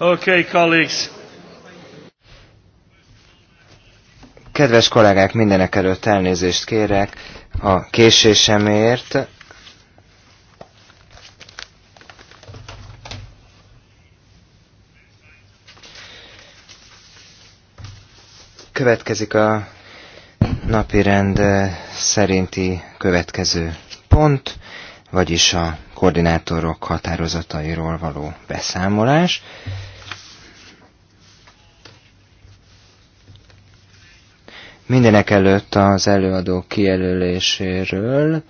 Okay, colleagues. Kedves kollégák, mindenek előtt elnézést kérek a késésemért. Következik a rend eh, szerinti következő pont, vagyis a koordinátorok határozatairól való beszámolás. Mindenek előtt az előadó kijelöléséről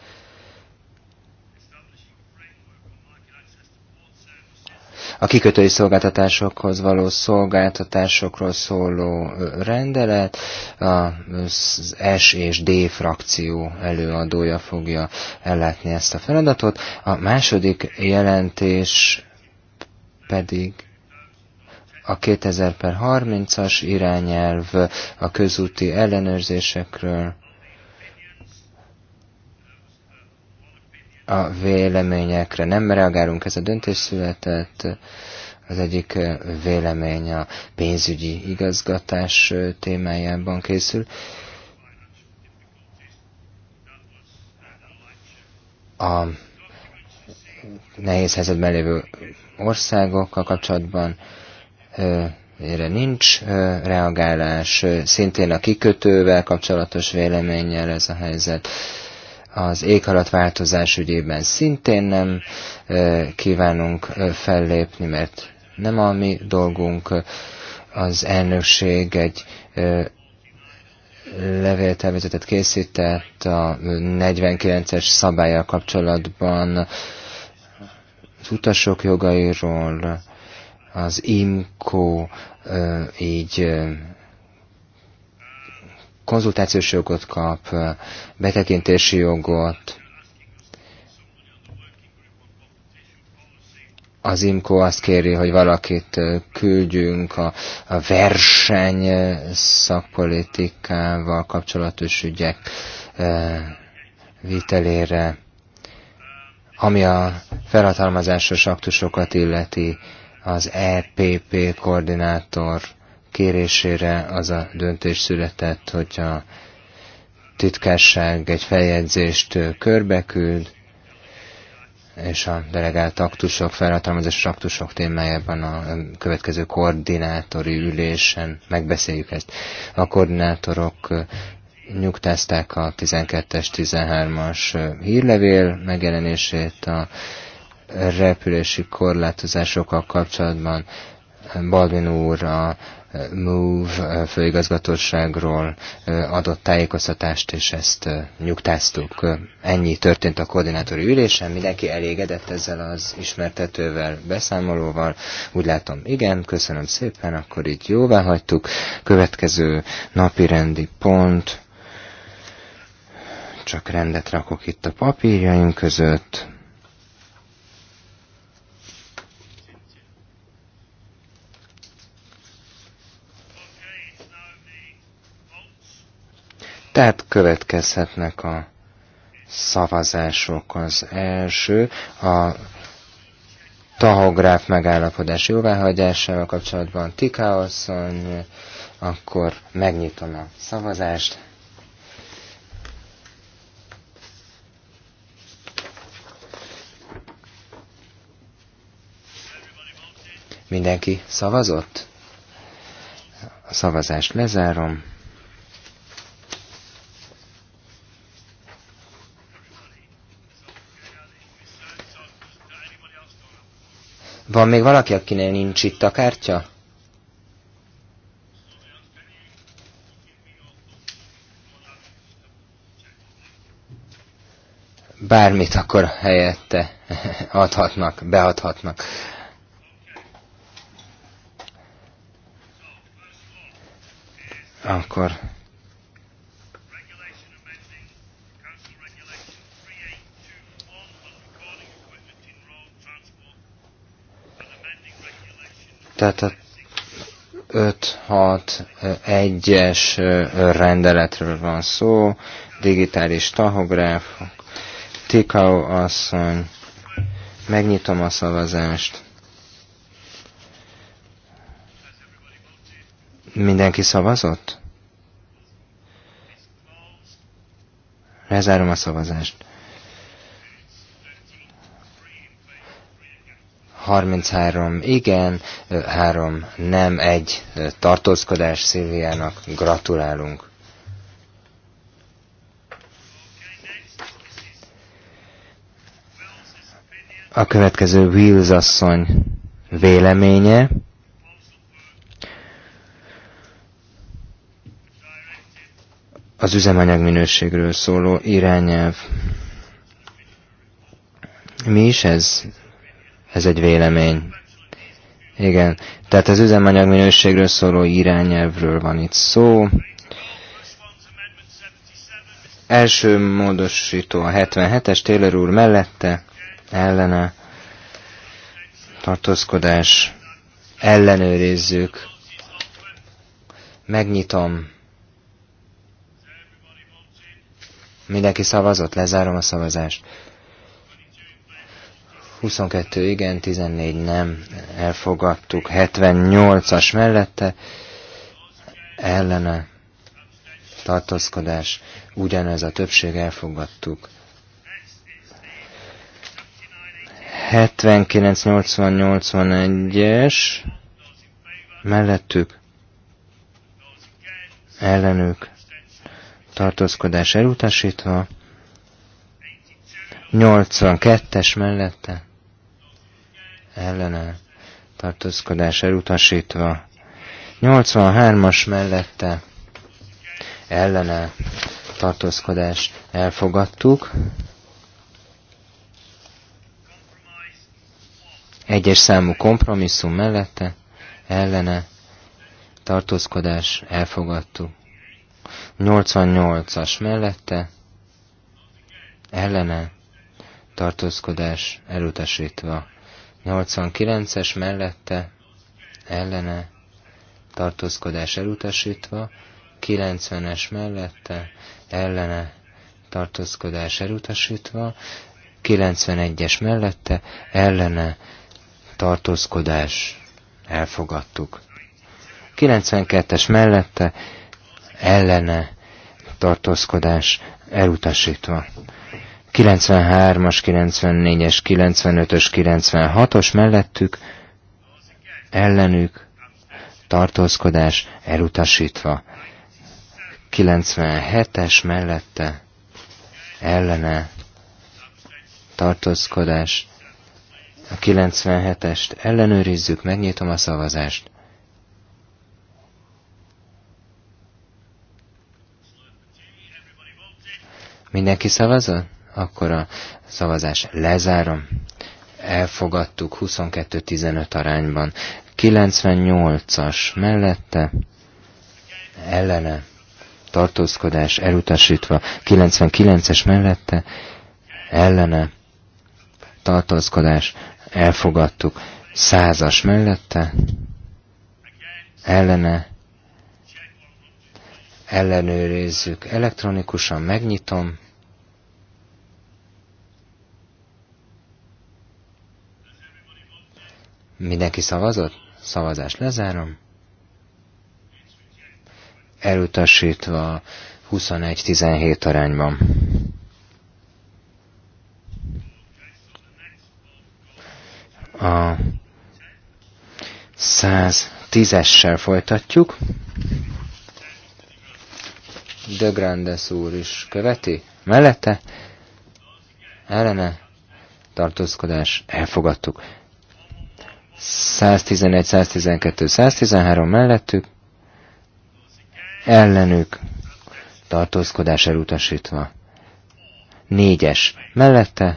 a kikötői szolgáltatásokhoz való szolgáltatásokról szóló rendelet, az S és D frakció előadója fogja ellátni ezt a feladatot. A második jelentés pedig a 2000 per 30-as irányelv a közúti ellenőrzésekről, a véleményekre nem reagálunk, ez a döntés született, az egyik vélemény a pénzügyi igazgatás témájában készül. A nehéz helyzetben lévő országokkal kapcsolatban erre nincs reagálás, szintén a kikötővel kapcsolatos véleménnyel ez a helyzet. Az éghalatváltozás ügyében szintén nem kívánunk fellépni, mert nem a mi dolgunk. Az elnökség egy levéltelvezetet készített a 49-es szabályjal kapcsolatban az utasok jogairól, az IMCO így konzultációs jogot kap, betekintési jogot. Az IMCO azt kéri, hogy valakit küldjünk a, a verseny szakpolitikával kapcsolatos ügyek vitelére, ami a felhatalmazásos aktusokat illeti az EPP koordinátor kérésére az a döntés született, hogy a titkárság egy feljegyzést körbeküld, és a delegált aktusok, felhatalmazás aktusok témájában a következő koordinátori ülésen megbeszéljük ezt. A koordinátorok nyugtázták a 12-es, 13-as hírlevél megjelenését, a repülési korlátozásokkal kapcsolatban Balvin úr a MOVE főigazgatóságról adott tájékoztatást, és ezt nyugtáztuk. Ennyi történt a koordinátori ülésen, mindenki elégedett ezzel az ismertetővel, beszámolóval. Úgy látom, igen, köszönöm szépen, akkor itt jóvá hagytuk. Következő napi rendi pont, csak rendet rakok itt a papírjaim között. Tehát következhetnek a szavazások. Az első a tahográf megállapodás jóváhagyásával kapcsolatban Tika asszony, akkor megnyitom a szavazást. Mindenki szavazott? A szavazást lezárom. Van még valaki, akinél nincs itt a kártya? Bármit akkor helyette adhatnak, beadhatnak. Akkor Tehát a 5-6-1-es rendeletről van szó, digitális tahográf, Tikau asszony, megnyitom a szavazást. Mindenki szavazott? Lezárom a szavazást. 33 igen, 3 nem, egy tartózkodás Szilviának. Gratulálunk! A következő Wills asszony véleménye. Az üzemanyag minőségről szóló irányelv. Mi is ez ez egy vélemény. Igen, tehát az üzemanyag minőségről szóló irányelvről van itt szó. Első módosító a 77-es, Taylor úr mellette, ellene, tartózkodás, ellenőrizzük, megnyitom, mindenki szavazott, lezárom a szavazást. 22 igen, 14 nem, elfogadtuk. 78-as mellette, ellene, tartózkodás, ugyanez a többség, elfogadtuk. 79, 80, 81-es, mellettük, ellenük, tartózkodás elutasítva, 82-es mellette, ellene tartózkodás elutasítva. 83-as mellette ellene tartózkodás elfogadtuk. Egyes számú kompromisszum mellette ellene tartózkodás elfogadtuk. 88-as mellette ellene tartózkodás elutasítva. 89-es mellette ellene tartózkodás elutasítva, 90-es mellette ellene tartózkodás elutasítva, 91-es mellette ellene tartózkodás elfogadtuk. 92-es mellette ellene tartózkodás elutasítva. 93-as, 94-es, 95-ös, 96-os mellettük, ellenük, tartózkodás elutasítva. 97-es mellette, ellene, tartózkodás. A 97-est ellenőrizzük, megnyitom a szavazást. Mindenki szavazott? akkor a szavazás lezárom. Elfogadtuk 22-15 arányban. 98-as mellette, ellene, tartózkodás elutasítva, 99-es mellette, ellene, tartózkodás, elfogadtuk, as mellette, ellene, ellenőrizzük elektronikusan, megnyitom, Mindenki szavazott? Szavazást lezárom. Elutasítva 21-17 arányban. A 110-essel folytatjuk. De Grandes úr is követi. Mellette ellene tartózkodás elfogadtuk. 111, 112, 113 mellettük, ellenük tartózkodás elutasítva. Négyes mellette,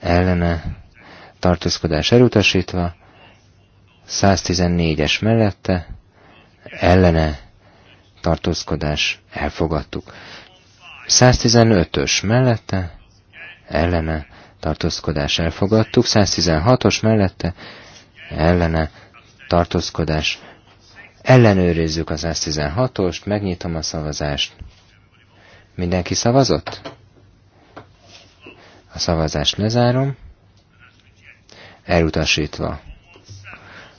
ellene tartózkodás elutasítva, 114-es mellette, ellene tartózkodás elfogadtuk. 115-ös mellette, ellene tartózkodás elfogadtuk, 116-os mellette ellene tartózkodás. Ellenőrizzük az 116-ost, megnyitom a szavazást. Mindenki szavazott? A szavazást lezárom. Elutasítva.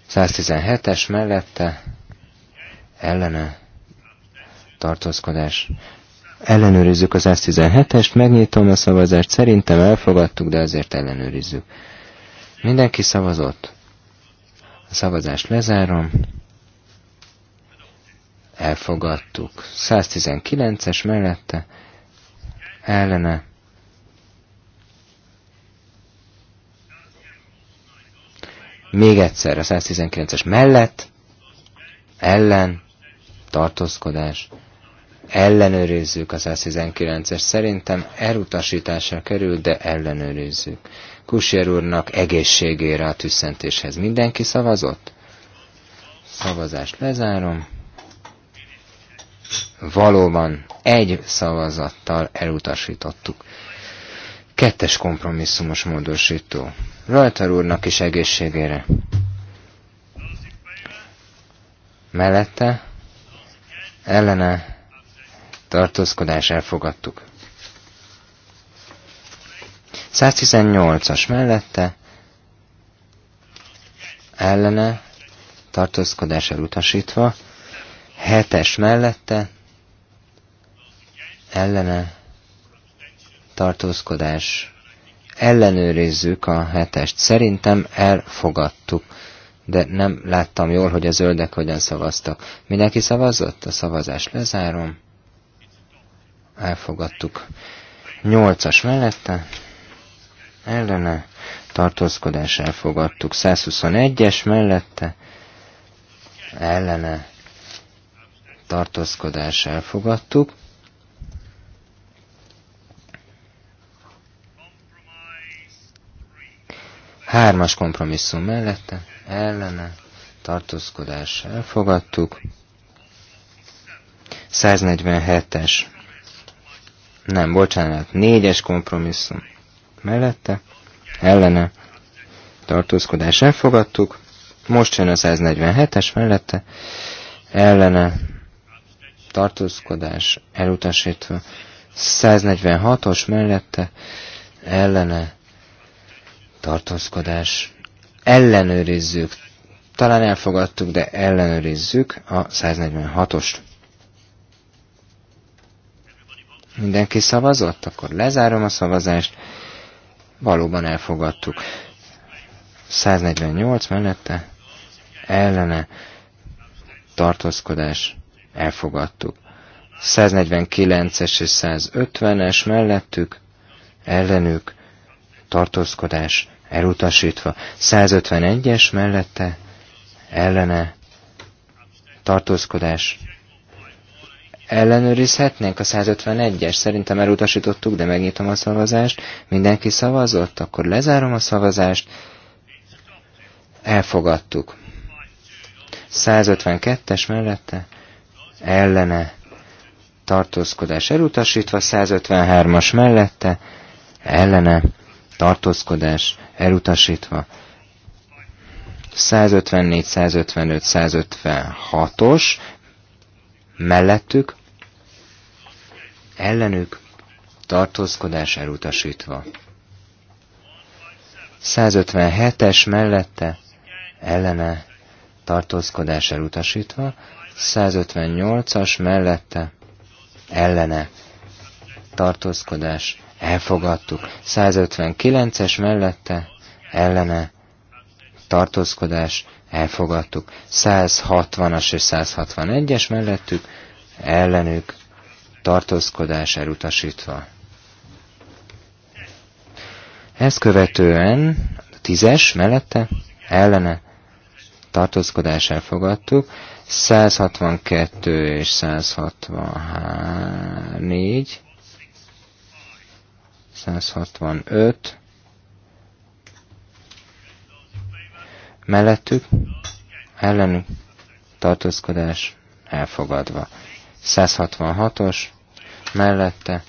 117-es mellette ellene tartózkodás ellenőrizzük az S17-est, megnyitom a szavazást, szerintem elfogadtuk, de azért ellenőrizzük. Mindenki szavazott. A szavazást lezárom. Elfogadtuk. 119-es mellette, ellene. Még egyszer a 119-es mellett, ellen, tartózkodás, ellenőrizzük a 119-es. Szerintem elutasításra kerül, de ellenőrizzük. Kusér úrnak egészségére a tüsszentéshez mindenki szavazott? Szavazást lezárom. Valóban egy szavazattal elutasítottuk. Kettes kompromisszumos módosító. Rajtar úrnak is egészségére. Mellette ellene tartózkodás elfogadtuk. 118-as mellette ellene tartózkodás elutasítva, 7-es mellette ellene tartózkodás ellenőrizzük a hetest. Szerintem elfogadtuk, de nem láttam jól, hogy a zöldek hogyan szavaztak. Mindenki szavazott? A szavazást lezárom elfogadtuk. 8-as mellette, ellene, tartózkodás elfogadtuk. 121-es mellette, ellene, tartózkodás elfogadtuk. Hármas kompromisszum mellette, ellene, tartózkodás elfogadtuk. 147-es nem, bocsánat, négyes kompromisszum mellette, ellene, tartózkodás elfogadtuk, most jön a 147-es mellette, ellene, tartózkodás elutasítva, 146-os mellette, ellene, tartózkodás ellenőrizzük, talán elfogadtuk, de ellenőrizzük a 146-ost. Mindenki szavazott? Akkor lezárom a szavazást. Valóban elfogadtuk. 148 mellette ellene tartózkodás elfogadtuk. 149-es és 150-es mellettük ellenük tartózkodás elutasítva. 151-es mellette ellene tartózkodás Ellenőrizhetnénk a 151-es, szerintem elutasítottuk, de megnyitom a szavazást. Mindenki szavazott, akkor lezárom a szavazást. Elfogadtuk. 152-es mellette ellene tartózkodás elutasítva, 153-as mellette ellene tartózkodás elutasítva, 154, 155, 156-os mellettük ellenük tartózkodás elutasítva. 157-es mellette ellene tartózkodás elutasítva, 158-as mellette ellene tartózkodás elfogadtuk, 159-es mellette ellene tartózkodás elfogadtuk, 160-as és 161-es mellettük ellenük tartózkodás elutasítva. Ezt követően a tízes mellette ellene tartózkodás elfogadtuk, 162 és 164, 165, mellettük ellenük tartózkodás elfogadva. 166-os mellette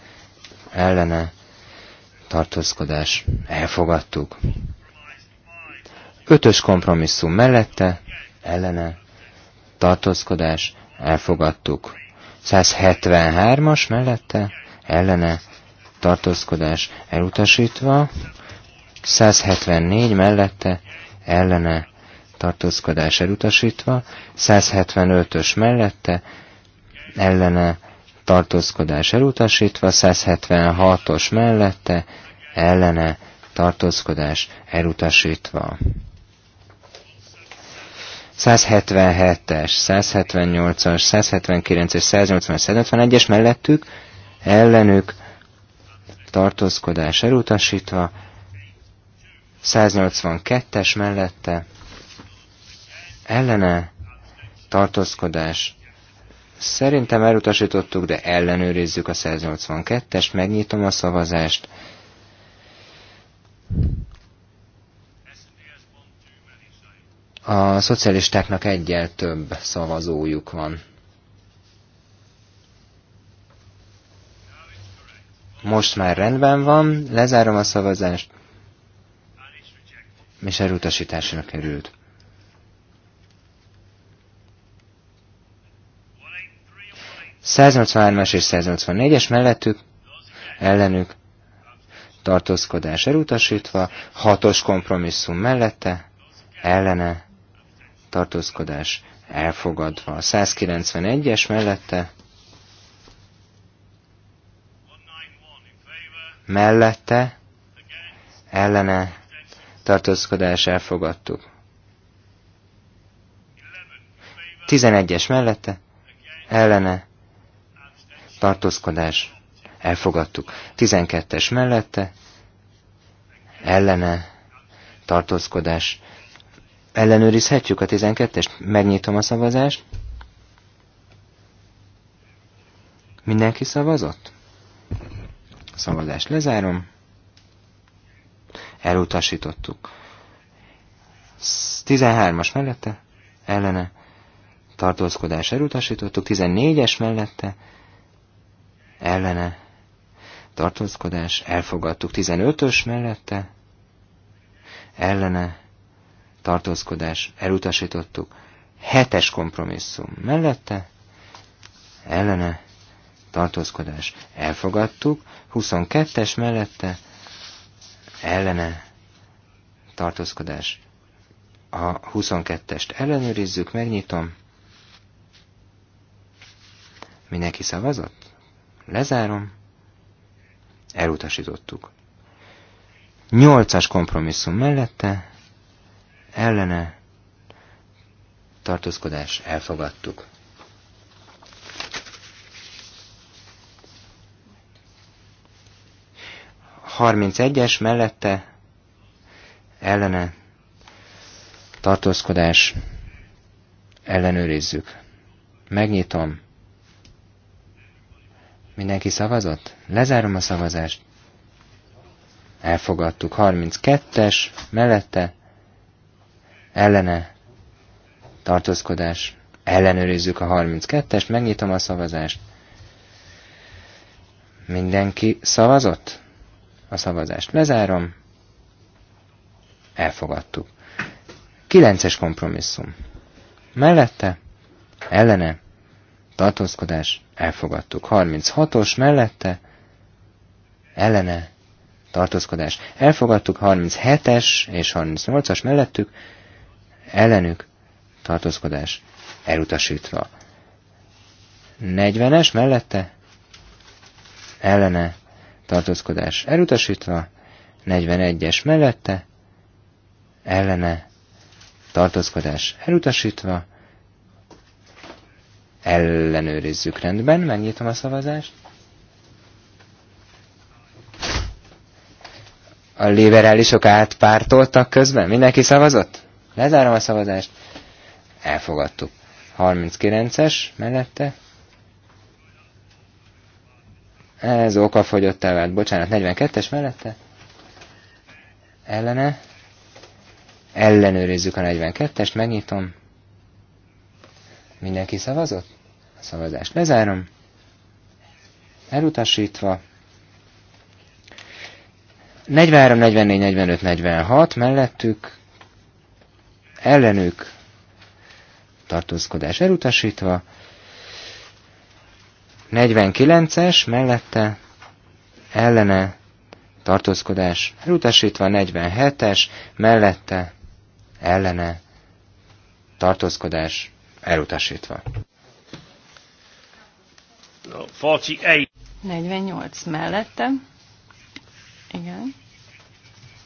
ellene tartózkodás elfogadtuk. Ötös kompromisszum mellette ellene tartózkodás elfogadtuk. 173-as mellette ellene tartózkodás elutasítva, 174 mellette ellene tartózkodás elutasítva, 175-ös mellette ellene tartózkodás elutasítva, 176-os mellette ellene tartózkodás elutasítva. 177-es, 178-as, 179-es, 180-171-es mellettük, ellenük tartózkodás elutasítva, 182-es mellette, ellene tartózkodás Szerintem elutasítottuk, de ellenőrizzük a 182-est, megnyitom a szavazást. A szocialistáknak egyel több szavazójuk van. Most már rendben van, lezárom a szavazást, és elutasításra került. 183-as és 184-es mellettük ellenük tartózkodás elutasítva, hatos kompromisszum mellette ellene tartózkodás elfogadva. 191-es mellette mellette ellene tartózkodás elfogadtuk. 11-es mellette ellene tartózkodás, elfogadtuk. 12-es mellette, ellene, tartózkodás. Ellenőrizhetjük a 12-est? Megnyitom a szavazást. Mindenki szavazott? szavazást lezárom. Elutasítottuk. 13-as mellette, ellene, tartózkodás elutasítottuk, 14-es mellette, ellene tartózkodás, elfogadtuk 15-ös mellette, ellene tartózkodás, elutasítottuk 7-es kompromisszum mellette, ellene tartózkodás, elfogadtuk 22-es mellette, ellene tartózkodás, a 22-est ellenőrizzük, megnyitom, mindenki szavazott? Lezárom. Elutasítottuk. Nyolcas kompromisszum mellette, ellene, tartózkodás, elfogadtuk. Harmincegyes mellette, ellene, tartózkodás, ellenőrizzük. Megnyitom. Mindenki szavazott? Lezárom a szavazást. Elfogadtuk. 32-es, mellette, ellene, tartózkodás. Ellenőrizzük a 32-est, megnyitom a szavazást. Mindenki szavazott? A szavazást lezárom. Elfogadtuk. 9-es kompromisszum. Mellette, ellene, tartózkodás, elfogadtuk. 36-os mellette, ellene, tartózkodás, elfogadtuk. 37-es és 38-as mellettük, ellenük, tartózkodás, elutasítva. 40-es mellette, ellene, tartózkodás, elutasítva. 41-es mellette, ellene, tartózkodás, elutasítva ellenőrizzük rendben, megnyitom a szavazást. A liberálisok átpártoltak közben? Mindenki szavazott? Lezárom a szavazást. Elfogadtuk. 39-es mellette. Ez fogyott el, hát bocsánat, 42-es mellette. Ellene. Ellenőrizzük a 42-est, megnyitom. Mindenki szavazott? A szavazást lezárom. Elutasítva. 43, 44, 45, 46 mellettük, ellenük tartózkodás elutasítva, 49-es mellette ellene tartózkodás elutasítva, 47-es mellette ellene tartózkodás elutasítva. 48. 48 mellette. Igen.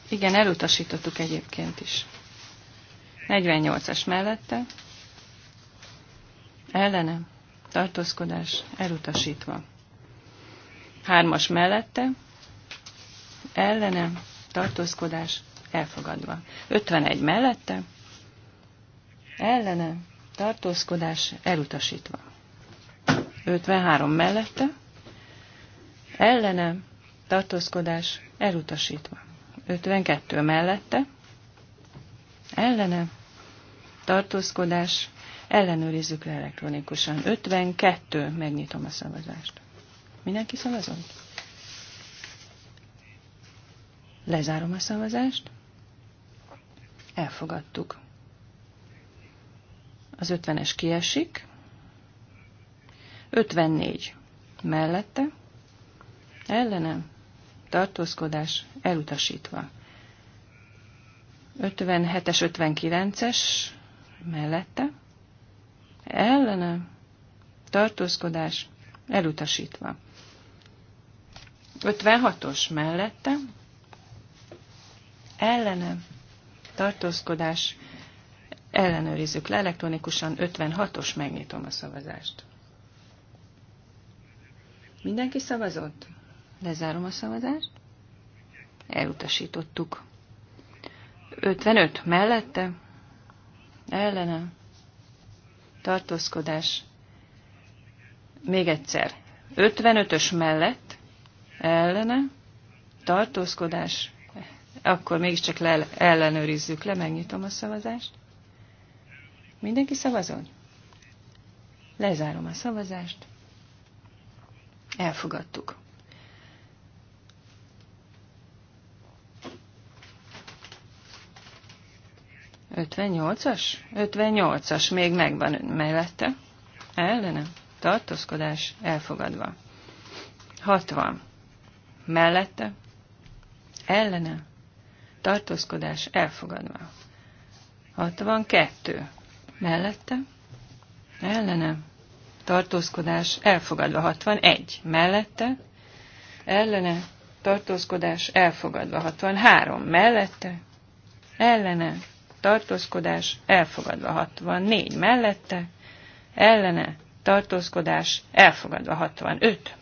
Igen, elutasítottuk egyébként is. 48-as mellette. Ellenem Tartózkodás elutasítva. Hármas mellette. Ellenem Tartózkodás elfogadva. 51 mellette. Ellenem tartózkodás elutasítva. 53 mellette, ellene, tartózkodás elutasítva. 52 mellette, ellene, tartózkodás, ellenőrizzük le elektronikusan. 52, megnyitom a szavazást. Mindenki szavazott? Lezárom a szavazást. Elfogadtuk. Az 50-es kiesik. 54 mellette. Ellenem tartózkodás elutasítva. 57-es, 59-es mellette. Ellenem tartózkodás elutasítva. 56-os mellette. Ellenem tartózkodás Ellenőrizzük le elektronikusan, 56-os megnyitom a szavazást. Mindenki szavazott? Lezárom a szavazást. Elutasítottuk. 55 mellette? Ellene? Tartózkodás? Még egyszer. 55-ös mellett? Ellene? Tartózkodás? Akkor mégiscsak le ellenőrizzük le, megnyitom a szavazást. Mindenki szavazon? Lezárom a szavazást. Elfogadtuk. Ötvennyolcas? Ötvennyolcas még megvan mellette. Ellene? Tartózkodás elfogadva. Hatvan. Mellette? Ellene? Tartózkodás elfogadva. Hatvankettő mellette, ellene, tartózkodás elfogadva 61, mellette, ellene, tartózkodás elfogadva 63, mellette, ellene, tartózkodás elfogadva 64, mellette, ellene, tartózkodás elfogadva 65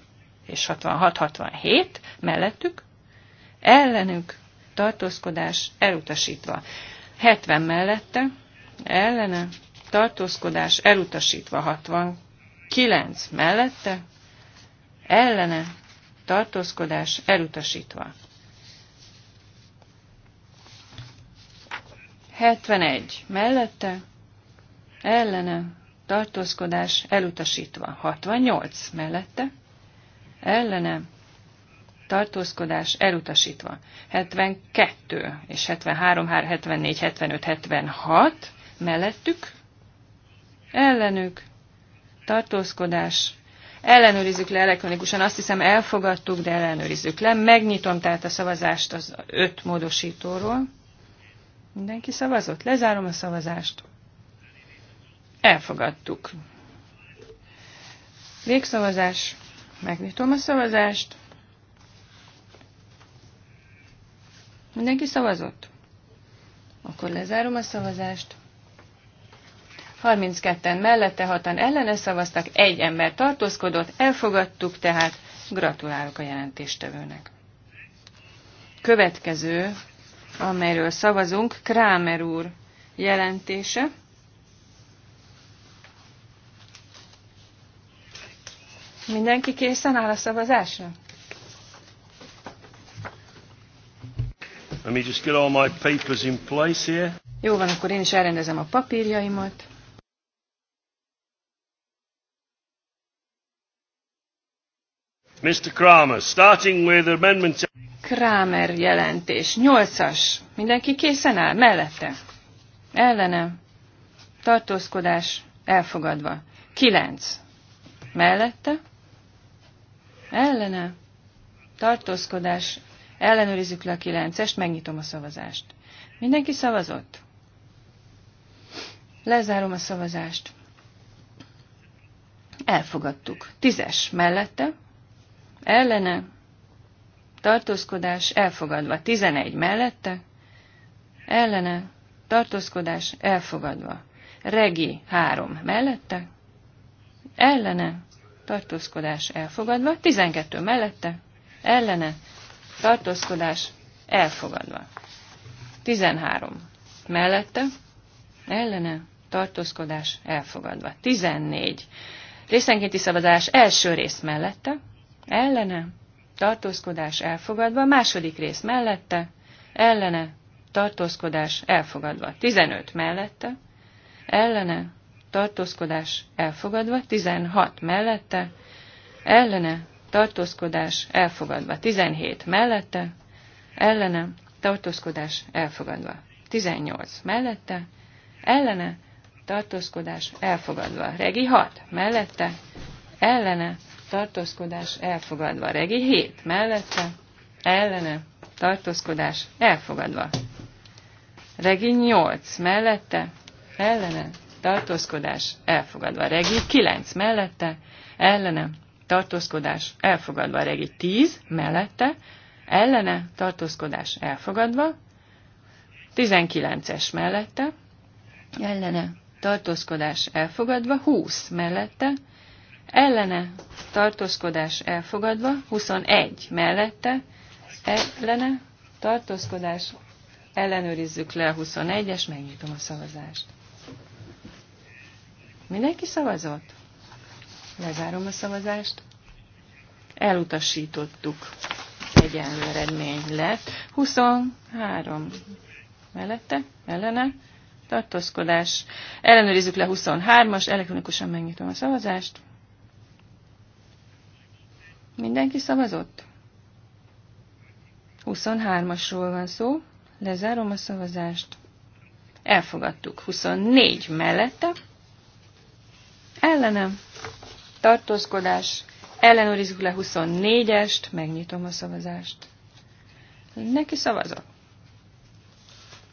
és 66-67 mellettük, ellenük tartózkodás elutasítva 70 mellette, ellene, tartózkodás elutasítva 69 mellette, ellene, tartózkodás elutasítva. 71 mellette, ellene, tartózkodás elutasítva. 68 mellette, ellene, tartózkodás elutasítva. 72 és 73, 74, 75, 76 mellettük, ellenük, tartózkodás, ellenőrizzük le elektronikusan, azt hiszem elfogadtuk, de ellenőrizzük le. Megnyitom tehát a szavazást az öt módosítóról. Mindenki szavazott? Lezárom a szavazást. Elfogadtuk. Végszavazás. Megnyitom a szavazást. Mindenki szavazott? Akkor lezárom a szavazást. 32-en mellette, hatan ellene szavaztak, egy ember tartózkodott, elfogadtuk, tehát gratulálok a jelentéstevőnek. Következő, amelyről szavazunk, Krámer úr jelentése. Mindenki készen áll a szavazásra? Let me just get all my papers in place here. Jó van, akkor én is elrendezem a papírjaimat. Mr. Kramer, starting with amendment... Kramer jelentés, nyolcas. Mindenki készen áll? Mellette. Ellene. Tartózkodás elfogadva. Kilenc. Mellette. Ellene. Tartózkodás. Ellenőrizzük le a kilencest, megnyitom a szavazást. Mindenki szavazott? Lezárom a szavazást. Elfogadtuk. Tízes mellette ellene, tartózkodás elfogadva. 11 mellette, ellene, tartózkodás elfogadva. Regi 3 mellette, ellene, tartózkodás elfogadva. 12 mellette, ellene, tartózkodás elfogadva. 13 mellette, ellene, tartózkodás elfogadva. 14 részenkénti szavazás első rész mellette, ellene, tartózkodás elfogadva, második rész mellette, ellene, tartózkodás elfogadva, 15 mellette, ellene, tartózkodás elfogadva, 16 mellette, ellene, tartózkodás elfogadva, 17 mellette, ellene, tartózkodás elfogadva, 18 mellette, ellene, tartózkodás elfogadva, regi 6 mellette, ellene, tartózkodás elfogadva. Regi 7 mellette, ellene, tartózkodás elfogadva. Regi 8 mellette, ellene, tartózkodás elfogadva. Regi 9 mellette, ellene, tartózkodás elfogadva. Regi 10 mellette, ellene, tartózkodás elfogadva. 19-es mellette, ellene, tartózkodás elfogadva, 20 mellette, ellene tartózkodás elfogadva, 21 mellette, ellene tartózkodás ellenőrizzük le a 21-es, megnyitom a szavazást. Mindenki szavazott? Lezárom a szavazást. Elutasítottuk. Egyenlő eredmény lett. 23 mellette, ellene, tartózkodás. Ellenőrizzük le 23-as, elektronikusan megnyitom a szavazást. Mindenki szavazott? 23-asról van szó. Lezárom a szavazást. Elfogadtuk. 24 mellette. Ellenem. Tartózkodás. Ellenőrizzük le 24-est. Megnyitom a szavazást. Neki szavazott.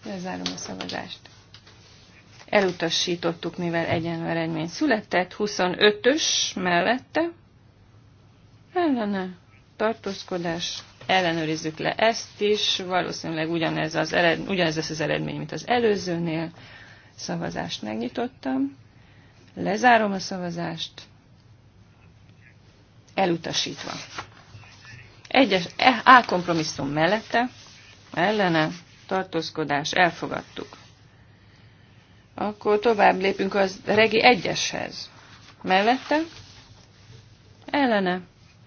Lezárom a szavazást. Elutasítottuk, mivel egyenlő eredmény született. 25-ös mellette ellene tartózkodás, ellenőrizzük le ezt is, valószínűleg ugyanez, az ered, ugyanez lesz az eredmény, mint az előzőnél. Szavazást megnyitottam, lezárom a szavazást, elutasítva. Egyes e, A kompromisszum mellette, ellene, tartózkodás, elfogadtuk. Akkor tovább lépünk az regi egyeshez. Mellette, ellene,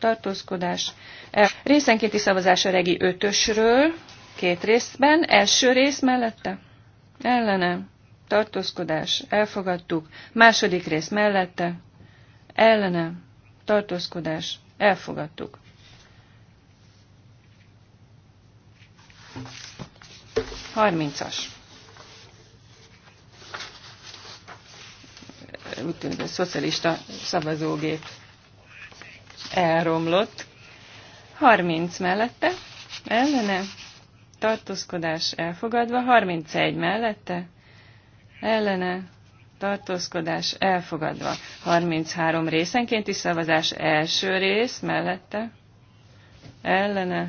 tartózkodás. E, Részenkéti szavazás a regi ötösről, két részben, első rész mellette, ellene, tartózkodás, elfogadtuk, második rész mellette, ellene, tartózkodás, elfogadtuk. Harmincas. Úgy tűnik, a szocialista szavazógép elromlott. 30 mellette, ellene, tartózkodás elfogadva, 31 mellette, ellene, tartózkodás elfogadva. 33 részenkénti szavazás első rész mellette, ellene,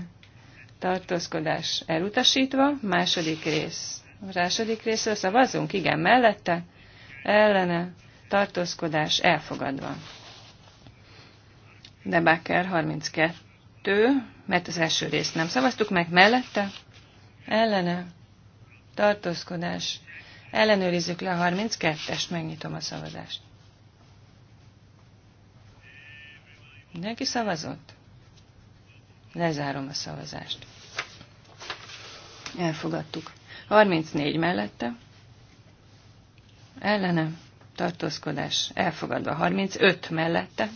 tartózkodás elutasítva, második rész. második részről szavazunk, igen, mellette, ellene, tartózkodás elfogadva. Debaker 32, mert az első részt nem szavaztuk meg, mellette, ellene, tartózkodás, ellenőrizzük le a 32-est, megnyitom a szavazást. Mindenki szavazott? Lezárom a szavazást. Elfogadtuk. 34 mellette. Ellene. Tartózkodás. Elfogadva. 35 mellette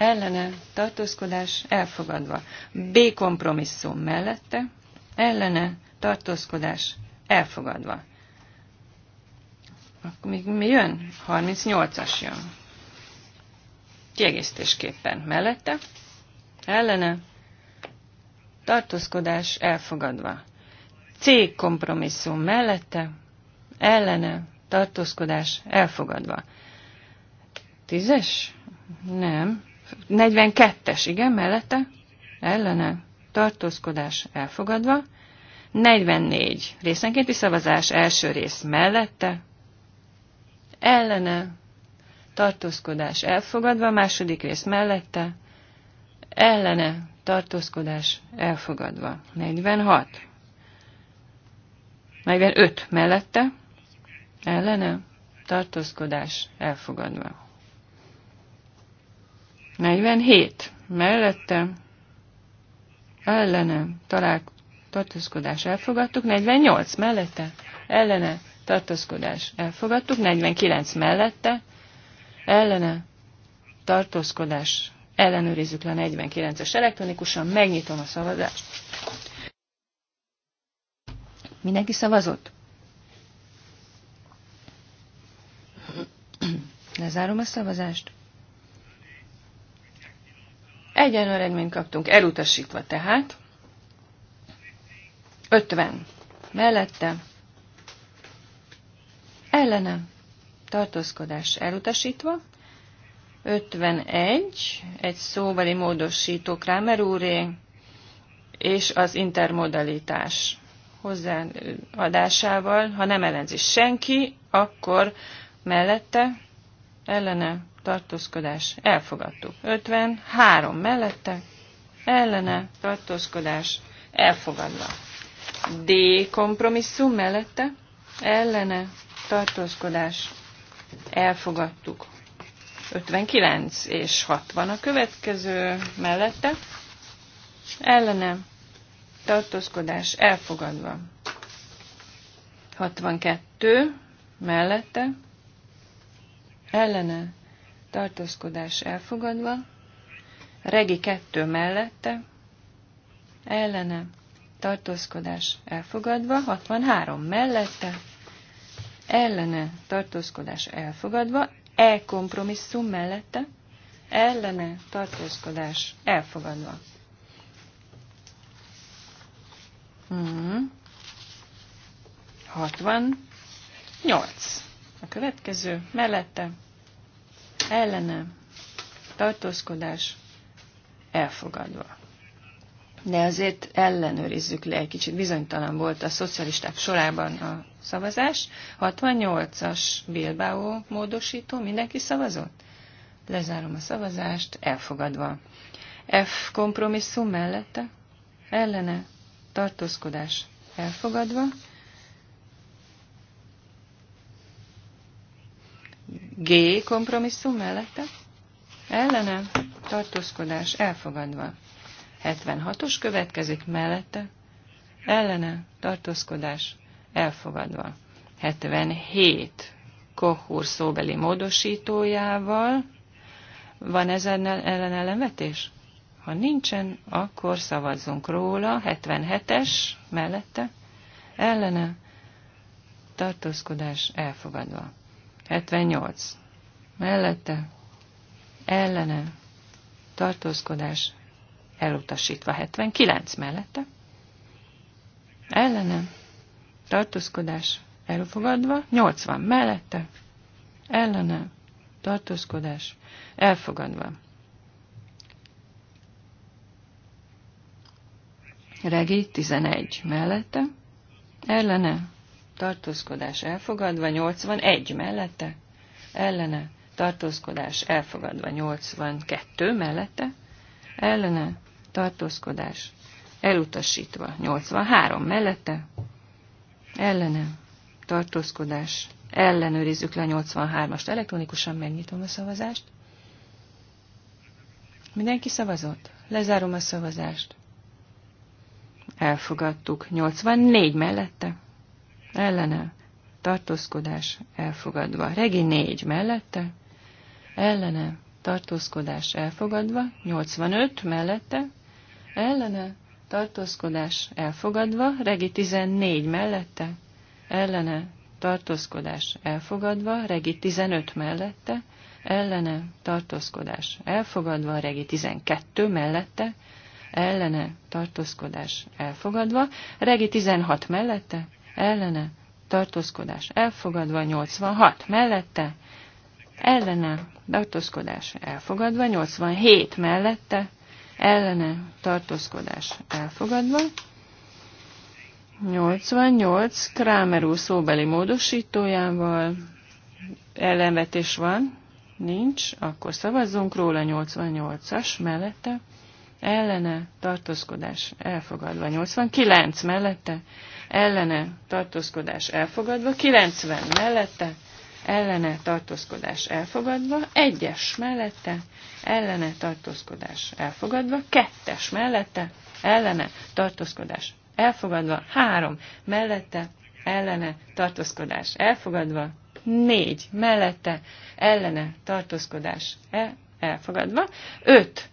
ellene tartózkodás elfogadva. B kompromisszum mellette, ellene tartózkodás elfogadva. Akkor még mi jön? 38-as jön. Kiegészítésképpen mellette, ellene tartózkodás elfogadva. C kompromisszum mellette, ellene tartózkodás elfogadva. Tízes? Nem. 42-es, igen, mellette, ellene, tartózkodás elfogadva. 44 részenkénti szavazás első rész mellette, ellene, tartózkodás elfogadva, második rész mellette, ellene, tartózkodás elfogadva. 46. 45 mellette, ellene, tartózkodás elfogadva. 47 mellette ellenem, talál, tartózkodás elfogadtuk, 48 mellette ellene tartózkodás elfogadtuk, 49 mellette ellene tartózkodás ellenőrizzük le 49-es elektronikusan, megnyitom a szavazást. Mindenki szavazott? Lezárom a szavazást. Egyenlő eredményt kaptunk, elutasítva tehát. 50. Mellette. Ellenem. Tartózkodás elutasítva. 51. Egy szóbeli módosító Kramer úré, és az intermodalitás hozzáadásával, ha nem ellenzi senki, akkor mellette ellene tartózkodás elfogadtuk. 53 mellette ellene tartózkodás elfogadva. D kompromisszum mellette ellene tartózkodás elfogadtuk. 59 és 60 a következő mellette ellene tartózkodás elfogadva. 62 mellette ellene tartózkodás elfogadva, regi kettő mellette, ellene tartózkodás elfogadva, 63 mellette, ellene tartózkodás elfogadva, e kompromisszum mellette, ellene tartózkodás elfogadva. Hmm. 68. A következő mellette ellene tartózkodás elfogadva. De azért ellenőrizzük le, egy kicsit bizonytalan volt a szocialisták sorában a szavazás. 68-as Bilbao módosító, mindenki szavazott? Lezárom a szavazást, elfogadva. F kompromisszum mellette, ellene, tartózkodás elfogadva. G kompromisszum mellette, ellene, tartózkodás elfogadva. 76-os következik mellette, ellene, tartózkodás elfogadva. 77 Kohúr szóbeli módosítójával. Van ez ellen ellenvetés? Ha nincsen, akkor szavazzunk róla. 77-es mellette, ellene, tartózkodás elfogadva. 78. Mellette, ellene, tartózkodás, elutasítva 79 mellette, ellene, tartózkodás, elfogadva, 80 mellette, ellene, tartózkodás, elfogadva. Regi 11 mellette, ellene, tartózkodás elfogadva, 81 mellette, ellene, tartózkodás elfogadva, 82 mellette, ellene, tartózkodás elutasítva, 83 mellette, ellene, tartózkodás, ellenőrizzük le a 83-ast, elektronikusan megnyitom a szavazást. Mindenki szavazott? Lezárom a szavazást. Elfogadtuk. 84 mellette? ellene, tartózkodás elfogadva. Regi négy mellette, ellene, tartózkodás elfogadva, 85 mellette, ellene, tartózkodás elfogadva, regi 14 mellette, ellene, tartózkodás elfogadva, regi 15 mellette, ellene, tartózkodás elfogadva, regi 12 mellette, ellene, tartózkodás elfogadva, regi 16 mellette, ellene, tartózkodás elfogadva, 86 mellette, ellene, tartózkodás elfogadva, 87 mellette, ellene, tartózkodás elfogadva, 88 Kramer úr szóbeli módosítójával ellenvetés van, nincs, akkor szavazzunk róla 88-as mellette, ellene, tartózkodás elfogadva, 89 mellette, ellene tartózkodás elfogadva, 90 mellette, ellene tartózkodás elfogadva, 1-es mellette, ellene tartózkodás elfogadva, 2-es mellette, ellene tartózkodás elfogadva, 3 mellette, ellene tartózkodás elfogadva, 4 mellette, ellene tartózkodás elfogadva, 5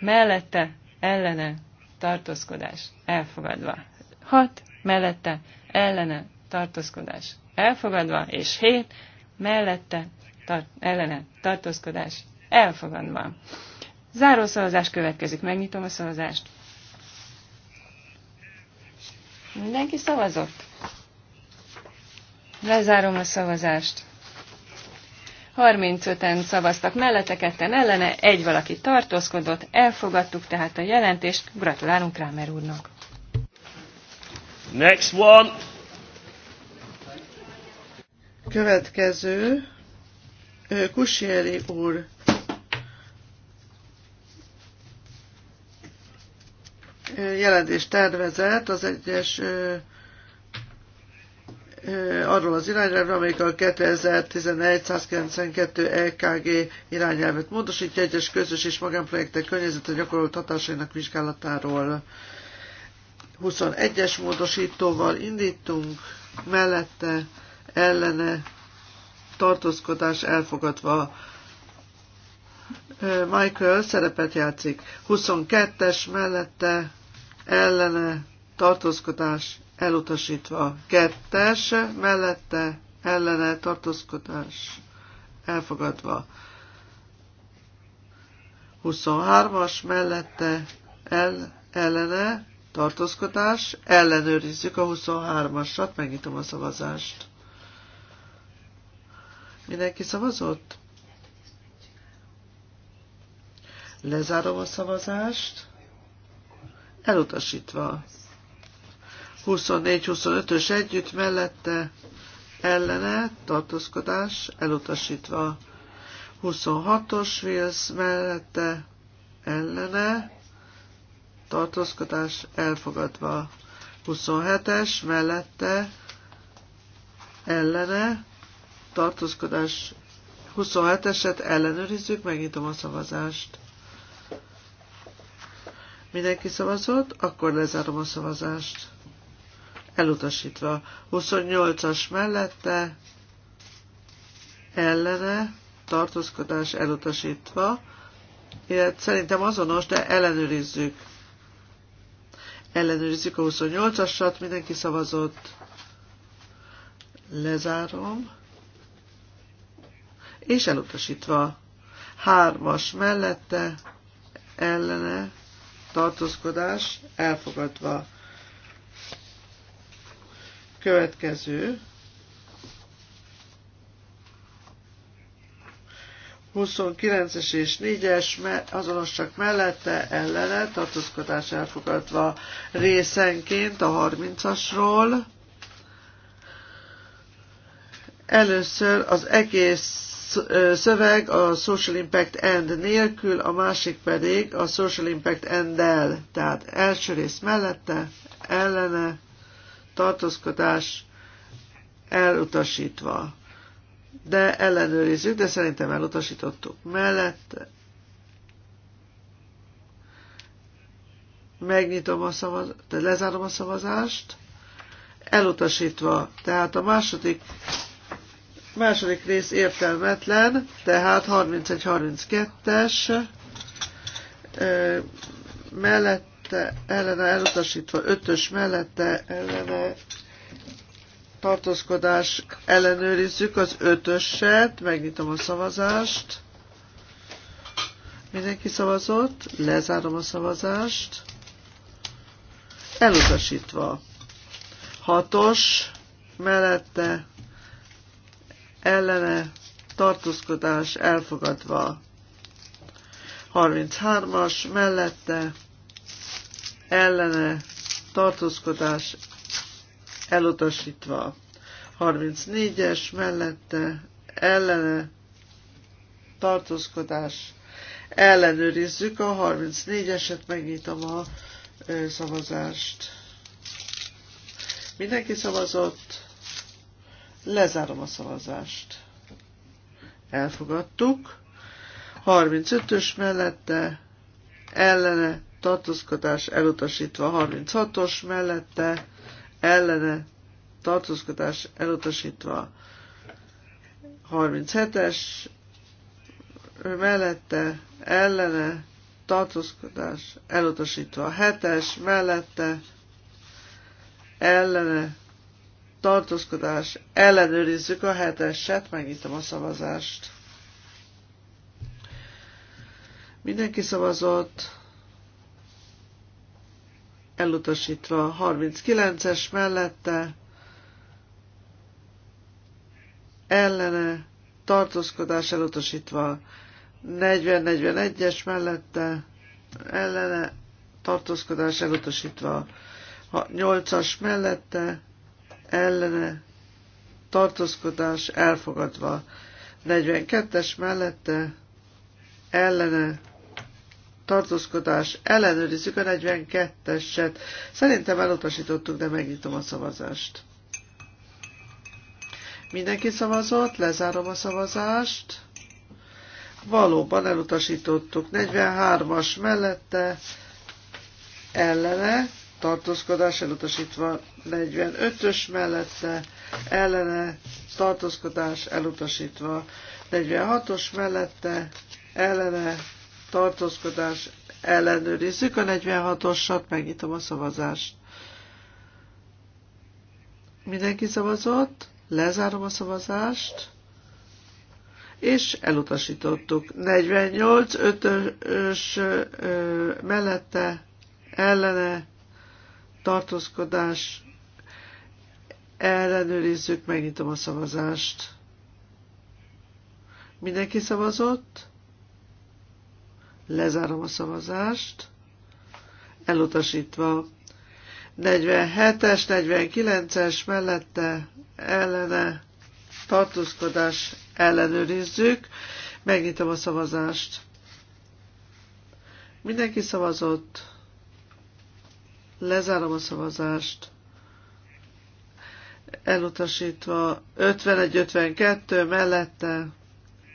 mellette, ellene tartózkodás elfogadva, 6 mellette ellene tartózkodás elfogadva, és 7 mellette tar- ellene tartózkodás elfogadva. Záró szavazás következik, megnyitom a szavazást. Mindenki szavazott? Lezárom a szavazást. 35-en szavaztak mellette, ketten ellene, egy valaki tartózkodott, elfogadtuk tehát a jelentést, gratulálunk Rámer úrnak. Next one. Következő. Kusieri úr. Jelentés tervezett az egyes arról az irányelvről, amelyik a 2011-192 EKG irányelvet módosítja egyes közös és magánprojektek környezete gyakorolt hatásainak vizsgálatáról. 21-es módosítóval indítunk, mellette ellene tartózkodás elfogadva. Michael szerepet játszik. 22-es mellette ellene tartózkodás elutasítva. 2-es mellette ellene tartózkodás elfogadva. 23-as mellette el, ellene tartózkodás, ellenőrizzük a 23-asat, megnyitom a szavazást. Mindenki szavazott? Lezárom a szavazást. Elutasítva. 24-25-ös együtt mellette ellene tartózkodás elutasítva. 26-os Wills mellette ellene tartózkodás elfogadva. 27-es mellette ellene tartózkodás 27-eset ellenőrizzük, megnyitom a szavazást. Mindenki szavazott, akkor lezárom a szavazást. Elutasítva. 28-as mellette ellene tartózkodás elutasítva. Ilyet szerintem azonos, de ellenőrizzük ellenőrizzük a 28-asat, mindenki szavazott. Lezárom. És elutasítva. Hármas mellette, ellene, tartózkodás, elfogadva. Következő 29-es és 4-es azonos csak mellette ellene tartózkodás elfogadva részenként a 30-asról. Először az egész szöveg a Social Impact End nélkül, a másik pedig a Social Impact end el Tehát első rész mellette, ellene, tartózkodás elutasítva de ellenőrizzük, de szerintem elutasítottuk mellette. Megnyitom a szavazást, lezárom a szavazást. Elutasítva. Tehát a második, második rész értelmetlen, tehát 31-32-es mellette ellene elutasítva, ötös mellette ellene tartózkodás ellenőrizzük az ötöset, megnyitom a szavazást. Mindenki szavazott, lezárom a szavazást. Elutasítva. Hatos, mellette, ellene, tartózkodás elfogadva. 33-as, mellette, ellene, tartózkodás elutasítva. 34-es mellette ellene tartózkodás. Ellenőrizzük a 34-eset, megnyitom a szavazást. Mindenki szavazott. Lezárom a szavazást. Elfogadtuk. 35-ös mellette ellene tartózkodás elutasítva 36-os mellette ellene tartózkodás elutasítva. 37-es mellette ellene tartózkodás elutasítva. 7-es mellette ellene tartózkodás ellenőrizzük a 7-eset, megnyitom a szavazást. Mindenki szavazott elutasítva a 39-es mellette, ellene, tartózkodás elutasítva 40-41-es mellette, ellene, tartózkodás elutasítva 8-as mellette, ellene, tartózkodás elfogadva 42-es mellette, ellene, tartózkodás, ellenőrizzük a 42-eset. Szerintem elutasítottuk, de megnyitom a szavazást. Mindenki szavazott, lezárom a szavazást. Valóban elutasítottuk. 43-as mellette ellene, tartózkodás elutasítva 45-ös mellette, ellene tartózkodás elutasítva 46-os mellette, ellene tartózkodás ellenőrizzük a 46-osat, megnyitom a szavazást. Mindenki szavazott, lezárom a szavazást, és elutasítottuk. 48, 5-ös mellette, ellene, tartózkodás, ellenőrizzük, megnyitom a szavazást. Mindenki szavazott? Lezárom a szavazást. Elutasítva. 47-es, 49-es mellette ellene tartózkodás ellenőrizzük. Megnyitom a szavazást. Mindenki szavazott. Lezárom a szavazást. Elutasítva 51-52 mellette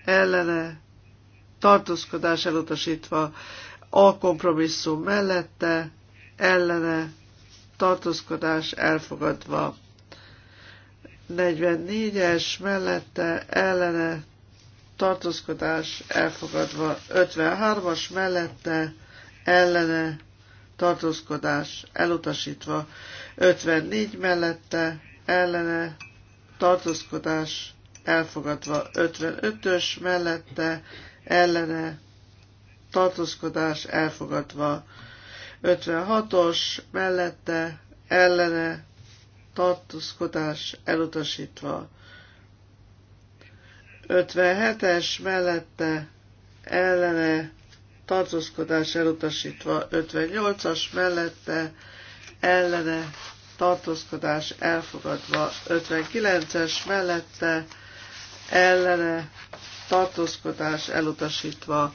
ellene tartózkodás elutasítva, a kompromisszum mellette, ellene, tartózkodás elfogadva. 44-es mellette, ellene, tartózkodás elfogadva. 53-as mellette, ellene, tartózkodás elutasítva. 54 mellette, ellene, tartózkodás elfogadva. 55-ös mellette, ellene tartózkodás elfogadva. 56-os mellette ellene tartózkodás elutasítva. 57-es mellette ellene tartózkodás elutasítva. 58-as mellette ellene tartózkodás elfogadva. 59-es mellette ellene tartózkodás elutasítva.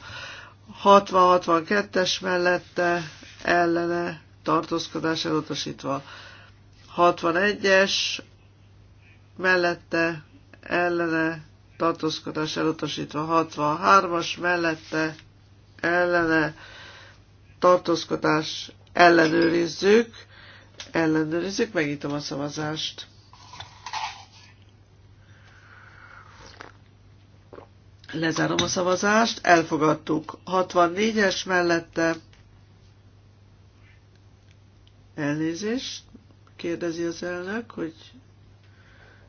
60-62-es mellette ellene tartózkodás elutasítva. 61-es mellette ellene tartózkodás elutasítva. 63-as mellette ellene tartózkodás ellenőrizzük. Ellenőrizzük, megítom a szavazást. Lezárom a szavazást, elfogadtuk. 64-es mellette. Elnézést, kérdezi az elnök, hogy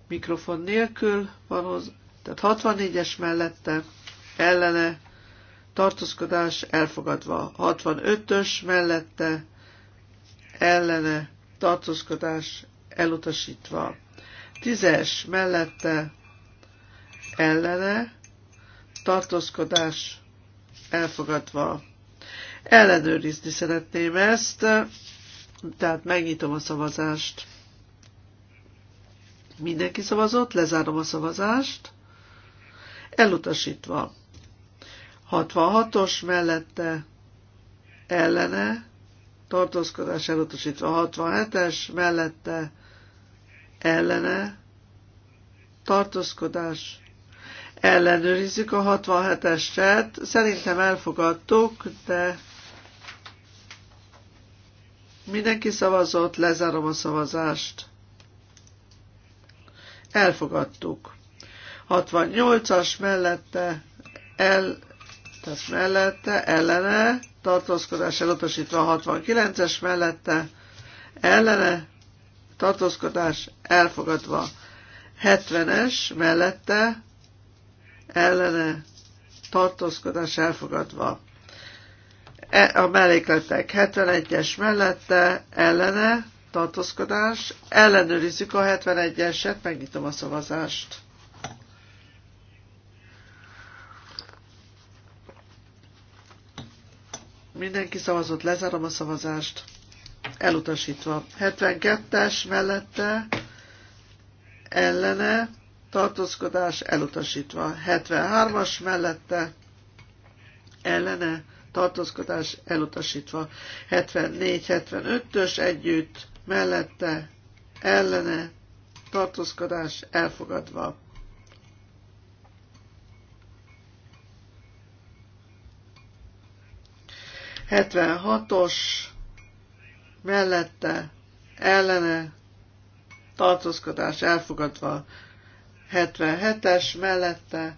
mikrofon nélkül van hozzá. Tehát 64-es mellette ellene tartózkodás elfogadva. 65-ös mellette ellene tartózkodás elutasítva. 10-es mellette ellene tartózkodás elfogadva. Ellenőrizni szeretném ezt, tehát megnyitom a szavazást. Mindenki szavazott, lezárom a szavazást. Elutasítva. 66-os mellette ellene, tartózkodás elutasítva. 67-es mellette ellene, tartózkodás ellenőrizzük a 67-eset. Szerintem elfogadtuk, de mindenki szavazott, lezárom a szavazást. Elfogadtuk. 68-as mellette el, tehát mellette, ellene, tartózkodás elutasítva 69-es mellette, ellene, tartózkodás elfogadva 70-es mellette, ellene tartózkodás elfogadva. E, a mellékletek 71-es mellette ellene tartózkodás. Ellenőrizzük a 71-eset, megnyitom a szavazást. Mindenki szavazott, lezárom a szavazást. Elutasítva. 72-es mellette ellene tartózkodás elutasítva. 73-as mellette ellene tartózkodás elutasítva. 74-75-ös együtt mellette ellene tartózkodás elfogadva. 76-os mellette ellene tartózkodás elfogadva. 77-es mellette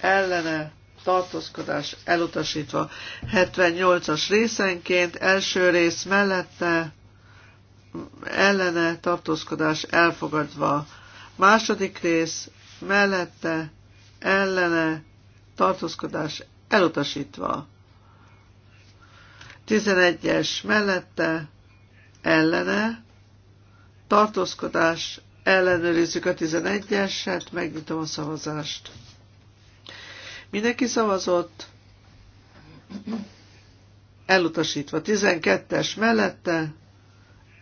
ellene tartózkodás elutasítva. 78-as részenként első rész mellette ellene tartózkodás elfogadva. Második rész mellette ellene tartózkodás elutasítva. 11-es mellette ellene tartózkodás Ellenőrizzük a 11-eset, megnyitom a szavazást. Mindenki szavazott? Elutasítva. 12-es mellette,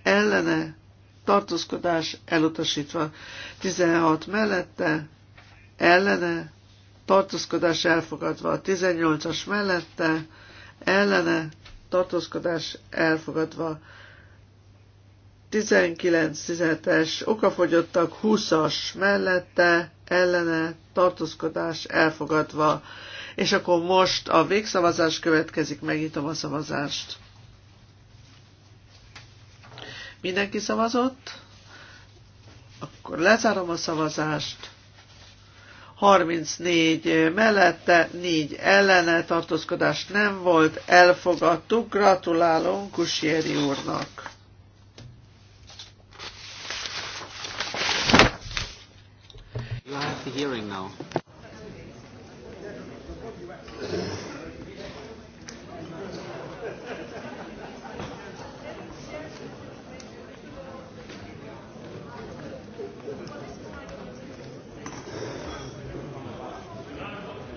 ellene, tartózkodás, elutasítva. 16 mellette, ellene, tartózkodás elfogadva. 18-as mellette, ellene, tartózkodás elfogadva. 19-17-es, okafogyottak 20-as mellette, ellene, tartózkodás elfogadva. És akkor most a végszavazás következik, megnyitom a szavazást. Mindenki szavazott? Akkor lezárom a szavazást. 34 mellette, 4 ellene tartózkodás nem volt, elfogadtuk, gratulálunk Kusieri úrnak. hearing now.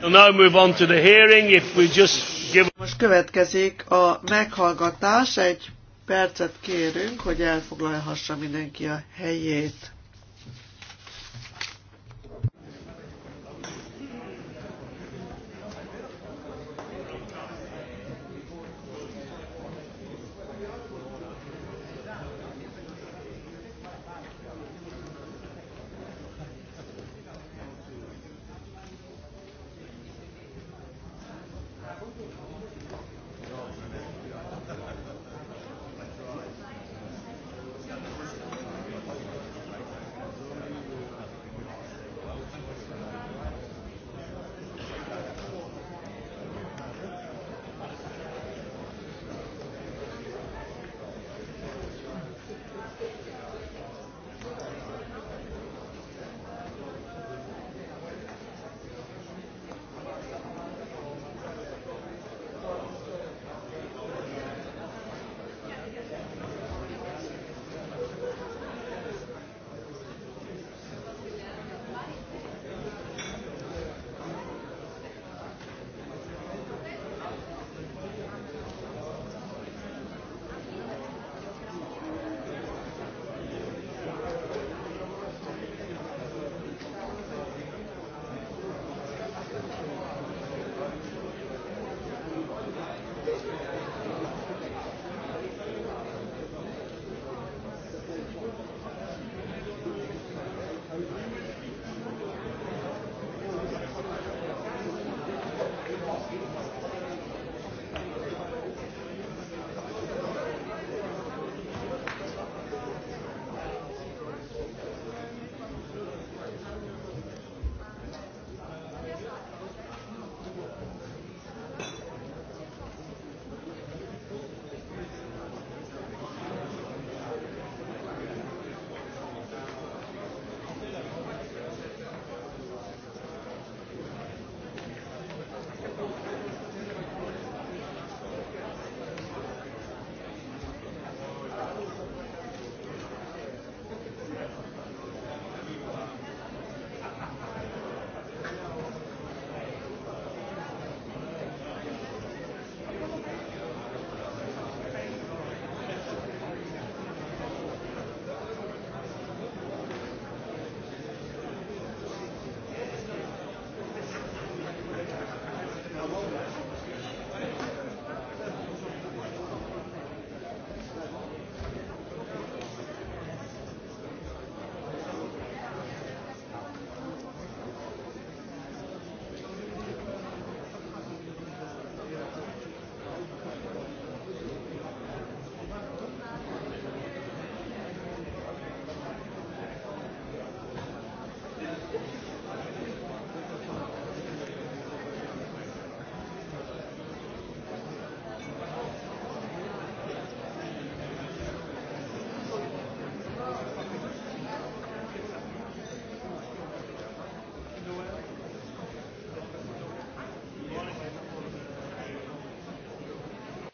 now move on to the hearing. If we just give... Most következik a meghallgatás. Egy percet kérünk, hogy elfoglalhassa mindenki a helyét.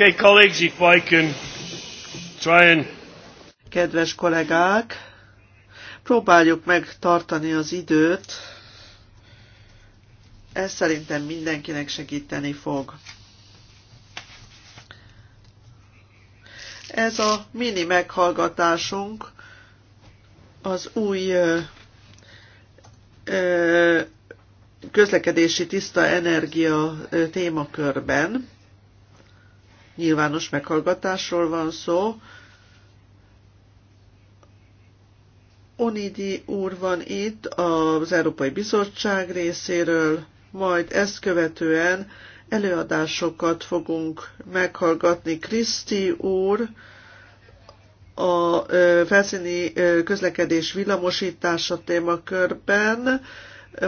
Okay, colleagues, if I can try and... Kedves kollégák, próbáljuk meg tartani az időt. Ez szerintem mindenkinek segíteni fog. Ez a mini meghallgatásunk az új ö, ö, közlekedési tiszta energia témakörben nyilvános meghallgatásról van szó. Onidi úr van itt az Európai Bizottság részéről, majd ezt követően előadásokat fogunk meghallgatni. Kriszti úr, a felszíni közlekedés villamosítása témakörben,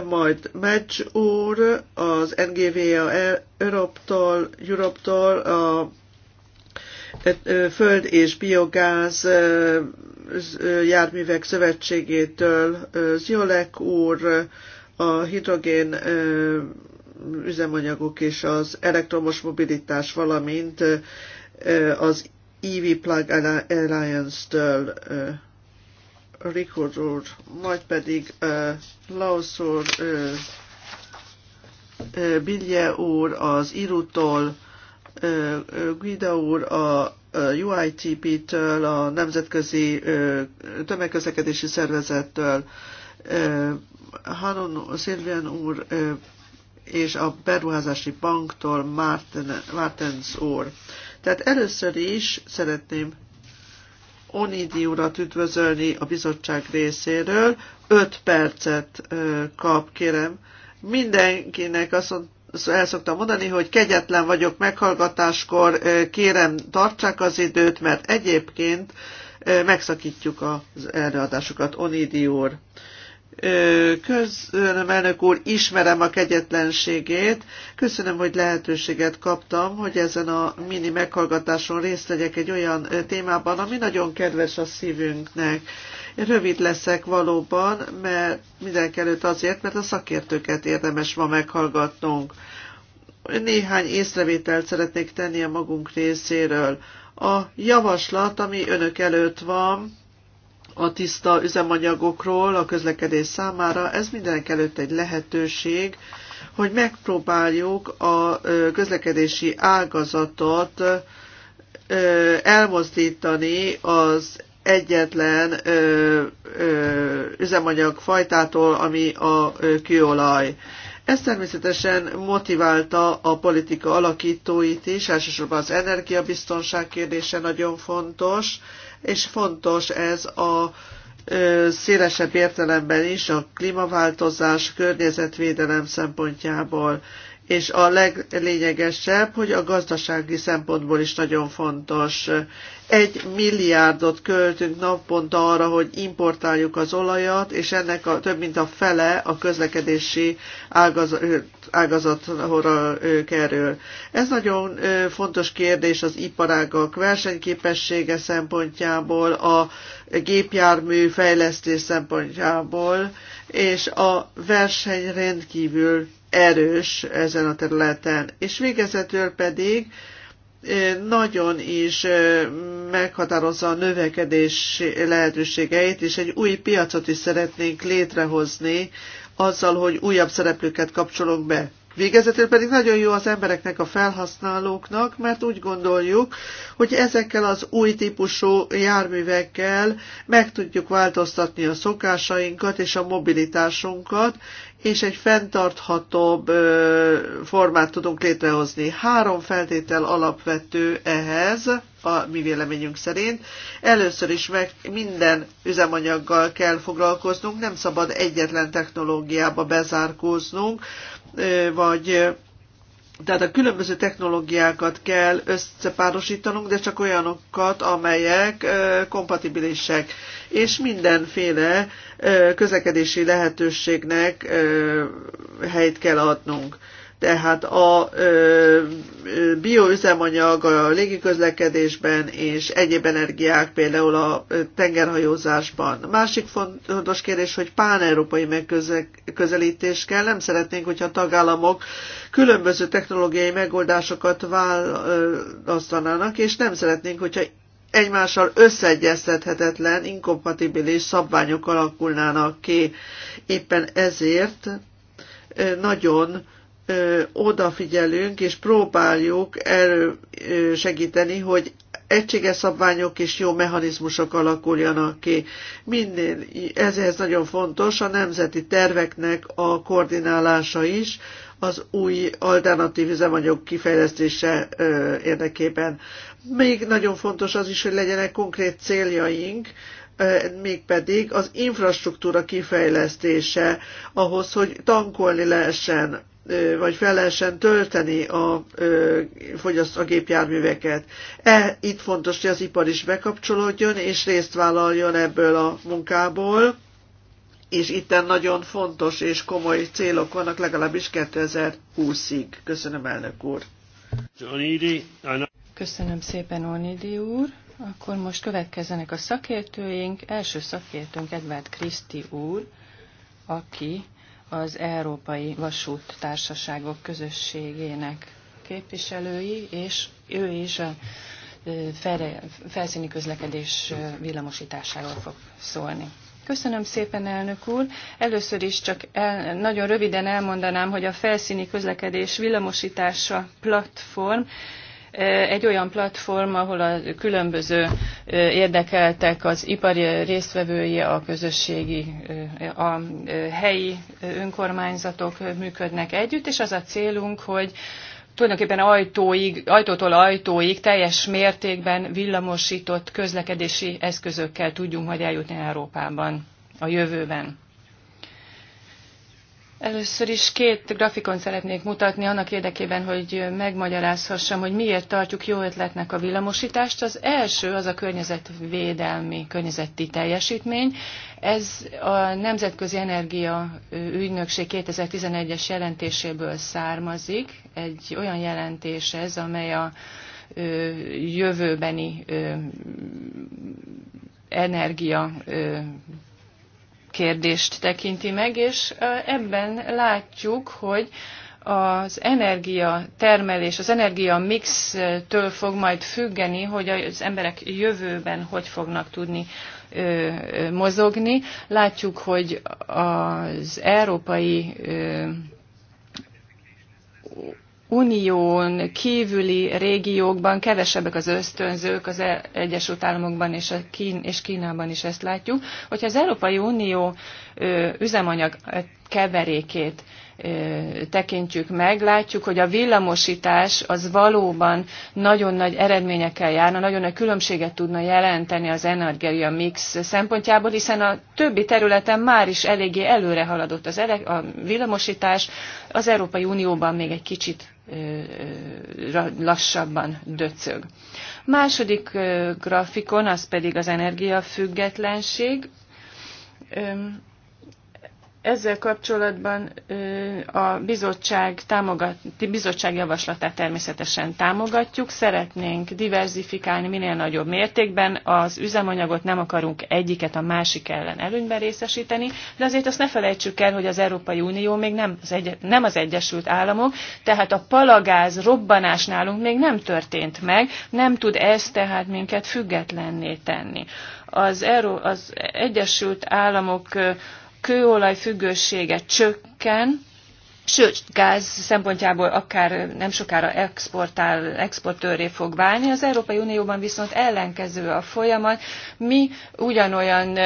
majd Mecs úr az NGVA e- Europe-tól, Europe-tól a tehát föld és biogáz járművek szövetségétől Ziolek úr, a hidrogén üzemanyagok és az elektromos mobilitás, valamint az EV Plug Alliance-től Rikord úr, majd pedig Laos úr, Bilje úr az Irutól, Guida úr a UITP-től, a Nemzetközi Tömegközlekedési Szervezettől, Hanon Szilvian úr és a Beruházási Banktól Martin Martens úr. Tehát először is szeretném Onidi urat üdvözölni a bizottság részéről. Öt percet kap, kérem. Mindenkinek azt mondta, el szoktam mondani, hogy kegyetlen vagyok meghallgatáskor, kérem tartsák az időt, mert egyébként megszakítjuk az előadásokat. Onídi úr. Köszönöm, elnök úr, ismerem a kegyetlenségét. Köszönöm, hogy lehetőséget kaptam, hogy ezen a mini meghallgatáson részt vegyek egy olyan témában, ami nagyon kedves a szívünknek. Rövid leszek valóban, mert előtt azért, mert a szakértőket érdemes ma meghallgatnunk. Néhány észrevételt szeretnék tenni a magunk részéről. A javaslat, ami önök előtt van, a tiszta üzemanyagokról a közlekedés számára, ez előtt egy lehetőség, hogy megpróbáljuk a közlekedési ágazatot elmozdítani az egyetlen ö, ö, üzemanyag fajtától, ami a ö, kőolaj. Ez természetesen motiválta a politika alakítóit is, elsősorban az energiabiztonság kérdése nagyon fontos, és fontos ez a ö, szélesebb értelemben is a klímaváltozás, környezetvédelem szempontjából és a leglényegesebb, hogy a gazdasági szempontból is nagyon fontos. Egy milliárdot költünk naponta arra, hogy importáljuk az olajat, és ennek a, több mint a fele a közlekedési ágazatra kerül. Ez nagyon fontos kérdés az iparágak versenyképessége szempontjából, a gépjármű fejlesztés szempontjából, és a verseny rendkívül erős ezen a területen. És végezetül pedig nagyon is meghatározza a növekedés lehetőségeit, és egy új piacot is szeretnénk létrehozni azzal, hogy újabb szereplőket kapcsolunk be. Végezetül pedig nagyon jó az embereknek, a felhasználóknak, mert úgy gondoljuk, hogy ezekkel az új típusú járművekkel meg tudjuk változtatni a szokásainkat és a mobilitásunkat, és egy fenntarthatóbb formát tudunk létrehozni. Három feltétel alapvető ehhez, a mi véleményünk szerint. Először is meg minden üzemanyaggal kell foglalkoznunk, nem szabad egyetlen technológiába bezárkóznunk, vagy tehát a különböző technológiákat kell összepárosítanunk, de csak olyanokat, amelyek kompatibilisek, és mindenféle közlekedési lehetőségnek helyt kell adnunk tehát a bioüzemanyag a légiközlekedésben és egyéb energiák, például a tengerhajózásban. Másik fontos kérdés, hogy pán-európai megközelítés kell. Nem szeretnénk, hogyha a tagállamok különböző technológiai megoldásokat választanának, és nem szeretnénk, hogyha egymással összeegyeztethetetlen, inkompatibilis szabványok alakulnának ki. Éppen ezért nagyon ö, odafigyelünk és próbáljuk erő ö, segíteni, hogy egységes szabványok és jó mechanizmusok alakuljanak ki. Minél, ezért nagyon fontos a nemzeti terveknek a koordinálása is, az új alternatív üzemanyag kifejlesztése ö, érdekében. Még nagyon fontos az is, hogy legyenek konkrét céljaink, mégpedig az infrastruktúra kifejlesztése ahhoz, hogy tankolni lehessen vagy fel lehessen tölteni a, fogyaszt, a gépjárműveket. E, itt fontos, hogy az ipar is bekapcsolódjon, és részt vállaljon ebből a munkából, és itten nagyon fontos és komoly célok vannak legalábbis 2020-ig. Köszönöm, elnök úr! Köszönöm szépen, Onidi úr! Akkor most következzenek a szakértőink. Első szakértőnk Edvard Kriszti úr, aki az Európai Vasút Társaságok Közösségének képviselői, és ő is a felszíni közlekedés villamosításáról fog szólni. Köszönöm szépen, elnök úr. Először is csak el, nagyon röviden elmondanám, hogy a felszíni közlekedés villamosítása platform egy olyan platform, ahol a különböző érdekeltek, az ipari résztvevői, a közösségi, a helyi önkormányzatok működnek együtt, és az a célunk, hogy tulajdonképpen ajtóig, ajtótól ajtóig teljes mértékben villamosított közlekedési eszközökkel tudjunk majd eljutni Európában a jövőben. Először is két grafikon szeretnék mutatni annak érdekében, hogy megmagyarázhassam, hogy miért tartjuk jó ötletnek a villamosítást. Az első az a környezetvédelmi, környezeti teljesítmény. Ez a Nemzetközi Energia Ügynökség 2011-es jelentéséből származik. Egy olyan jelentés ez, amely a jövőbeni energia kérdést tekinti meg, és ebben látjuk, hogy az energia termelés, az energia mixtől fog majd függeni, hogy az emberek jövőben hogy fognak tudni mozogni. Látjuk, hogy az európai unión kívüli régiókban kevesebbek az ösztönzők, az Egyesült Államokban és, a Kín, és Kínában is ezt látjuk. Hogyha az Európai Unió üzemanyag keverékét tekintjük meg, látjuk, hogy a villamosítás az valóban nagyon nagy eredményekkel járna, nagyon nagy különbséget tudna jelenteni az energia mix szempontjából, hiszen a többi területen már is eléggé előre haladott az ele- a villamosítás, az Európai Unióban még egy kicsit lassabban döcög. Második grafikon az pedig az energiafüggetlenség. Ezzel kapcsolatban a bizottság, támogat, bizottság javaslatát természetesen támogatjuk. Szeretnénk diversifikálni minél nagyobb mértékben. Az üzemanyagot nem akarunk egyiket a másik ellen előnyben részesíteni, de azért azt ne felejtsük el, hogy az Európai Unió még nem az, egy, nem az Egyesült Államok, tehát a palagáz robbanás nálunk még nem történt meg, nem tud ez tehát minket függetlenné tenni az, Euró, az Egyesült Államok kőolaj függősége csökken, sőt, gáz szempontjából akár nem sokára exportál, exportőré fog válni. Az Európai Unióban viszont ellenkező a folyamat. Mi ugyanolyan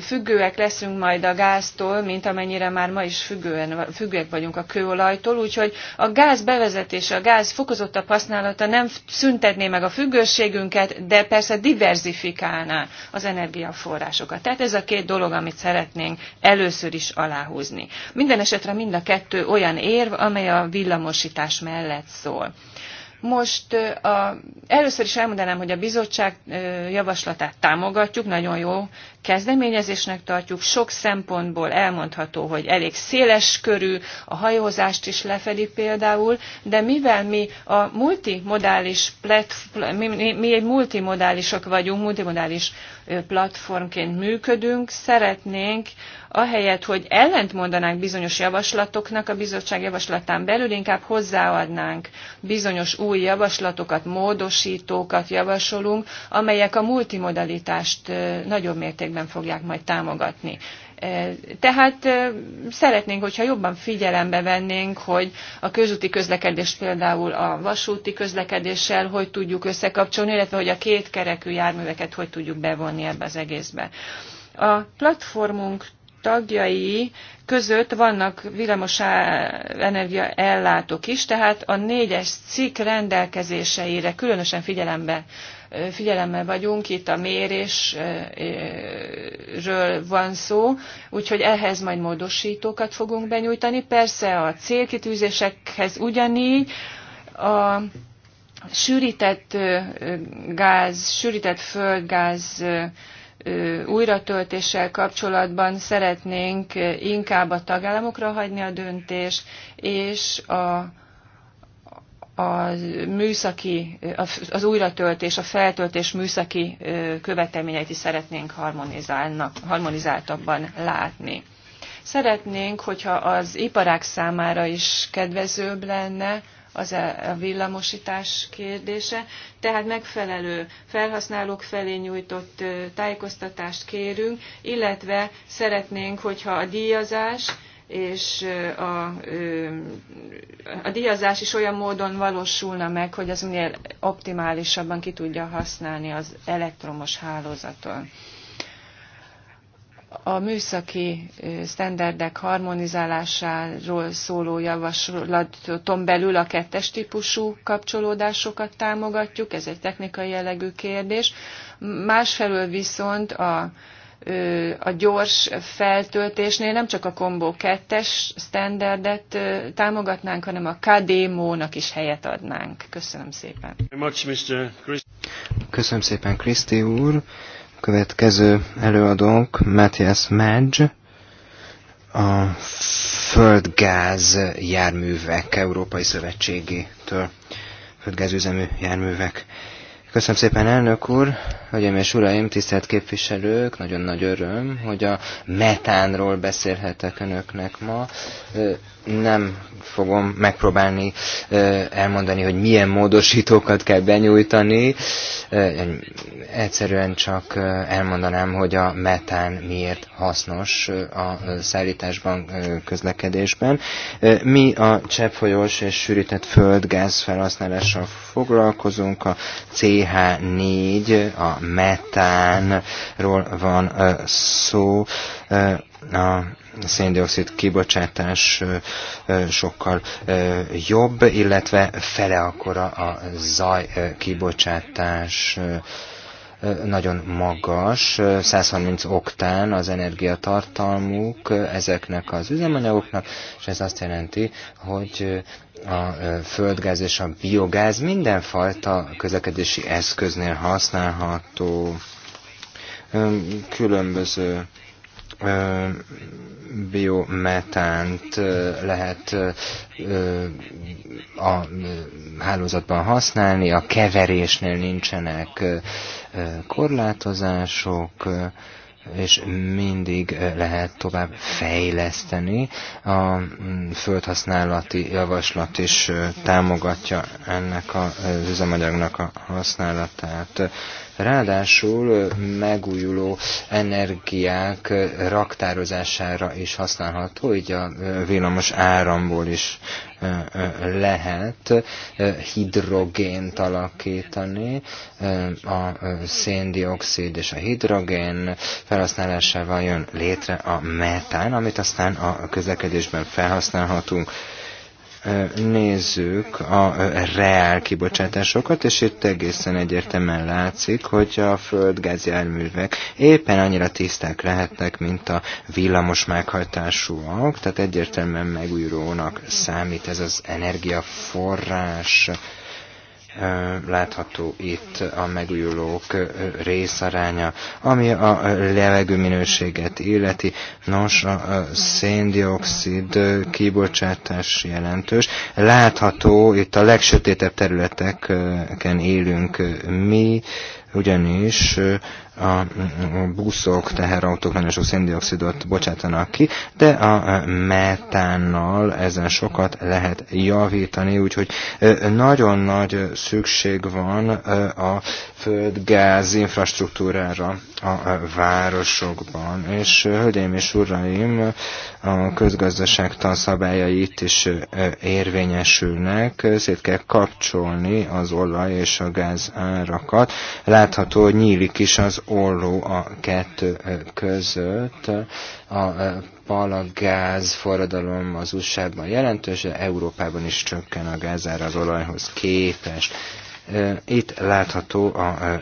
függőek leszünk majd a gáztól, mint amennyire már ma is függően, függőek vagyunk a kőolajtól, úgyhogy a gáz bevezetése, a gáz fokozottabb használata nem szüntetné meg a függőségünket, de persze diversifikálná az energiaforrásokat. Tehát ez a két dolog, amit szeretnénk először is aláhúzni. Minden esetre mind a kettő olyan olyan érv, amely a villamosítás mellett szól. Most a, először is elmondanám, hogy a bizottság javaslatát támogatjuk, nagyon jó kezdeményezésnek tartjuk. Sok szempontból elmondható, hogy elég széles körű, a hajózást is lefedi például, de mivel mi a multimodális mi, mi, mi egy multimodálisok vagyunk, multimodális platformként működünk, szeretnénk ahelyett, hogy ellentmondanánk bizonyos javaslatoknak a bizottság javaslatán belül, inkább hozzáadnánk bizonyos új javaslatokat, módosítókat javasolunk, amelyek a multimodalitást nagyobb mértékben mértékben fogják majd támogatni. Tehát szeretnénk, hogyha jobban figyelembe vennénk, hogy a közúti közlekedést például a vasúti közlekedéssel hogy tudjuk összekapcsolni, illetve hogy a két kerekű járműveket hogy tudjuk bevonni ebbe az egészbe. A platformunk tagjai között vannak villamos energia ellátók is, tehát a négyes cikk rendelkezéseire különösen figyelembe figyelemmel vagyunk, itt a mérésről van szó, úgyhogy ehhez majd módosítókat fogunk benyújtani. Persze a célkitűzésekhez ugyanígy, a sűrített gáz, sűrített földgáz újratöltéssel kapcsolatban szeretnénk inkább a tagállamokra hagyni a döntés, és a a műszaki, az újratöltés, a feltöltés műszaki követelményeit is szeretnénk harmonizáltabban látni. Szeretnénk, hogyha az iparák számára is kedvezőbb lenne az e, a villamosítás kérdése, tehát megfelelő felhasználók felé nyújtott tájékoztatást kérünk, illetve szeretnénk, hogyha a díjazás, és a, a díjazás is olyan módon valósulna meg, hogy az minél optimálisabban ki tudja használni az elektromos hálózaton. A műszaki sztenderdek harmonizálásáról szóló javaslaton belül a kettes típusú kapcsolódásokat támogatjuk, ez egy technikai jellegű kérdés. Másfelől viszont a a gyors feltöltésnél nem csak a Combo 2-es standardet támogatnánk, hanem a KDMO-nak is helyet adnánk. Köszönöm szépen. Köszönöm szépen, Kriszti úr. Következő előadónk Matthias Madge, a Földgáz járművek Európai Szövetségétől, földgázüzemű járművek Köszönöm szépen, elnök úr, hölgyeim és uraim, tisztelt képviselők, nagyon nagy öröm, hogy a metánról beszélhetek önöknek ma nem fogom megpróbálni elmondani, hogy milyen módosítókat kell benyújtani. Egyszerűen csak elmondanám, hogy a metán miért hasznos a szállításban, közlekedésben. Mi a cseppfolyós és sűrített földgáz felhasználással foglalkozunk. A CH4, a metánról van szó. A széndiokszid kibocsátás sokkal jobb, illetve fele akkora a zaj kibocsátás nagyon magas, 130 oktán az energiatartalmuk ezeknek az üzemanyagoknak, és ez azt jelenti, hogy a földgáz és a biogáz mindenfajta közlekedési eszköznél használható különböző biometánt lehet a hálózatban használni, a keverésnél nincsenek korlátozások, és mindig lehet tovább fejleszteni. A mm, földhasználati javaslat is támogatja ennek az üzemanyagnak a használatát. Ráadásul megújuló energiák raktározására is használható, így a villamos áramból is lehet hidrogént alakítani. A széndiokszid és a hidrogén felhasználásával jön létre a metán, amit aztán a közlekedésben felhasználhatunk nézzük a reál kibocsátásokat, és itt egészen egyértelműen látszik, hogy a földgázi járművek éppen annyira tiszták lehetnek, mint a villamos meghajtásúak, tehát egyértelműen megújulónak számít ez az energiaforrás látható itt a megújulók részaránya, ami a levegőminőséget illeti. Nos, a széndiokszid kibocsátás jelentős. Látható, itt a legsötétebb területeken élünk mi, ugyanis a buszok, teherautók nagyon sok széndiokszidot bocsátanak ki, de a metánnal ezen sokat lehet javítani, úgyhogy nagyon nagy szükség van a földgáz infrastruktúrára a városokban. És hölgyeim és uraim, a közgazdaságtan szabályai itt is érvényesülnek, szét kell kapcsolni az olaj és a gáz árakat. Látható, hogy nyílik is az az olló a kettő között. A palagáz forradalom az USA-ban jelentős, Európában is csökken a gázára az olajhoz képest. Itt látható a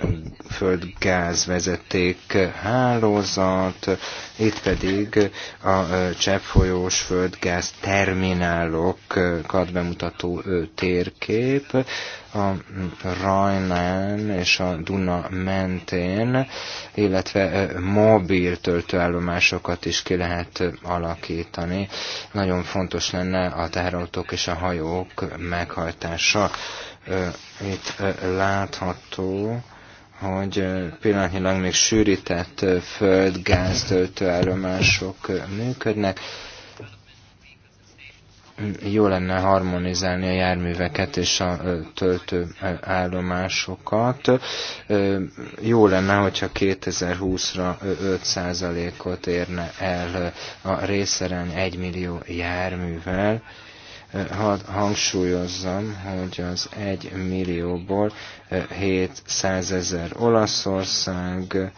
földgázvezeték hálózat, itt pedig a cseppfolyós földgáz terminálokat bemutató térkép a Rajnán és a Duna mentén, illetve mobil töltőállomásokat is ki lehet alakítani. Nagyon fontos lenne a teherautók és a hajók meghajtása. Itt látható, hogy pillanatnyilag még sűrített földgáztöltőállomások működnek, jó lenne harmonizálni a járműveket és a töltő állomásokat. Jó lenne, hogyha 2020-ra 5%-ot érne el a részarány 1 millió járművel. Hadd hangsúlyozzam, hogy az 1 millióból 700 ezer Olaszország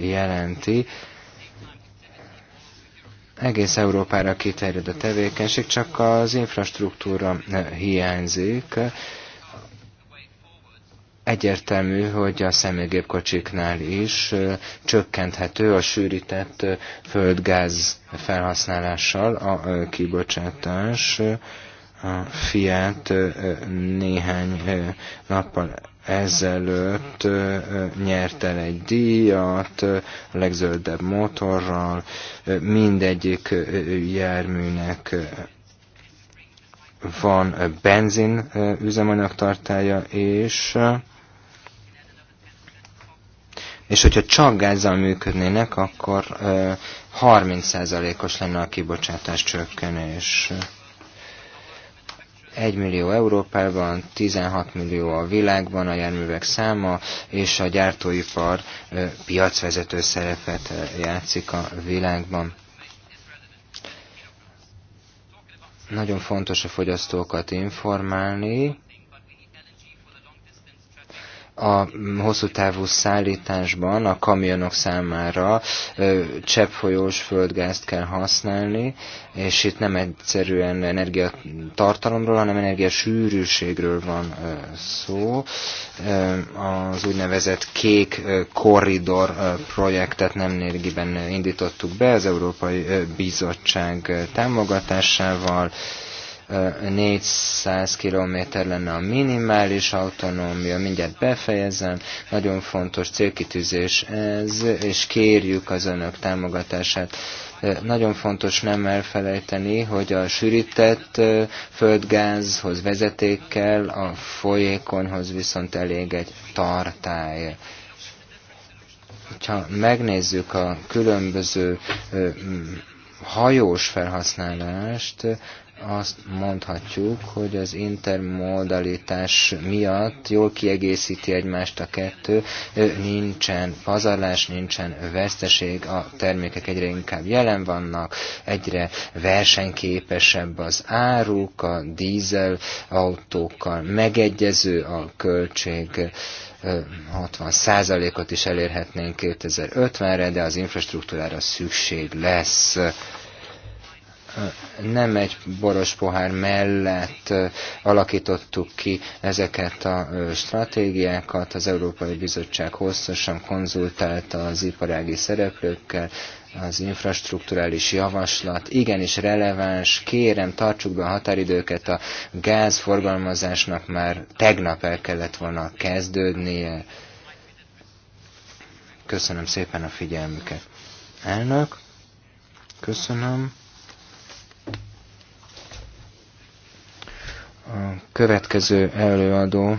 jelenti, egész Európára kiterjed a tevékenység, csak az infrastruktúra eh, hiányzik. Egyértelmű, hogy a személygépkocsiknál is eh, csökkenthető a sűrített eh, földgáz felhasználással a kibocsátás. A Fiat néhány nappal ezelőtt nyert el egy díjat, a legzöldebb motorral, mindegyik járműnek van benzin üzemanyagtartája, és és hogyha csak gázzal működnének, akkor 30%-os lenne a kibocsátás csökkenés. 1 millió Európában, 16 millió a világban a járművek száma, és a gyártóipar piacvezető szerepet játszik a világban. Nagyon fontos a fogyasztókat informálni, a hosszú távú szállításban a kamionok számára cseppfolyós földgázt kell használni, és itt nem egyszerűen energiatartalomról, hanem energiasűrűségről van szó. Az úgynevezett kék korridor projektet nem négiben indítottuk be az Európai Bizottság támogatásával, 400 km lenne a minimális autonómia, mindjárt befejezem, nagyon fontos célkitűzés ez, és kérjük az önök támogatását nagyon fontos nem elfelejteni, hogy a sűrített földgázhoz vezetékkel, a folyékonyhoz viszont elég egy tartály. Ha megnézzük a különböző hajós felhasználást, azt mondhatjuk, hogy az intermodalitás miatt jól kiegészíti egymást a kettő, nincsen pazarlás, nincsen veszteség, a termékek egyre inkább jelen vannak, egyre versenyképesebb az áruk, a dízel autókkal megegyező a költség, 60%-ot is elérhetnénk 2050-re, de az infrastruktúrára szükség lesz nem egy boros pohár mellett alakítottuk ki ezeket a stratégiákat. Az Európai Bizottság hosszasan konzultálta az iparági szereplőkkel, az infrastruktúrális javaslat igenis releváns, kérem tartsuk be a határidőket, a gázforgalmazásnak már tegnap el kellett volna kezdődnie. Köszönöm szépen a figyelmüket. Elnök, köszönöm. A következő előadó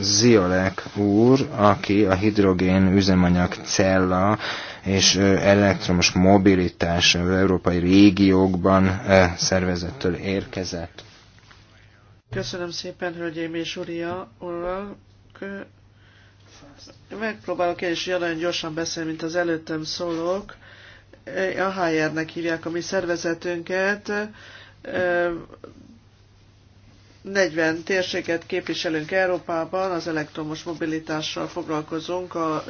Ziolek úr, aki a hidrogén üzemanyag cella és elektromos mobilitás európai régiókban szervezettől érkezett. Köszönöm szépen, hölgyeim és uria, urak. Megpróbálok én is nagyon gyorsan beszélni, mint az előttem szólók. A HR-nek hívják a mi szervezetünket 40 térséget képviselünk Európában, az elektromos mobilitással foglalkozunk, az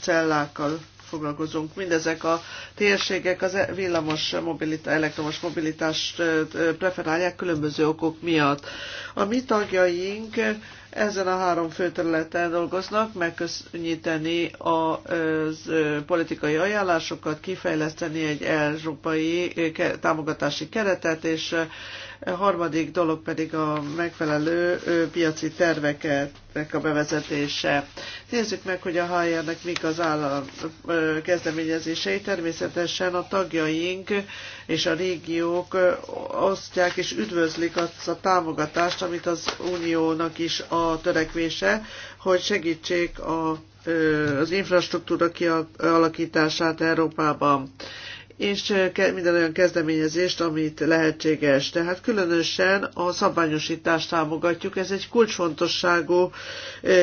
cellákkal foglalkozunk. Mindezek a térségek az e, villamos mobilita, elektromos mobilitást preferálják különböző okok miatt. A mi tagjaink ezen a három főterületen dolgoznak, megköszönjíteni a politikai ajánlásokat, kifejleszteni egy európai támogatási keretet, és a harmadik dolog pedig a megfelelő piaci terveket a bevezetése. Nézzük meg, hogy a HR-nek mik az állam kezdeményezései. Természetesen a tagjaink és a régiók osztják és üdvözlik azt a támogatást, amit az uniónak is a törekvése, hogy segítsék a, az infrastruktúra kialakítását Európában és minden olyan kezdeményezést, amit lehetséges. Tehát különösen a szabványosítást támogatjuk. Ez egy kulcsfontosságú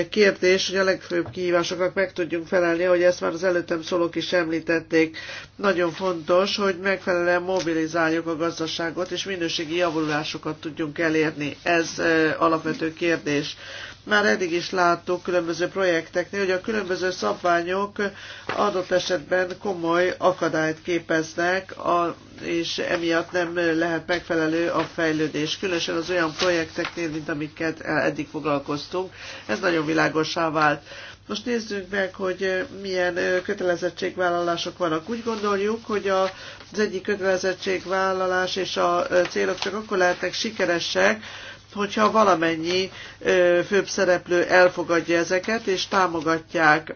kérdés, hogy a legfőbb kihívásoknak meg tudjunk felelni, hogy ezt már az előttem szólók is említették. Nagyon fontos, hogy megfelelően mobilizáljuk a gazdaságot, és minőségi javulásokat tudjunk elérni. Ez alapvető kérdés. Már eddig is láttuk különböző projekteknél, hogy a különböző szabványok adott esetben komoly akadályt képeznek, a, és emiatt nem lehet megfelelő a fejlődés. Különösen az olyan projekteknél, mint amiket eddig foglalkoztunk, ez nagyon világosá vált. Most nézzük meg, hogy milyen kötelezettségvállalások vannak. Úgy gondoljuk, hogy az egyik kötelezettségvállalás és a célok csak akkor lehetnek sikeresek, hogyha valamennyi főbb szereplő elfogadja ezeket és támogatják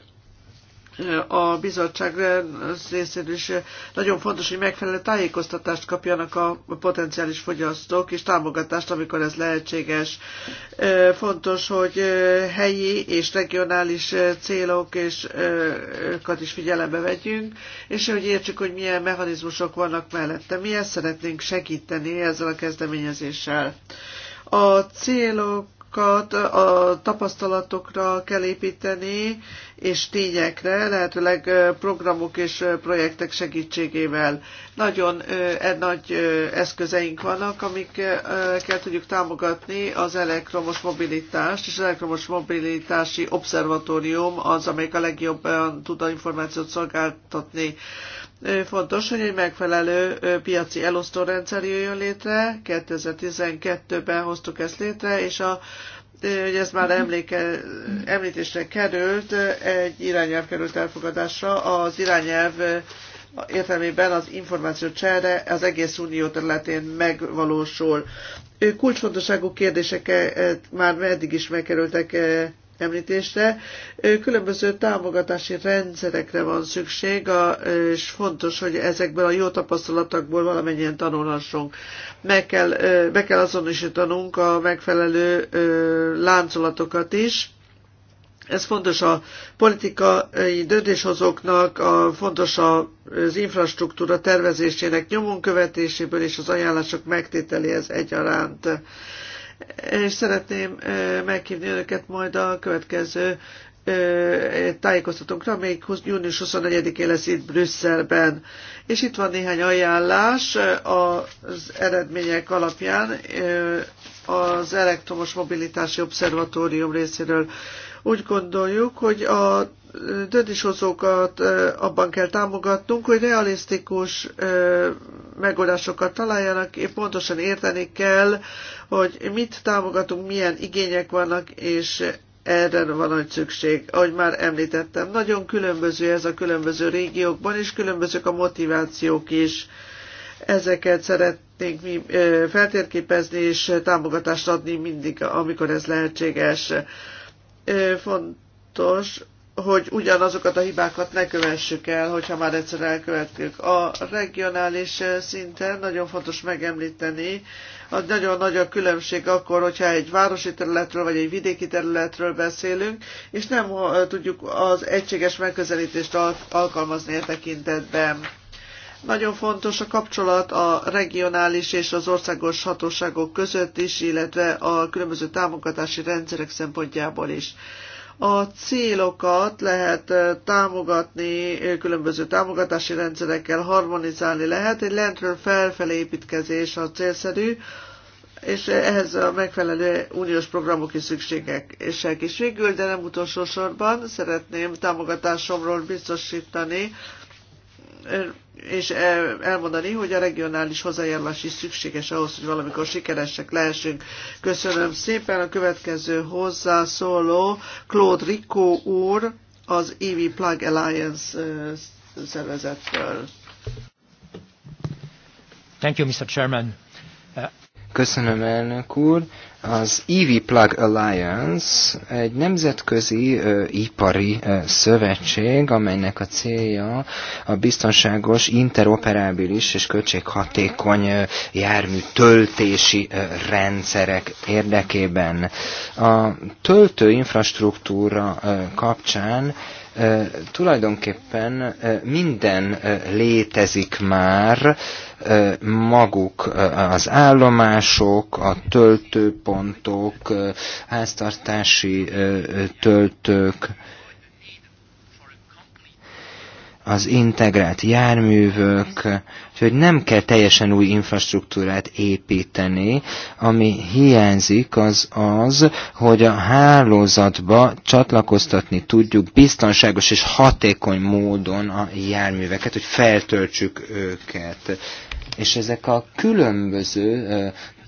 a bizottság részéről is nagyon fontos, hogy megfelelő tájékoztatást kapjanak a potenciális fogyasztók, és támogatást, amikor ez lehetséges. Fontos, hogy helyi és regionális célok és őket is figyelembe vegyünk, és hogy értsük, hogy milyen mechanizmusok vannak mellette. Mi ezt szeretnénk segíteni ezzel a kezdeményezéssel. A célokat a tapasztalatokra kell építeni, és tényekre, lehetőleg programok és projektek segítségével. Nagyon e nagy eszközeink vannak, amikkel tudjuk támogatni az elektromos mobilitást, és az elektromos mobilitási obszervatórium az, amelyik a legjobban tud a információt szolgáltatni. Fontos, hogy egy megfelelő piaci elosztó rendszer jöjjön létre. 2012-ben hoztuk ezt létre, és a hogy ez már emléke, említésre került, egy irányelv került elfogadásra. Az irányelv értelmében az információ csere az egész unió területén megvalósul. Kulcsfontosságú kérdések már eddig is megkerültek említésre. Különböző támogatási rendszerekre van szükség, és fontos, hogy ezekből a jó tapasztalatokból valamennyien tanulhassunk. Meg kell, be kell azonosítanunk a megfelelő láncolatokat is, ez fontos a politikai döntéshozóknak, a, fontos az infrastruktúra tervezésének nyomon követéséből és az ajánlások megtételéhez egyaránt és szeretném meghívni önöket majd a következő tájékoztatónkra, amelyik június 24-én lesz itt Brüsszelben. És itt van néhány ajánlás az eredmények alapján az Elektromos Mobilitási Obszervatórium részéről. Úgy gondoljuk, hogy a döntéshozókat abban kell támogatnunk, hogy realisztikus megoldásokat találjanak, és pontosan érteni kell, hogy mit támogatunk, milyen igények vannak, és erre van nagy szükség. Ahogy már említettem, nagyon különböző ez a különböző régiókban, és különbözők a motivációk is. Ezeket szeretnénk mi feltérképezni és támogatást adni mindig, amikor ez lehetséges. Fontos, hogy ugyanazokat a hibákat ne kövessük el, hogyha már egyszer elkövettük. A regionális szinten nagyon fontos megemlíteni, az nagyon nagy a különbség akkor, hogyha egy városi területről vagy egy vidéki területről beszélünk, és nem tudjuk az egységes megközelítést alkalmazni a e tekintetben. Nagyon fontos a kapcsolat a regionális és az országos hatóságok között is, illetve a különböző támogatási rendszerek szempontjából is. A célokat lehet támogatni különböző támogatási rendszerekkel, harmonizálni lehet, egy lentről felfelé építkezés a célszerű, és ehhez a megfelelő uniós programok is szükségesek. És végül, de nem utolsó sorban szeretném támogatásomról biztosítani és elmondani, hogy a regionális hozzájárulás is szükséges ahhoz, hogy valamikor sikeresek lehessünk. Köszönöm szépen a következő hozzászóló Claude Rico úr az EV Plug Alliance szervezettől. Thank you, Mr. Chairman. Köszönöm, elnök úr. Az EV Plug Alliance egy nemzetközi ö, ipari ö, szövetség, amelynek a célja a biztonságos, interoperábilis és költséghatékony ö, jármű töltési ö, rendszerek érdekében. A töltő infrastruktúra ö, kapcsán tulajdonképpen minden létezik már, maguk az állomások, a töltőpontok, háztartási töltők, az integrált járművök, hogy nem kell teljesen új infrastruktúrát építeni, ami hiányzik az az, hogy a hálózatba csatlakoztatni tudjuk biztonságos és hatékony módon a járműveket, hogy feltöltsük őket. És ezek a különböző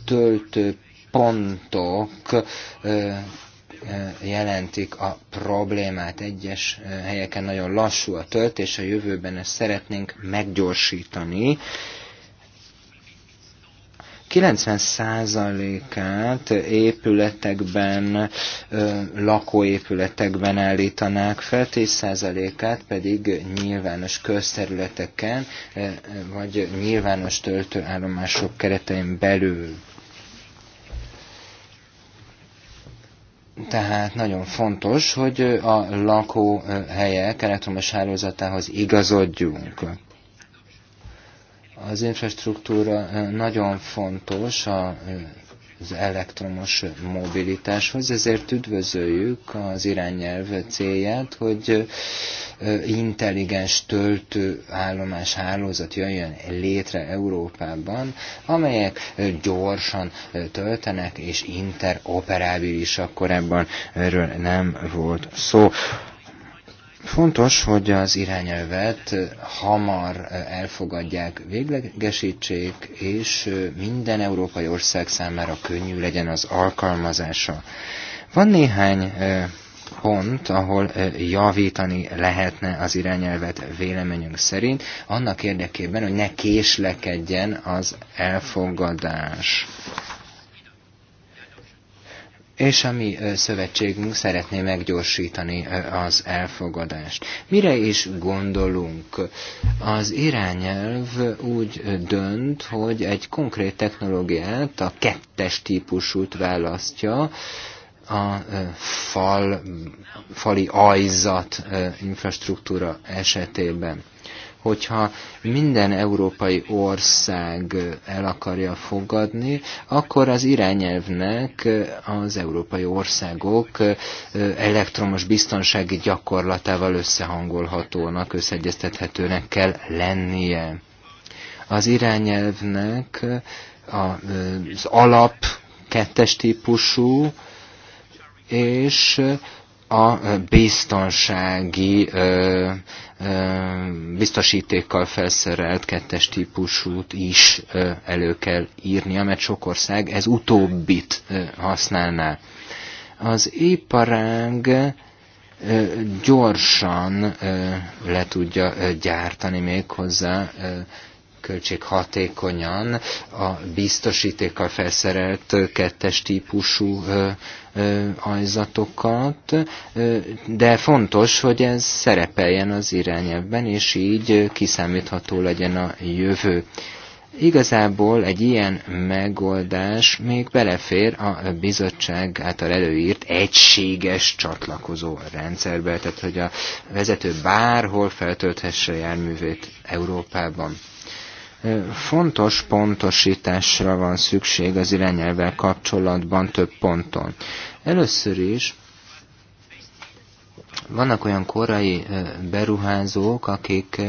töltőpontok jelentik a problémát. Egyes helyeken nagyon lassú a töltés, a jövőben ezt szeretnénk meggyorsítani. 90%-át épületekben, lakóépületekben állítanák fel, 10%-át pedig nyilvános közterületeken, vagy nyilvános töltőállomások keretein belül. Tehát nagyon fontos, hogy a lakóhelyek elektromos hálózatához igazodjunk. Az infrastruktúra nagyon fontos az elektromos mobilitáshoz, ezért üdvözöljük az irányelv célját, hogy intelligens töltőállomás hálózat jöjjön létre Európában, amelyek gyorsan töltenek és interoperábilisak. Korábban erről nem volt szó. Fontos, hogy az irányelvet hamar elfogadják, véglegesítsék, és minden európai ország számára könnyű legyen az alkalmazása. Van néhány pont, ahol javítani lehetne az irányelvet véleményünk szerint, annak érdekében, hogy ne késlekedjen az elfogadás. És a mi szövetségünk szeretné meggyorsítani az elfogadást. Mire is gondolunk? Az irányelv úgy dönt, hogy egy konkrét technológiát, a kettes típusút választja, a fal, fali ajzat infrastruktúra esetében. Hogyha minden európai ország el akarja fogadni, akkor az irányelvnek az európai országok elektromos biztonsági gyakorlatával összehangolhatónak, összeegyeztethetőnek kell lennie. Az irányelvnek az alap kettes típusú, és a biztonsági ö, ö, biztosítékkal felszerelt kettes típusút is ö, elő kell írnia, mert sok ország ez utóbbit ö, használná. Az iparág gyorsan ö, le tudja ö, gyártani méghozzá ö, költséghatékonyan a biztosítékkal felszerelt kettes típusú ajzatokat, de fontos, hogy ez szerepeljen az irányelvben, és így kiszámítható legyen a jövő. Igazából egy ilyen megoldás még belefér a bizottság által előírt egységes csatlakozó rendszerbe, tehát hogy a vezető bárhol feltölthesse járművét Európában. Fontos pontosításra van szükség az irányelvvel kapcsolatban több ponton. Először is vannak olyan korai beruházók, akik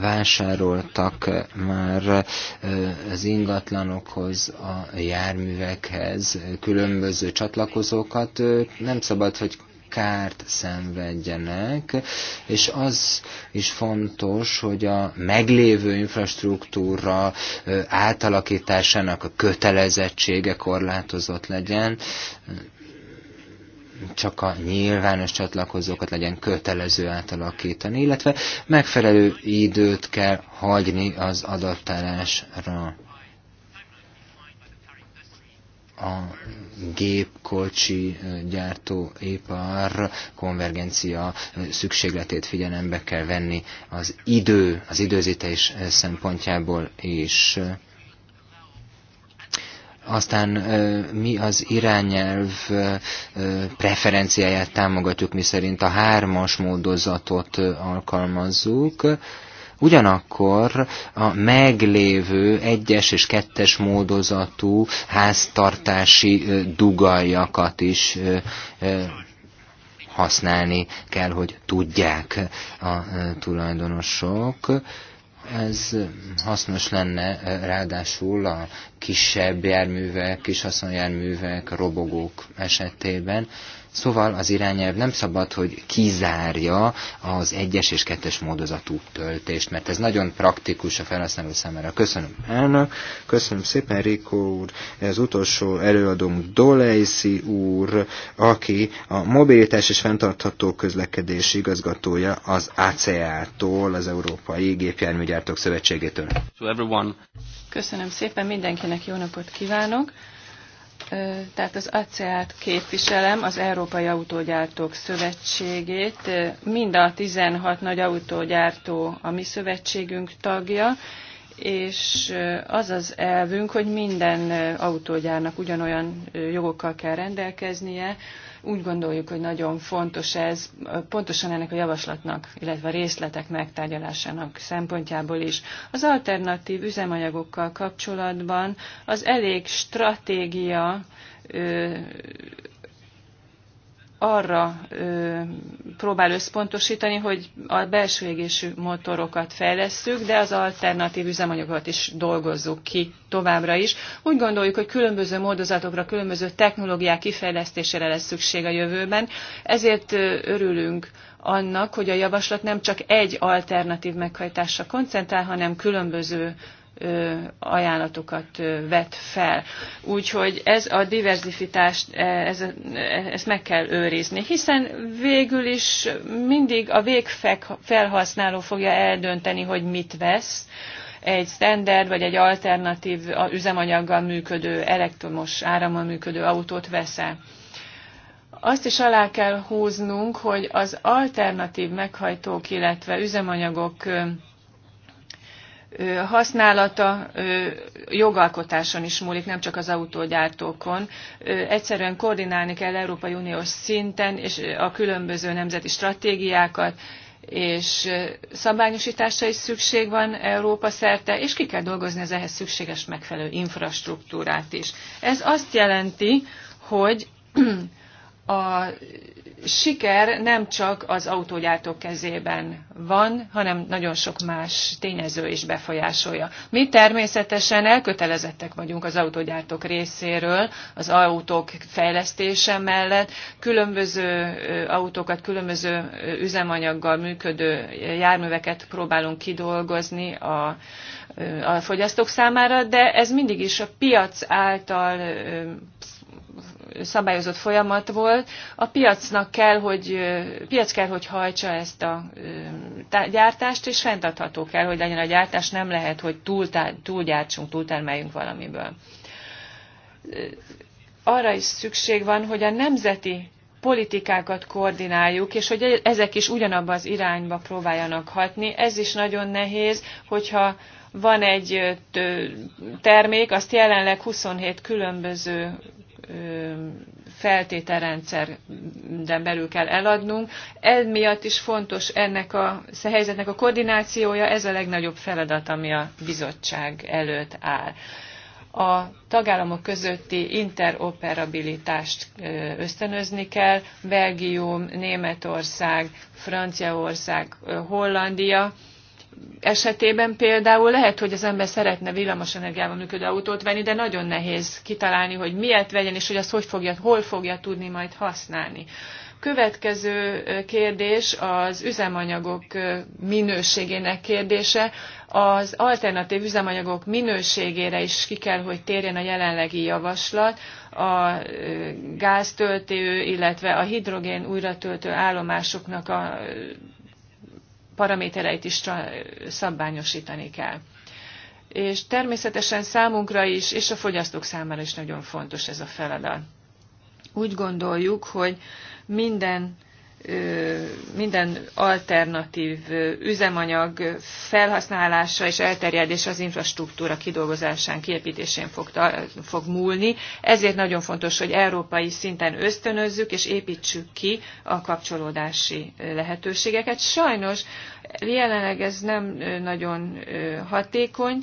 vásároltak már az ingatlanokhoz, a járművekhez különböző csatlakozókat. Nem szabad, hogy kárt szenvedjenek, és az is fontos, hogy a meglévő infrastruktúra átalakításának a kötelezettsége korlátozott legyen, csak a nyilvános csatlakozókat legyen kötelező átalakítani, illetve megfelelő időt kell hagyni az adattárásra a gépkocsi gyártóipar konvergencia szükségletét figyelembe kell venni az idő, az időzítés szempontjából is. Aztán mi az irányelv preferenciáját támogatjuk, mi szerint a hármas módozatot alkalmazzuk Ugyanakkor a meglévő egyes és kettes módozatú háztartási dugaljakat is használni kell, hogy tudják a tulajdonosok. Ez hasznos lenne ráadásul a kisebb járművek, kis haszonjárművek, robogók esetében, Szóval az irányelv nem szabad, hogy kizárja az egyes és kettes módozatú töltést, mert ez nagyon praktikus a felhasználó számára. Köszönöm elnök, köszönöm szépen Rikó úr, ez utolsó előadónk Dolejszi úr, aki a mobilitás és fenntartható közlekedés igazgatója az ACA-tól, az Európai Gépjárműgyártók Szövetségétől. Köszönöm szépen, mindenkinek jó napot kívánok! tehát az ACEA-t képviselem, az Európai Autógyártók Szövetségét. Mind a 16 nagy autógyártó a mi szövetségünk tagja, és az az elvünk, hogy minden autógyárnak ugyanolyan jogokkal kell rendelkeznie, úgy gondoljuk, hogy nagyon fontos ez, pontosan ennek a javaslatnak, illetve a részletek megtárgyalásának szempontjából is. Az alternatív üzemanyagokkal kapcsolatban az elég stratégia arra ö, próbál összpontosítani, hogy a belső égésű motorokat fejlesszük, de az alternatív üzemanyagokat is dolgozzuk ki továbbra is. Úgy gondoljuk, hogy különböző módozatokra, különböző technológiák kifejlesztésére lesz szükség a jövőben, ezért örülünk annak, hogy a javaslat nem csak egy alternatív meghajtásra koncentrál, hanem különböző ajánlatokat vet fel. Úgyhogy ez a diverzifitást, e, ez, e, ezt meg kell őrizni, hiszen végül is mindig a végfelhasználó fogja eldönteni, hogy mit vesz egy standard vagy egy alternatív üzemanyaggal működő, elektromos árammal működő autót vesz. Azt is alá kell húznunk, hogy az alternatív meghajtók, illetve üzemanyagok használata jogalkotáson is múlik, nem csak az autógyártókon. Egyszerűen koordinálni kell Európai Uniós szinten és a különböző nemzeti stratégiákat, és szabályosításra is szükség van Európa szerte, és ki kell dolgozni az ehhez szükséges megfelelő infrastruktúrát is. Ez azt jelenti, hogy a siker nem csak az autógyártók kezében van, hanem nagyon sok más tényező is befolyásolja. Mi természetesen elkötelezettek vagyunk az autógyártók részéről, az autók fejlesztése mellett, különböző autókat, különböző üzemanyaggal működő járműveket próbálunk kidolgozni a, a fogyasztók számára, de ez mindig is a piac által szabályozott folyamat volt. A piacnak kell, hogy piac kell, hogy hajtsa ezt a gyártást, és fenntartható kell, hogy legyen a gyártás, nem lehet, hogy túlgyártsunk, túl túltermeljünk valamiből. Arra is szükség van, hogy a nemzeti politikákat koordináljuk, és hogy ezek is ugyanabba az irányba próbáljanak hatni. Ez is nagyon nehéz, hogyha van egy termék, azt jelenleg 27 különböző feltételrendszerben belül kell eladnunk. miatt is fontos ennek a, a helyzetnek a koordinációja, ez a legnagyobb feladat, ami a bizottság előtt áll. A tagállamok közötti interoperabilitást ösztönözni kell, Belgium, Németország, Franciaország, Hollandia, esetében például lehet, hogy az ember szeretne energiával működő autót venni, de nagyon nehéz kitalálni, hogy miért vegyen, és hogy azt hogy fogja, hol fogja tudni majd használni. Következő kérdés az üzemanyagok minőségének kérdése. Az alternatív üzemanyagok minőségére is ki kell, hogy térjen a jelenlegi javaslat. A gáztöltő, illetve a hidrogén újratöltő állomásoknak a paramétereit is szabványosítani kell. És természetesen számunkra is, és a fogyasztók számára is nagyon fontos ez a feladat. Úgy gondoljuk, hogy minden minden alternatív üzemanyag felhasználása és elterjedése az infrastruktúra kidolgozásán, kiepítésén fog, fog múlni. Ezért nagyon fontos, hogy európai szinten ösztönözzük és építsük ki a kapcsolódási lehetőségeket. Sajnos jelenleg ez nem nagyon hatékony.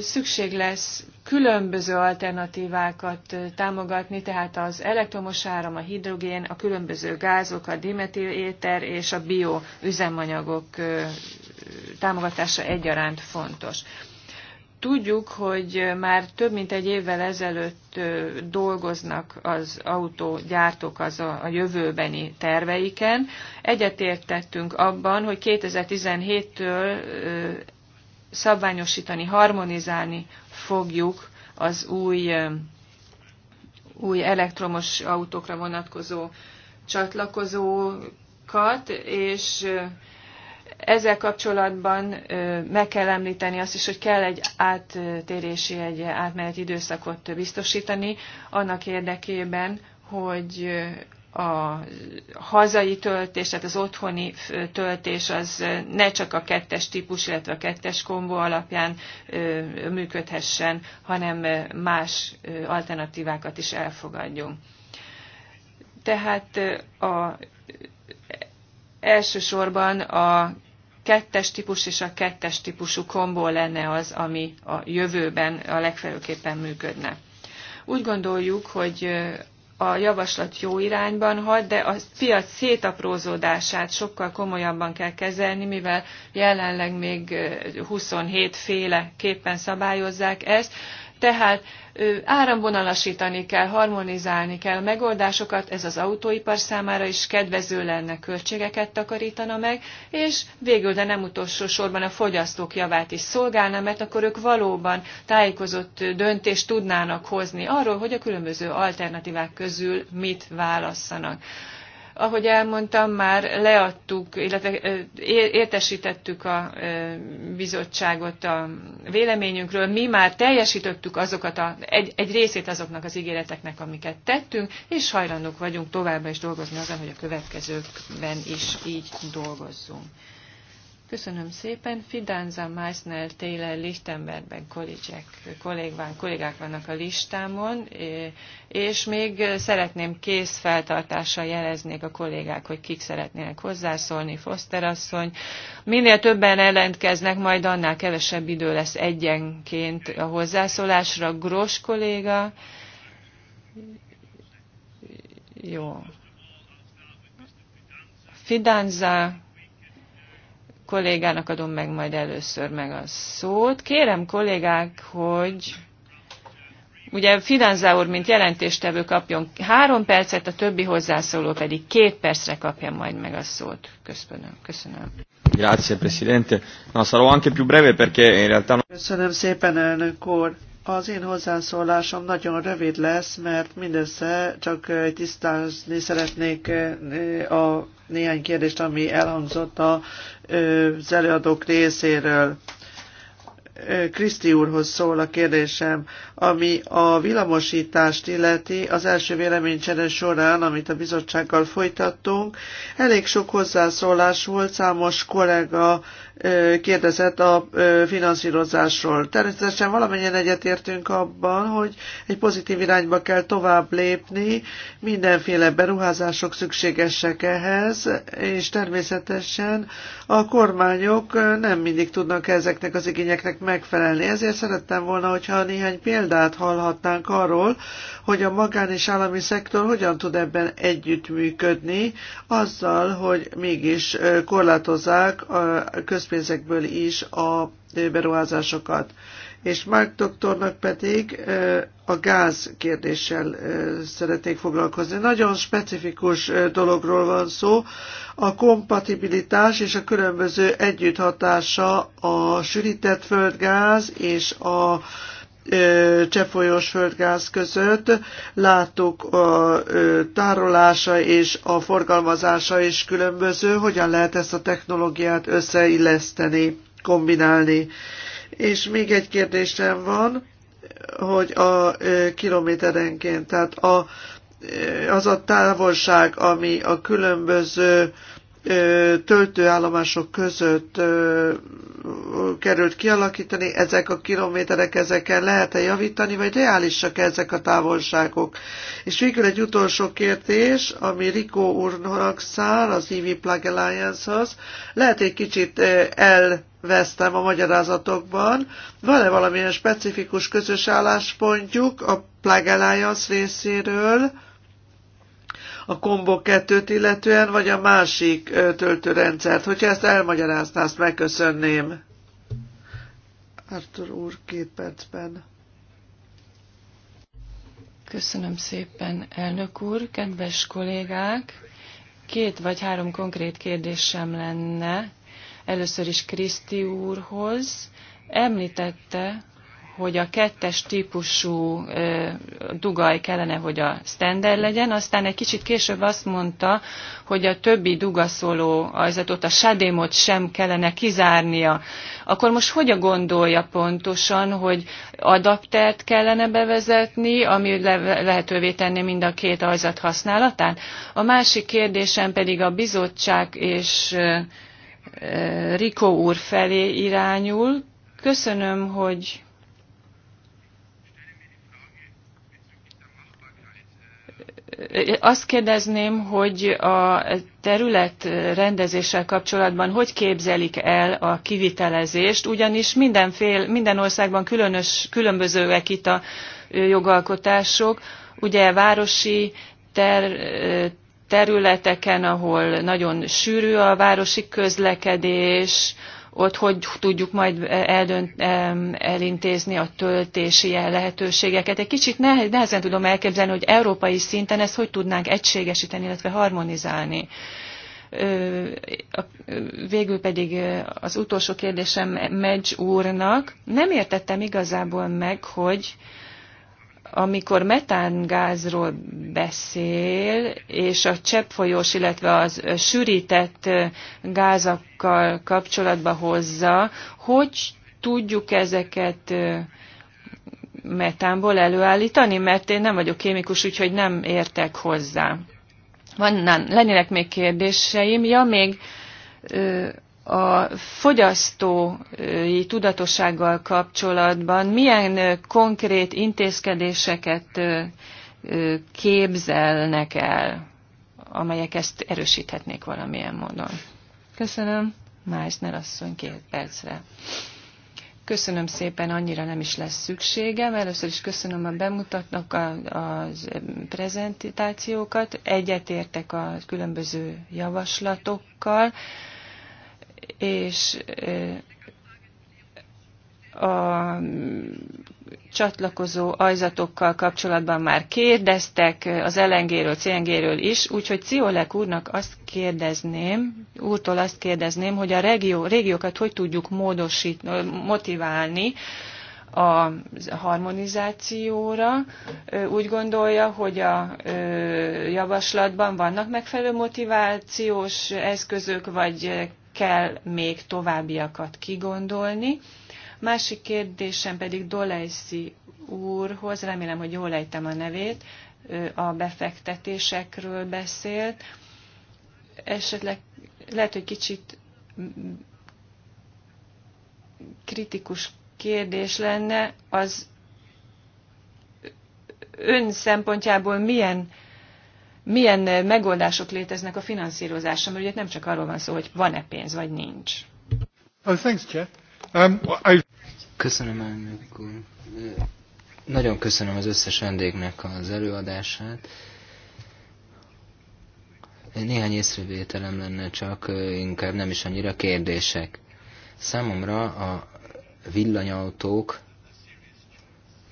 Szükség lesz különböző alternatívákat támogatni, tehát az elektromos áram, a hidrogén, a különböző gázok, a dimetiléter és a bioüzemanyagok támogatása egyaránt fontos. Tudjuk, hogy már több mint egy évvel ezelőtt dolgoznak az autógyártók az a, a jövőbeni terveiken. Egyetértettünk abban, hogy 2017-től szabványosítani, harmonizálni fogjuk az új, új elektromos autókra vonatkozó csatlakozókat, és eh, ezzel kapcsolatban eh, meg kell említeni azt is, hogy kell egy áttérési, egy átmeneti időszakot biztosítani annak érdekében, hogy eh, a hazai töltés, tehát az otthoni töltés az ne csak a kettes típus, illetve a kettes kombó alapján működhessen, hanem más alternatívákat is elfogadjunk. Tehát a, elsősorban a kettes típus és a kettes típusú kombó lenne az, ami a jövőben a legfelőképpen működne. Úgy gondoljuk, hogy a javaslat jó irányban hagy, de a piac szétaprózódását sokkal komolyabban kell kezelni, mivel jelenleg még 27 féleképpen szabályozzák ezt. Tehát áramvonalasítani kell, harmonizálni kell a megoldásokat, ez az autóipar számára is kedvező lenne költségeket takarítana meg, és végül, de nem utolsó sorban a fogyasztók javát is szolgálna, mert akkor ők valóban tájékozott döntést tudnának hozni arról, hogy a különböző alternatívák közül mit válasszanak. Ahogy elmondtam, már leadtuk, illetve értesítettük a bizottságot a véleményünkről. Mi már teljesítettük azokat a, egy, egy részét azoknak az ígéreteknek, amiket tettünk, és hajlandók vagyunk továbbra is dolgozni azon, hogy a következőkben is így dolgozzunk. Köszönöm szépen. Fidanza, Meissner, Taylor, Lichtenbergben kollégák, kollégván, kollégák vannak a listámon, eh, és még szeretném feltartással jeleznék a kollégák, hogy kik szeretnének hozzászólni, Foster asszony. Minél többen ellentkeznek, majd annál kevesebb idő lesz egyenként a hozzászólásra. Gros kolléga. Jó. Fidanza, kollégának adom meg majd először meg a szót. Kérem kollégák, hogy ugye Fidanza úr, mint jelentéstevő kapjon három percet, a többi hozzászóló pedig két percre kapja majd meg a szót. Köszönöm. Köszönöm. Grazie Presidente. No, sarò anche più breve perché in realtà... Köszönöm szépen, elnök úr. Az én hozzászólásom nagyon rövid lesz, mert mindössze csak tisztázni szeretnék a néhány kérdést, ami elhangzott az előadók részéről. Kriszti úrhoz szól a kérdésem, ami a villamosítást illeti az első véleménycsere során, amit a bizottsággal folytattunk. Elég sok hozzászólás volt, számos kollega kérdezett a finanszírozásról. Természetesen valamennyien egyetértünk abban, hogy egy pozitív irányba kell tovább lépni, mindenféle beruházások szükségesek ehhez, és természetesen a kormányok nem mindig tudnak ezeknek az igényeknek megfelelni. Ezért szerettem volna, hogyha néhány példát hallhatnánk arról, hogy a magán és állami szektor hogyan tud ebben együttműködni, azzal, hogy mégis korlátozzák a köz közpénzekből is a beruházásokat. És Mark doktornak pedig a gáz kérdéssel szeretnék foglalkozni. Nagyon specifikus dologról van szó, a kompatibilitás és a különböző együtthatása a sűrített földgáz és a cseppfolyós földgáz között. Láttuk a tárolása és a forgalmazása is különböző, hogyan lehet ezt a technológiát összeilleszteni, kombinálni. És még egy kérdésem van, hogy a kilométerenként, tehát a, az a távolság, ami a különböző töltőállomások között került kialakítani, ezek a kilométerek, ezeken lehet-e javítani, vagy reálisak -e ezek a távolságok. És végül egy utolsó kérdés, ami Rikó úrnak száll az EV Plug Alliance-hoz. Lehet egy kicsit eh, elvesztem a magyarázatokban. Van-e valamilyen specifikus közös álláspontjuk a Plug Alliance részéről? a Combo 2-t illetően, vagy a másik töltőrendszert. Hogyha ezt elmagyarázná, azt megköszönném. Artur úr, két percben. Köszönöm szépen, elnök úr, kedves kollégák! Két vagy három konkrét kérdésem lenne. Először is Kriszti úrhoz. Említette, hogy a kettes típusú dugaj kellene, hogy a standard legyen, aztán egy kicsit később azt mondta, hogy a többi dugaszoló ott a sedémot sem kellene kizárnia. Akkor most hogyan gondolja pontosan, hogy adaptert kellene bevezetni, ami lehetővé tenni mind a két ajzat használatát? A másik kérdésem pedig a bizottság és Rikó úr felé irányul. Köszönöm, hogy azt kérdezném, hogy a terület rendezéssel kapcsolatban hogy képzelik el a kivitelezést, ugyanis mindenfél, minden országban különös, különbözőek itt a jogalkotások, ugye városi ter, területeken, ahol nagyon sűrű a városi közlekedés, ott hogy tudjuk majd eldönt, elintézni a töltési lehetőségeket. Egy kicsit nehezen tudom elképzelni, hogy európai szinten ezt hogy tudnánk egységesíteni, illetve harmonizálni. Végül pedig az utolsó kérdésem Medj úrnak. Nem értettem igazából meg, hogy amikor metángázról beszél, és a cseppfolyós, illetve az sűrített gázakkal kapcsolatba hozza, hogy tudjuk ezeket metánból előállítani, mert én nem vagyok kémikus, úgyhogy nem értek hozzá. Van, nem, lennének még kérdéseim. Ja, még a fogyasztói tudatossággal kapcsolatban milyen konkrét intézkedéseket képzelnek el, amelyek ezt erősíthetnék valamilyen módon. Köszönöm. Meissner asszony két percre. Köszönöm szépen, annyira nem is lesz szükségem. Először is köszönöm a bemutatnak a, a prezentációkat. Egyetértek a különböző javaslatokkal és a csatlakozó ajzatokkal kapcsolatban már kérdeztek az elengéről, ről CNG-ről is, úgyhogy Ciolek úrnak azt kérdezném, úrtól azt kérdezném, hogy a regió, régiókat hogy tudjuk módosítani, motiválni a harmonizációra. Úgy gondolja, hogy a javaslatban vannak megfelelő motivációs eszközök, vagy kell még továbbiakat kigondolni. Másik kérdésem pedig Dolejszi úrhoz, remélem, hogy jól ejtem a nevét, a befektetésekről beszélt. Esetleg lehet, hogy kicsit kritikus kérdés lenne, az ön szempontjából milyen milyen eh, megoldások léteznek a finanszírozásra, mert ugye nem csak arról van szó, hogy van-e pénz, vagy nincs. Oh, thanks, um, Köszönöm, elnök úr. Eh, nagyon köszönöm az összes vendégnek az előadását. Néhány észrevételem lenne csak, eh, inkább nem is annyira kérdések. Számomra a villanyautók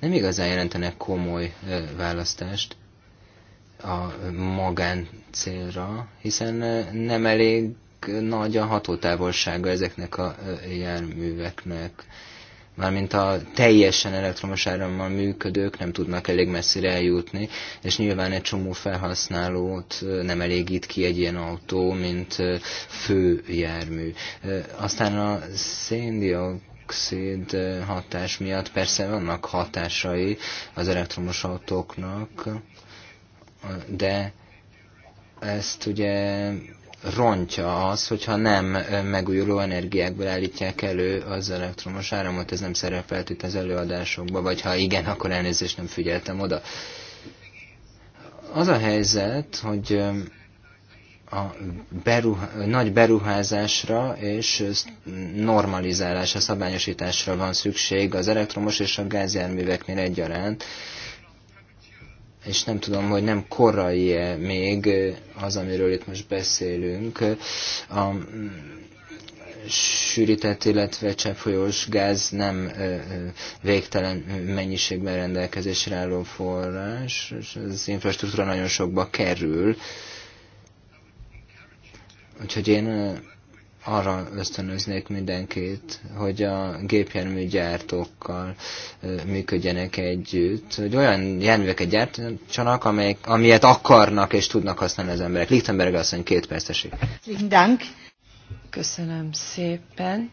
nem igazán jelentenek komoly választást, a magán célra, hiszen nem elég nagy a hatótávolsága ezeknek a járműveknek. Mármint a teljesen elektromos árammal működők nem tudnak elég messzire eljutni, és nyilván egy csomó felhasználót nem elégít ki egy ilyen autó, mint fő jármű. Aztán a széndiokszid hatás miatt persze vannak hatásai az elektromos autóknak, de ezt ugye rontja az, hogyha nem megújuló energiákból állítják elő az elektromos áramot, ez nem szerepelt itt az előadásokban, vagy ha igen, akkor elnézést nem figyeltem oda. Az a helyzet, hogy a beruha, nagy beruházásra és normalizálásra, szabályosításra van szükség az elektromos és a gázjárműveknél egyaránt, és nem tudom, hogy nem korai -e még az, amiről itt most beszélünk. A mm, sűrített, illetve cseppfolyós gáz nem végtelen mennyiségben rendelkezésre álló forrás, és az infrastruktúra nagyon sokba kerül. Úgyhogy én arra ösztönöznék mindenkit, hogy a gépjárműgyártókkal működjenek együtt, hogy olyan járműveket gyártsanak, amelyek, amilyet akarnak és tudnak használni az emberek. Lichtenberg asszony két perceség. Dank. Köszönöm szépen.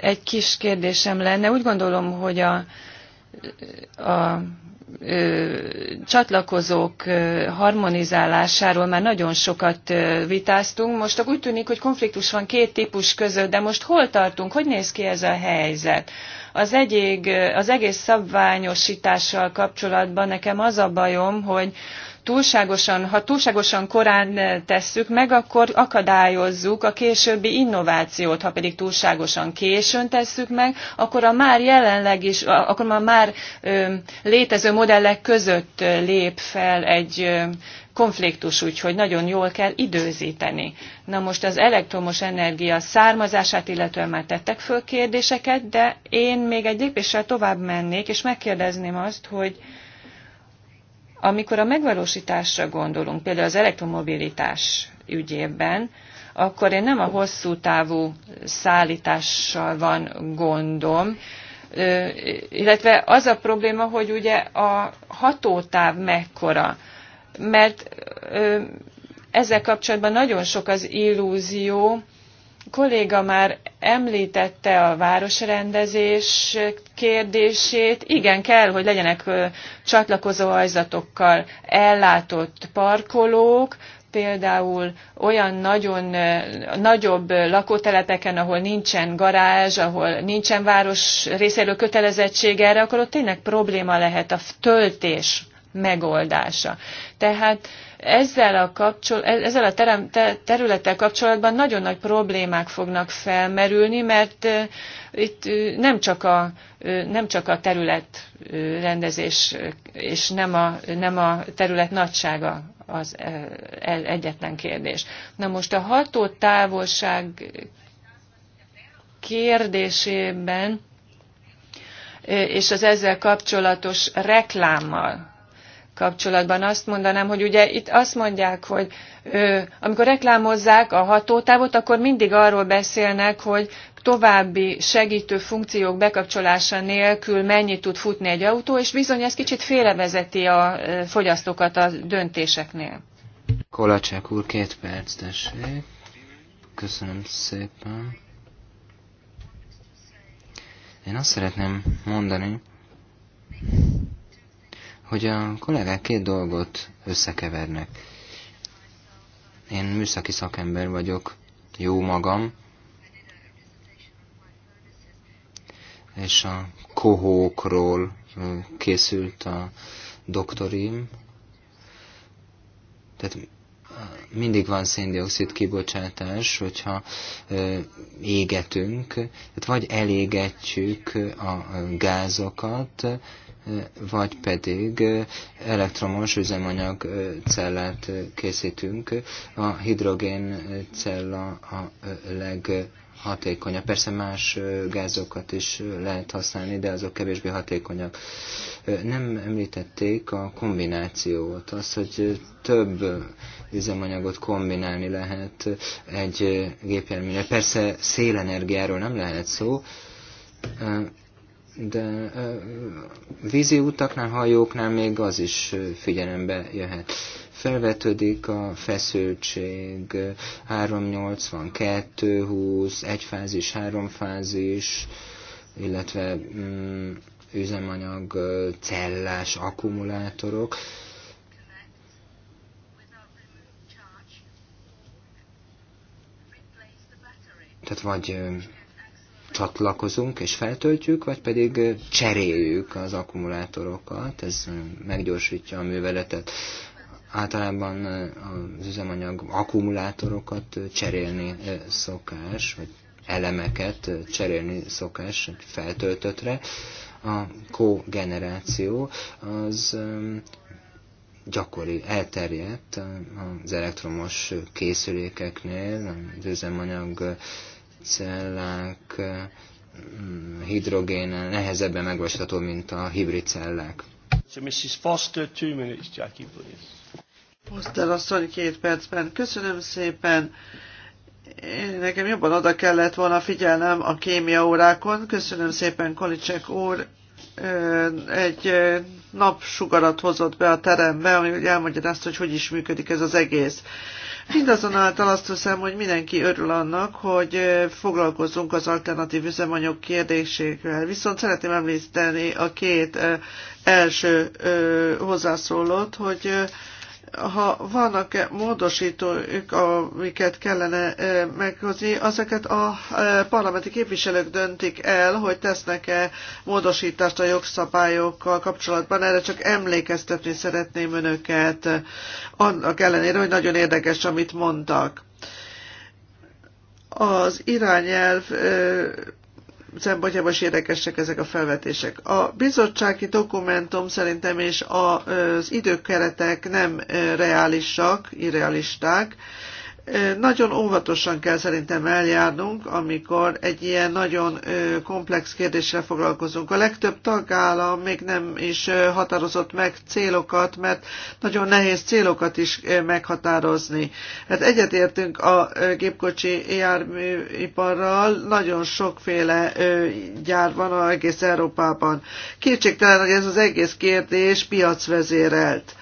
Egy kis kérdésem lenne. Úgy gondolom, hogy a, a csatlakozók harmonizálásáról már nagyon sokat vitáztunk. Most úgy tűnik, hogy konfliktus van két típus között, de most hol tartunk, hogy néz ki ez a helyzet? Az, egyik, az egész szabványosítással kapcsolatban nekem az a bajom, hogy túlságosan, ha túlságosan korán eh, tesszük meg, akkor akadályozzuk a későbbi innovációt, ha pedig túlságosan későn tesszük meg, akkor a már jelenleg is, akkor a már létező modellek között lép fel egy konfliktus, úgyhogy nagyon jól kell időzíteni. Na most az elektromos energia származását, illetően már tettek föl kérdéseket, de én még egy lépéssel tovább mennék, és megkérdezném azt, hogy amikor a megvalósításra gondolunk, például az elektromobilitás ügyében, akkor én nem a hosszú távú szállítással van gondom, illetve az a probléma, hogy ugye a hatótáv mekkora, mert ezzel kapcsolatban nagyon sok az illúzió, kolléga már említette a városrendezés kérdését. Igen, kell, hogy legyenek csatlakozó ajzatokkal ellátott parkolók, például olyan nagyon nagyobb lakótelepeken, ahol nincsen garázs, ahol nincsen város részéről kötelezettség erre, akkor ott tényleg probléma lehet a töltés megoldása. Tehát ezzel a, kapcsol, e-, ezzel a terem, területtel kapcsolatban nagyon nagy problémák fognak felmerülni, mert itt nem csak a, nem csak a terület rendezés és nem a, nem a terület nagysága az egyetlen kérdés. Na most a ható távolság kérdésében és az ezzel kapcsolatos reklámmal kapcsolatban azt mondanám, hogy ugye itt azt mondják, hogy ö, amikor reklámozzák a hatótávot, akkor mindig arról beszélnek, hogy további segítő funkciók bekapcsolása nélkül mennyit tud futni egy autó, és bizony ez kicsit félrevezeti a fogyasztókat a döntéseknél. Kolacsák úr, két perc, tessék. Köszönöm szépen. Én azt szeretném mondani, hogy a kollégák két dolgot összekevernek. Én műszaki szakember vagyok, jó magam, és a kohókról készült a doktorim. Tehát mindig van széndiokszid kibocsátás, hogyha égetünk, tehát vagy elégetjük a gázokat, vagy pedig elektromos üzemanyag cellát készítünk. A hidrogén cella a leg Persze más gázokat is lehet használni, de azok kevésbé hatékonyak. Nem említették a kombinációt, az, hogy több üzemanyagot kombinálni lehet egy gépjárműre. Persze szélenergiáról nem lehet szó, de vízi utaknál, hajóknál még az is figyelembe jöhet. Felvetődik a feszültség, 382, 20, egyfázis, háromfázis, illetve mm, üzemanyag, cellás akkumulátorok. Tehát vagy csatlakozunk és feltöltjük, vagy pedig cseréljük az akkumulátorokat, ez meggyorsítja a műveletet. Általában az üzemanyag akkumulátorokat cserélni szokás, vagy elemeket cserélni szokás egy feltöltöttre. A kogeneráció az gyakori, elterjedt az elektromos készülékeknél, az üzemanyag cellák mm, hidrogénen nehezebben megvalósítható, mint a hibrid cellák. So Mrs. Foster, two minutes, Jackie, please. Foster asszony, két percben. Köszönöm szépen. Én, nekem jobban oda kellett volna figyelnem a kémia órákon. Köszönöm szépen, Kolicsek úr. Egy napsugarat hozott be a terembe, ami elmagyarázta, hogy hogy is működik ez az egész. Mindazonáltal azt hiszem, hogy mindenki örül annak, hogy foglalkozunk az alternatív üzemanyag kérdésével. Viszont szeretném említeni a két első hozzászólót, hogy ha vannak -e módosítók, amiket kellene meghozni, azokat a parlamenti képviselők döntik el, hogy tesznek-e módosítást a jogszabályokkal kapcsolatban. Erre csak emlékeztetni szeretném önöket, annak ellenére, hogy nagyon érdekes, amit mondtak. Az irányelv szempontjából is érdekesek ezek a felvetések. A bizottsági dokumentum szerintem és az időkeretek nem eh, reálisak, irrealisták, nagyon óvatosan kell szerintem eljárnunk, amikor egy ilyen nagyon komplex kérdésre foglalkozunk. A legtöbb tagállam még nem is határozott meg célokat, mert nagyon nehéz célokat is meghatározni. Hát egyetértünk a gépkocsi járműiparral, nagyon sokféle gyár van az egész Európában. Kétségtelen, hogy ez az egész kérdés piacvezérelt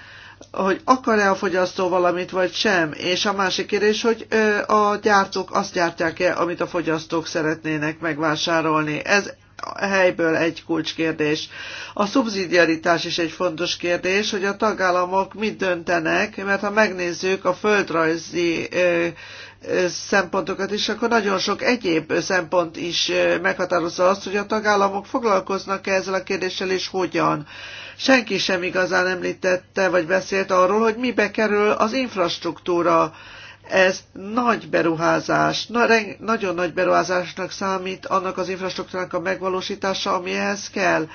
hogy akar-e a fogyasztó valamit, vagy sem. És a másik kérdés, hogy a gyártók azt gyártják-e, amit a fogyasztók szeretnének megvásárolni. Ez a helyből egy kulcskérdés. A szubszidiaritás is egy fontos kérdés, hogy a tagállamok mit döntenek, mert ha megnézzük a földrajzi szempontokat is, akkor nagyon sok egyéb szempont is meghatározza azt, hogy a tagállamok foglalkoznak -e ezzel a kérdéssel, és hogyan senki sem igazán említette vagy beszélt arról, hogy mibe kerül az infrastruktúra. Ez nagy beruházás, na, reng, nagyon nagy beruházásnak számít annak az infrastruktúrának a megvalósítása, amihez kell.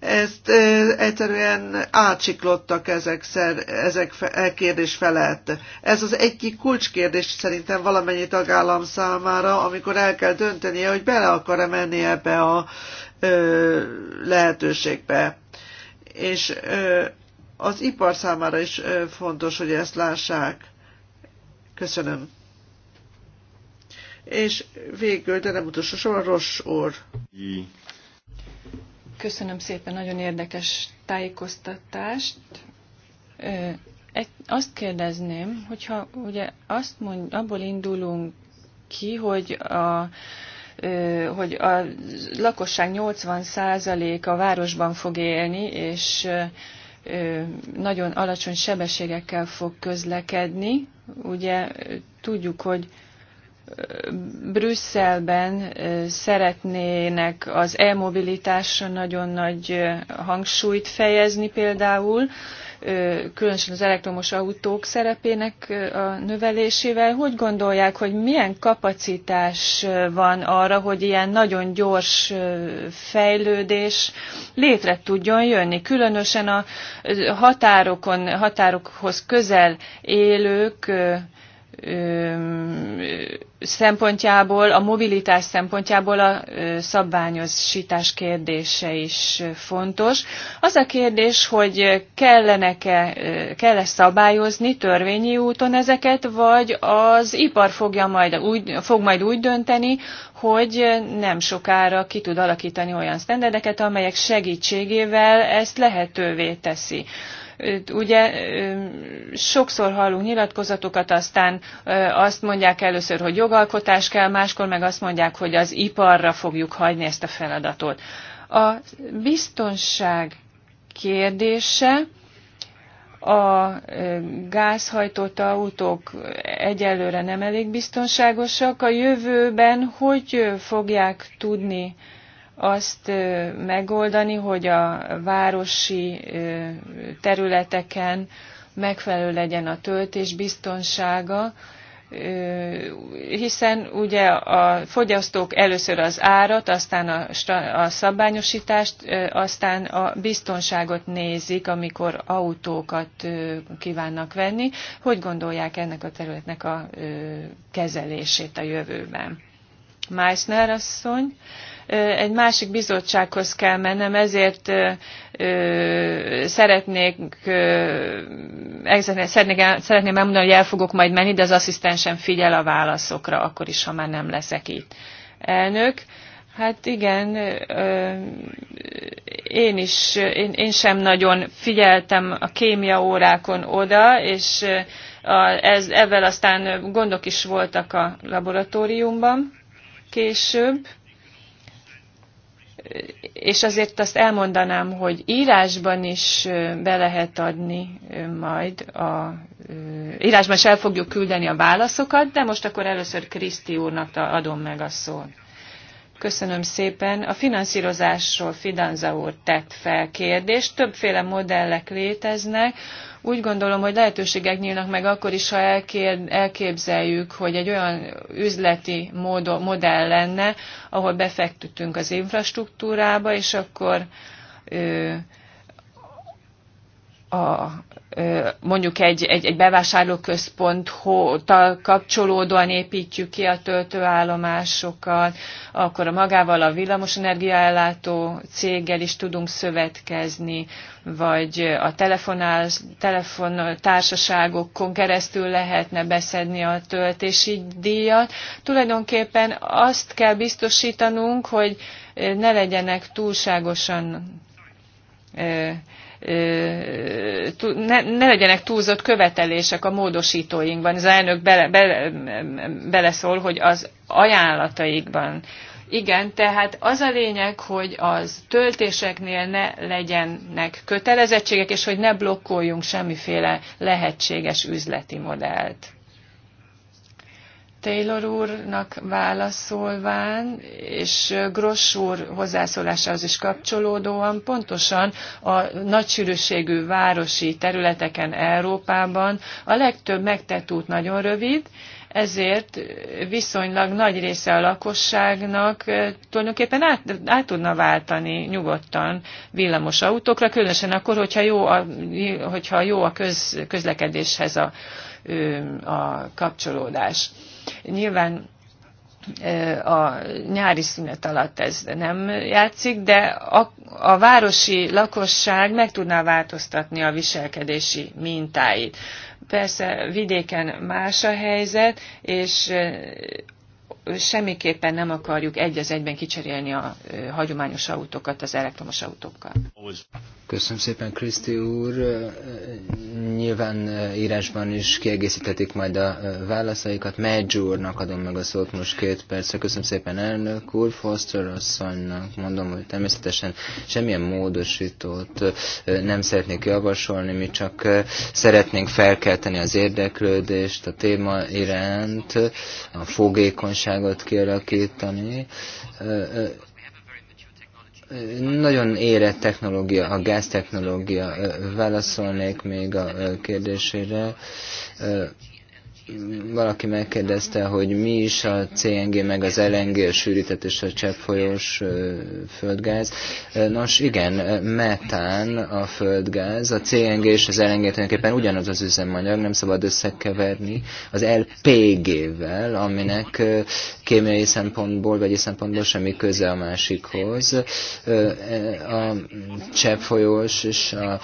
Ezt e, egyszerűen átsiklottak ezek, szer, ezek fe, e kérdés felett. Ez az egyik kulcskérdés szerintem valamennyi tagállam számára, amikor el kell döntenie, hogy bele akar-e menni ebbe a e, lehetőségbe és az ipar számára is fontos, hogy ezt lássák. Köszönöm. És végül, de nem utolsó sorban, Ross úr. Köszönöm szépen, nagyon érdekes tájékoztatást. Egy, azt kérdezném, hogyha ugye azt mond, abból indulunk ki, hogy a hogy a lakosság 80% a városban fog élni, és nagyon alacsony sebességekkel fog közlekedni. Ugye tudjuk, hogy Brüsszelben szeretnének az e-mobilitásra nagyon nagy hangsúlyt fejezni például, különösen az elektromos autók szerepének a növelésével. Hogy gondolják, hogy milyen kapacitás van arra, hogy ilyen nagyon gyors fejlődés létre tudjon jönni, különösen a határokon, határokhoz közel élők szempontjából, a mobilitás szempontjából a szabványosítás kérdése is fontos. Az a kérdés, hogy kellene-e kell-e szabályozni törvényi úton ezeket, vagy az ipar fogja majd úgy, fog majd úgy dönteni, hogy nem sokára ki tud alakítani olyan sztenderdeket, amelyek segítségével ezt lehetővé teszi Ugye sokszor hallunk nyilatkozatokat, aztán azt mondják először, hogy jogalkotás kell, máskor meg azt mondják, hogy az iparra fogjuk hagyni ezt a feladatot. A biztonság kérdése, a gázhajtott autók egyelőre nem elég biztonságosak. A jövőben hogy fogják tudni azt megoldani, hogy a városi területeken megfelelő legyen a töltés biztonsága, hiszen ugye a fogyasztók először az árat, aztán a, a szabványosítást, aztán a biztonságot nézik, amikor autókat kívánnak venni. Hogy gondolják ennek a területnek a kezelését a jövőben? Meissner asszony egy másik bizottsághoz kell mennem, ezért szeretnék, szeretném elmondani, hogy el fogok majd menni, de az asszisztensem figyel a válaszokra, akkor is, ha már nem leszek itt. Elnök, Hát igen, én is, én, én sem nagyon figyeltem a kémia órákon oda, és a, ez, ezzel aztán gondok is voltak a laboratóriumban később és azért azt elmondanám, hogy írásban is be lehet adni majd, a, írásban is el fogjuk küldeni a válaszokat, de most akkor először Kriszti úrnak adom meg a szót. Köszönöm szépen. A finanszírozásról Fidanza úr tett fel kérdést. Többféle modellek léteznek úgy gondolom, hogy lehetőségek nyílnak meg akkor is, ha elképzeljük, hogy egy olyan üzleti modell lenne, ahol befektetünk az infrastruktúrába, és akkor a mondjuk egy, egy, egy bevásárlóközponttal kapcsolódóan építjük ki a töltőállomásokat, akkor a magával a villamosenergiaellátó céggel is tudunk szövetkezni, vagy a telefontársaságokon keresztül lehetne beszedni a töltési díjat. Tulajdonképpen azt kell biztosítanunk, hogy ne legyenek túlságosan ne, ne legyenek túlzott követelések a módosítóinkban. Az elnök bele, bele, beleszól, hogy az ajánlataikban. Igen, tehát az a lényeg, hogy az töltéseknél ne legyenek kötelezettségek, és hogy ne blokkoljunk semmiféle lehetséges üzleti modellt. Taylor úrnak válaszolván, és Gross úr hozzászólásához is kapcsolódóan, pontosan a nagysűrűségű városi területeken Európában a legtöbb megtett út nagyon rövid, ezért viszonylag nagy része a lakosságnak eh, tulajdonképpen át, át tudna váltani nyugodtan villamos autókra, különösen akkor, hogyha jó a, hogyha jó a köz, közlekedéshez a, a kapcsolódás. Nyilván a nyári szünet alatt ez nem játszik, de a, a városi lakosság meg tudná változtatni a viselkedési mintáit. Persze vidéken más a helyzet, és semmiképpen nem akarjuk egy az egyben kicserélni a hagyományos autókat az elektromos autókkal. Köszönöm szépen, Kriszti úr. Nyilván írásban is kiegészíthetik majd a válaszaikat. Medzs úrnak adom meg a szót most két percre. Köszönöm szépen, elnök úr. Foster asszonynak mondom, hogy természetesen semmilyen módosítót nem szeretnék javasolni, mi csak szeretnénk felkelteni az érdeklődést a téma iránt, a fogékonyság bizottságot kialakítani. Nagyon érett technológia, a gáztechnológia. Válaszolnék még a kérdésére valaki megkérdezte, hogy mi is a CNG, meg az LNG, a sűrített és a cseppfolyós földgáz. Nos, igen, metán a földgáz, a CNG és az LNG tulajdonképpen ugyanaz az üzemanyag, nem szabad összekeverni az LPG-vel, aminek kémiai szempontból, vegyi szempontból semmi köze a másikhoz. E, a cseppfolyós és a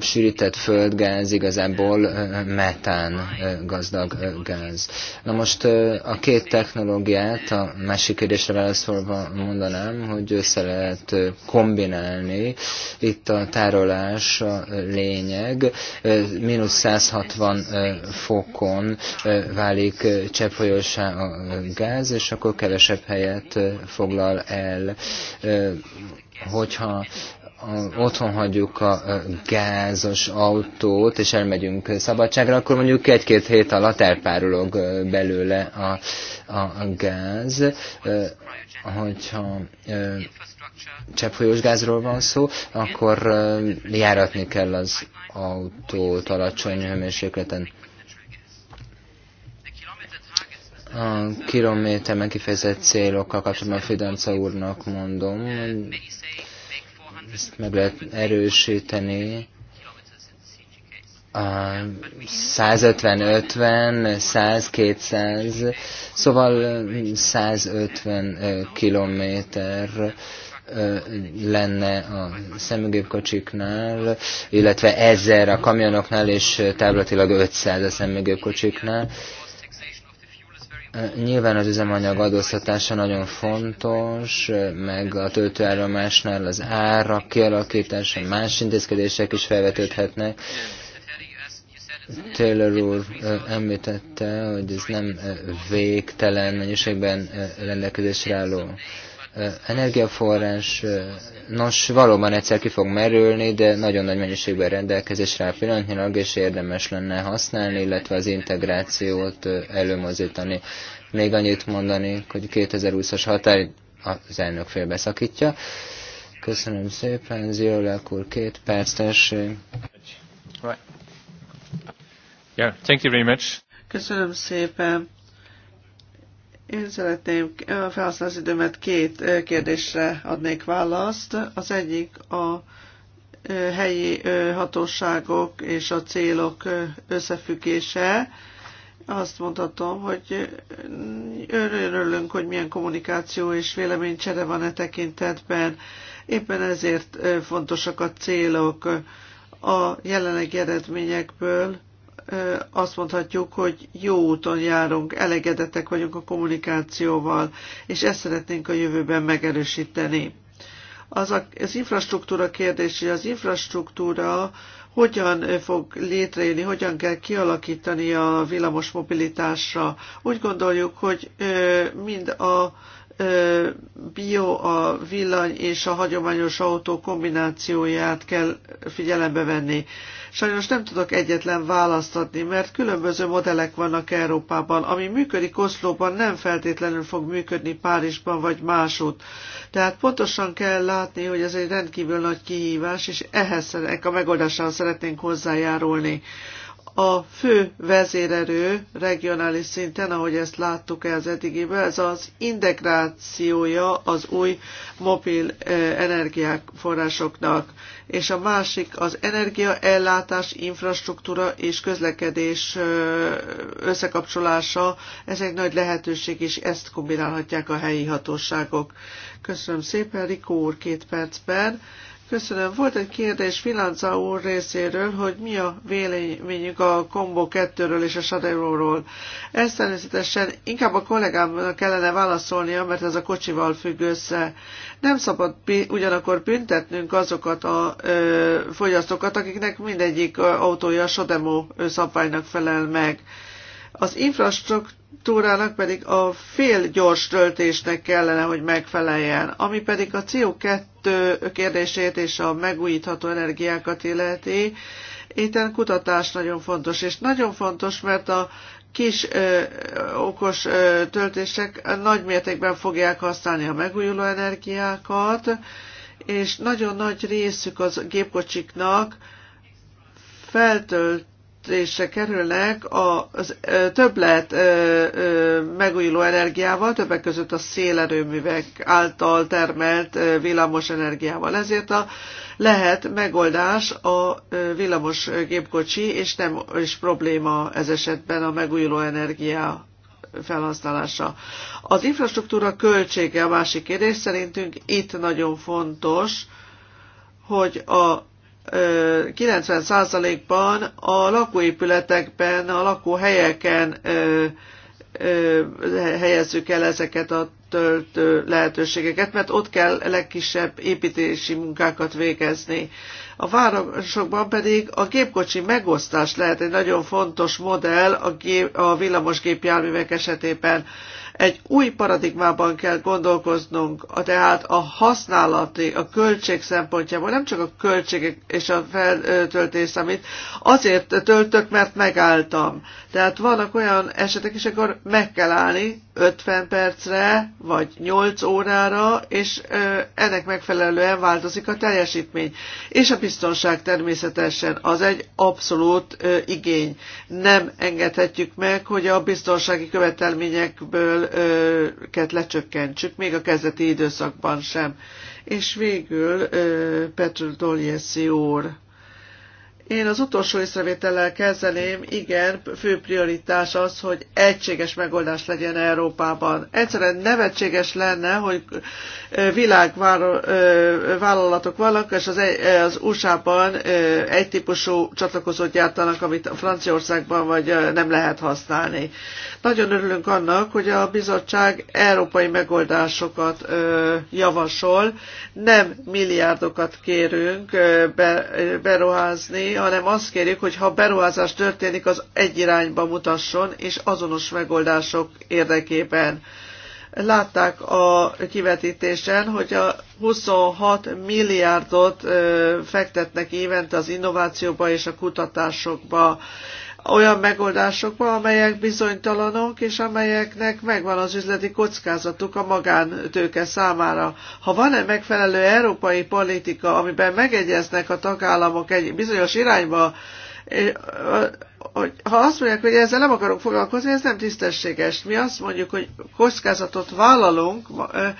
sűrített földgáz igazából metán gazdag gáz. Na most a két technológiát a másik kérdésre válaszolva mondanám, hogy össze lehet kombinálni. Itt a tárolás a lényeg. Mínusz 160 fokon válik cseppfolyósá a gáz, és akkor kevesebb helyet foglal el. Hogyha otthon hagyjuk a gázos autót, és elmegyünk szabadságra, akkor mondjuk egy-két hét alatt elpárolog belőle a, a gáz, hogyha cseppfolyós gázról van szó, akkor járatni kell az autót alacsony hőmérsékleten. A kilométer megkifejezett célokkal kapcsolatban Fidanca úrnak mondom, ezt meg lehet erősíteni. 150-50, 100-200, szóval 150 kilométer lenne a szemügépkocsiknál, illetve 1000 a kamionoknál, és táblatilag 500 a szemügépkocsiknál. Nyilván az üzemanyag adóztatása nagyon fontos, meg a töltőállomásnál az ára kialakítása, más intézkedések is felvetődhetnek. Taylor úr említette, hogy ez nem végtelen mennyiségben rendelkezésre álló energiaforrás, nos, valóban egyszer ki fog merülni, de nagyon nagy mennyiségben rendelkezésre áll pillanatnyilag, és érdemes lenne használni, illetve az integrációt előmozdítani. Még annyit mondani, hogy 2020-as határ az elnök félbeszakítja. Köszönöm szépen, Ziola úr, két perc, tessék. Yeah, thank you very much. Köszönöm szépen. Én szeretném felhasználni az időmet két kérdésre adnék választ. Az egyik a helyi hatóságok és a célok összefüggése. Azt mondhatom, hogy örülünk, hogy milyen kommunikáció és véleménycsere van e tekintetben. Éppen ezért fontosak a célok a jelenlegi eredményekből azt mondhatjuk, hogy jó úton járunk, elegedettek vagyunk a kommunikációval, és ezt szeretnénk a jövőben megerősíteni. Az, a, az infrastruktúra kérdés, hogy az infrastruktúra hogyan fog létrejönni, hogyan kell kialakítani a villamos mobilitásra. Úgy gondoljuk, hogy mind a bio, a villany és a hagyományos autó kombinációját kell figyelembe venni. Sajnos nem tudok egyetlen választ adni, mert különböző modellek vannak Európában. Ami működik Oszlóban, nem feltétlenül fog működni Párizsban vagy másút. Tehát pontosan kell látni, hogy ez egy rendkívül nagy kihívás, és ehhez a megoldással szeretnénk hozzájárulni a fő vezérerő regionális szinten, ahogy ezt láttuk az eddigében, ez az integrációja az új mobil eh, forrásoknak és a másik az energiaellátás, infrastruktúra és közlekedés összekapcsolása. Ez egy nagy lehetőség, és ezt kombinálhatják a helyi hatóságok. Köszönöm szépen, Rikó úr két percben. Köszönöm. Volt egy kérdés Filanca úr részéről, hogy mi a véleményünk a Combo 2-ről és a Shadowról. Ezt természetesen inkább a kollégámnak kellene válaszolnia, mert ez a kocsival függ össze. Nem szabad ugyanakkor büntetnünk azokat a ö, fogyasztókat, akiknek mindegyik autója a Sodemo szabványnak felel meg az infrastruktúrának pedig a fél gyors töltésnek kellene, hogy megfeleljen, ami pedig a CO2 kérdését és a megújítható energiákat illeti. Éten kutatás nagyon fontos, és nagyon fontos, mert a kis ö, okos ö, töltések nagy mértékben fogják használni a megújuló energiákat, és nagyon nagy részük az gépkocsiknak feltölt megtérítésre kerülnek az többlet megújuló energiával, többek között a szélerőművek által termelt villamos energiával. Ezért a, lehet megoldás a villamos gépkocsi, és nem is probléma ez esetben a megújuló energia felhasználása. Az infrastruktúra költsége a másik kérdés, szerintünk itt nagyon fontos, hogy a 90%-ban a lakóépületekben, a lakóhelyeken helyezzük el ezeket a töltő lehetőségeket, mert ott kell legkisebb építési munkákat végezni. A városokban pedig a gépkocsi megosztás lehet egy nagyon fontos modell a, gép, a villamosgépjárművek esetében. Egy új paradigmában kell gondolkoznunk, a, tehát a használati, a költség szempontjából, nem csak a költségek és a feltöltés számít, azért töltök, mert megálltam. Tehát vannak olyan esetek is, akkor meg kell állni 50 percre, vagy 8 órára, és ennek megfelelően változik a teljesítmény. És a biztonság természetesen az egy abszolút igény. Nem engedhetjük meg, hogy a biztonsági követelményekből őket lecsökkentsük, még a kezdeti időszakban sem. És végül Petr Dolyeszi úr én az utolsó észrevétellel kezdeném, igen, fő prioritás az, hogy egységes megoldás legyen Európában. Egyszerűen nevetséges lenne, hogy világvállalatok vannak, és az, az USA-ban egy típusú csatlakozót gyártanak, amit Franciaországban vagy nem lehet használni. Nagyon örülünk annak, hogy a bizottság európai megoldásokat javasol, nem milliárdokat kérünk beruházni, hanem azt kérjük, hogy ha beruházás történik, az egy irányba mutasson, és azonos megoldások érdekében. Látták a kivetítésen, hogy a 26 milliárdot fektetnek évente az innovációba és a kutatásokba olyan megoldásokba, amelyek bizonytalanok, és amelyeknek megvan az üzleti kockázatuk a magántőke számára. Ha van-e megfelelő európai politika, amiben megegyeznek a tagállamok egy bizonyos irányba, eh, hogy ha azt mondják, hogy ezzel nem akarunk foglalkozni, ez nem tisztességes. Mi azt mondjuk, hogy kockázatot vállalunk, eh,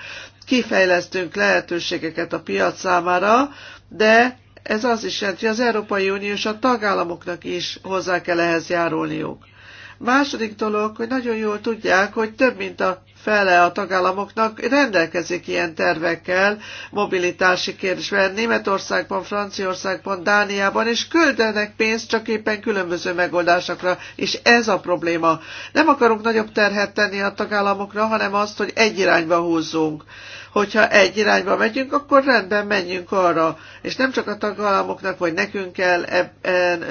kifejlesztünk lehetőségeket a piac számára, de ez az is jelenti, hogy az Európai Unió és a tagállamoknak is hozzá kell ehhez járulniuk. Második dolog, hogy nagyon jól tudják, hogy több mint a fele a tagállamoknak rendelkezik ilyen tervekkel mobilitási kérdésben. Németországban, Franciaországban, Dániában, és küldenek pénzt csak éppen különböző megoldásokra, és ez a probléma. Nem akarunk nagyobb terhet tenni a tagállamokra, hanem azt, hogy egy irányba húzzunk hogyha egy irányba megyünk, akkor rendben menjünk arra. És nem csak a tagállamoknak, vagy nekünk kell ebben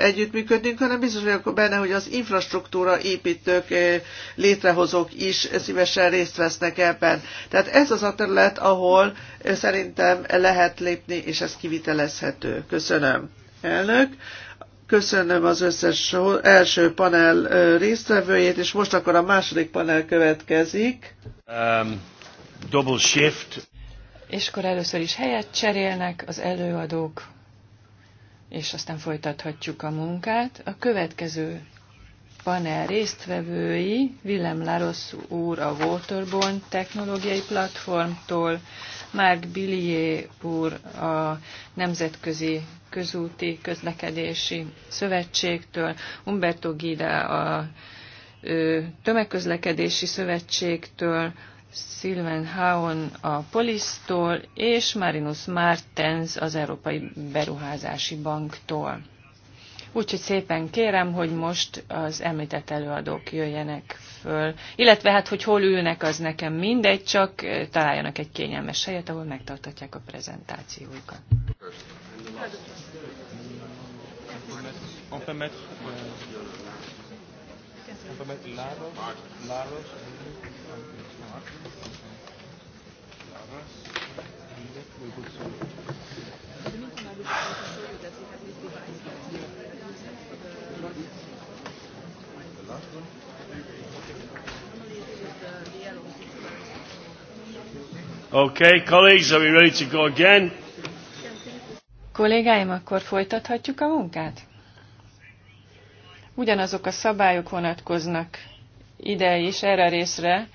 együttműködnünk, hanem biztos vagyok benne, hogy az infrastruktúra építők, létrehozók is szívesen részt vesznek ebben. Tehát ez az a terület, ahol szerintem lehet lépni, és ez kivitelezhető. Köszönöm. Elnök. Köszönöm az összes első panel résztvevőjét, és most akkor a második panel következik. Um double shift. És akkor először is helyet cserélnek az előadók, és aztán folytathatjuk a munkát. A következő panel résztvevői Willem Larosz úr a Waterborne technológiai platformtól, Mark Billier úr a Nemzetközi Közúti Közlekedési Szövetségtől, Umberto Gida a Tömegközlekedési Szövetségtől, Szilven Haon a Polisztól, és Marinus Martens az Európai Beruházási Banktól. Úgyhogy szépen kérem, hogy most az említett előadók jöjjenek föl, illetve hát, hogy hol ülnek, az nekem mindegy, csak eh, találjanak egy kényelmes helyet, ahol megtartatják a prezentációjukat. On peut mettre, euh, on peut mettre l'arbre, Okay, colleagues, are we ready to go again? Kollégáim, akkor folytathatjuk a munkát? Ugyanazok a szabályok vonatkoznak ide is, erre a részre,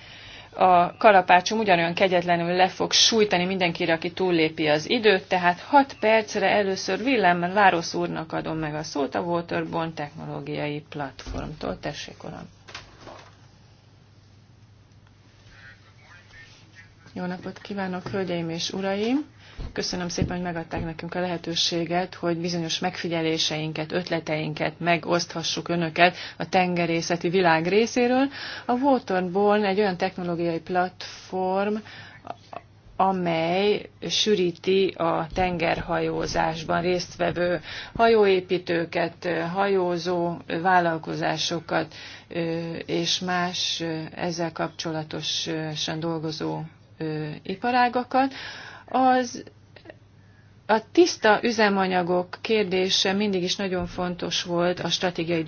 a kalapácsom ugyanolyan kegyetlenül le fog sújtani mindenkire, aki túllépi az időt, tehát 6 percre először Willem Város úrnak adom meg a szót a Waterborne technológiai platformtól. Tessék, uram! Jó napot kívánok, hölgyeim és uraim! Köszönöm szépen, hogy megadták nekünk a lehetőséget, hogy bizonyos megfigyeléseinket, ötleteinket megoszthassuk önöket a tengerészeti világ részéről. A Waterborne egy olyan technológiai platform, amely sűríti a tengerhajózásban résztvevő hajóépítőket, hajózó vállalkozásokat és más ezzel kapcsolatosan dolgozó iparágakat. Az a tiszta üzemanyagok kérdése mindig is nagyon fontos volt a stratégiai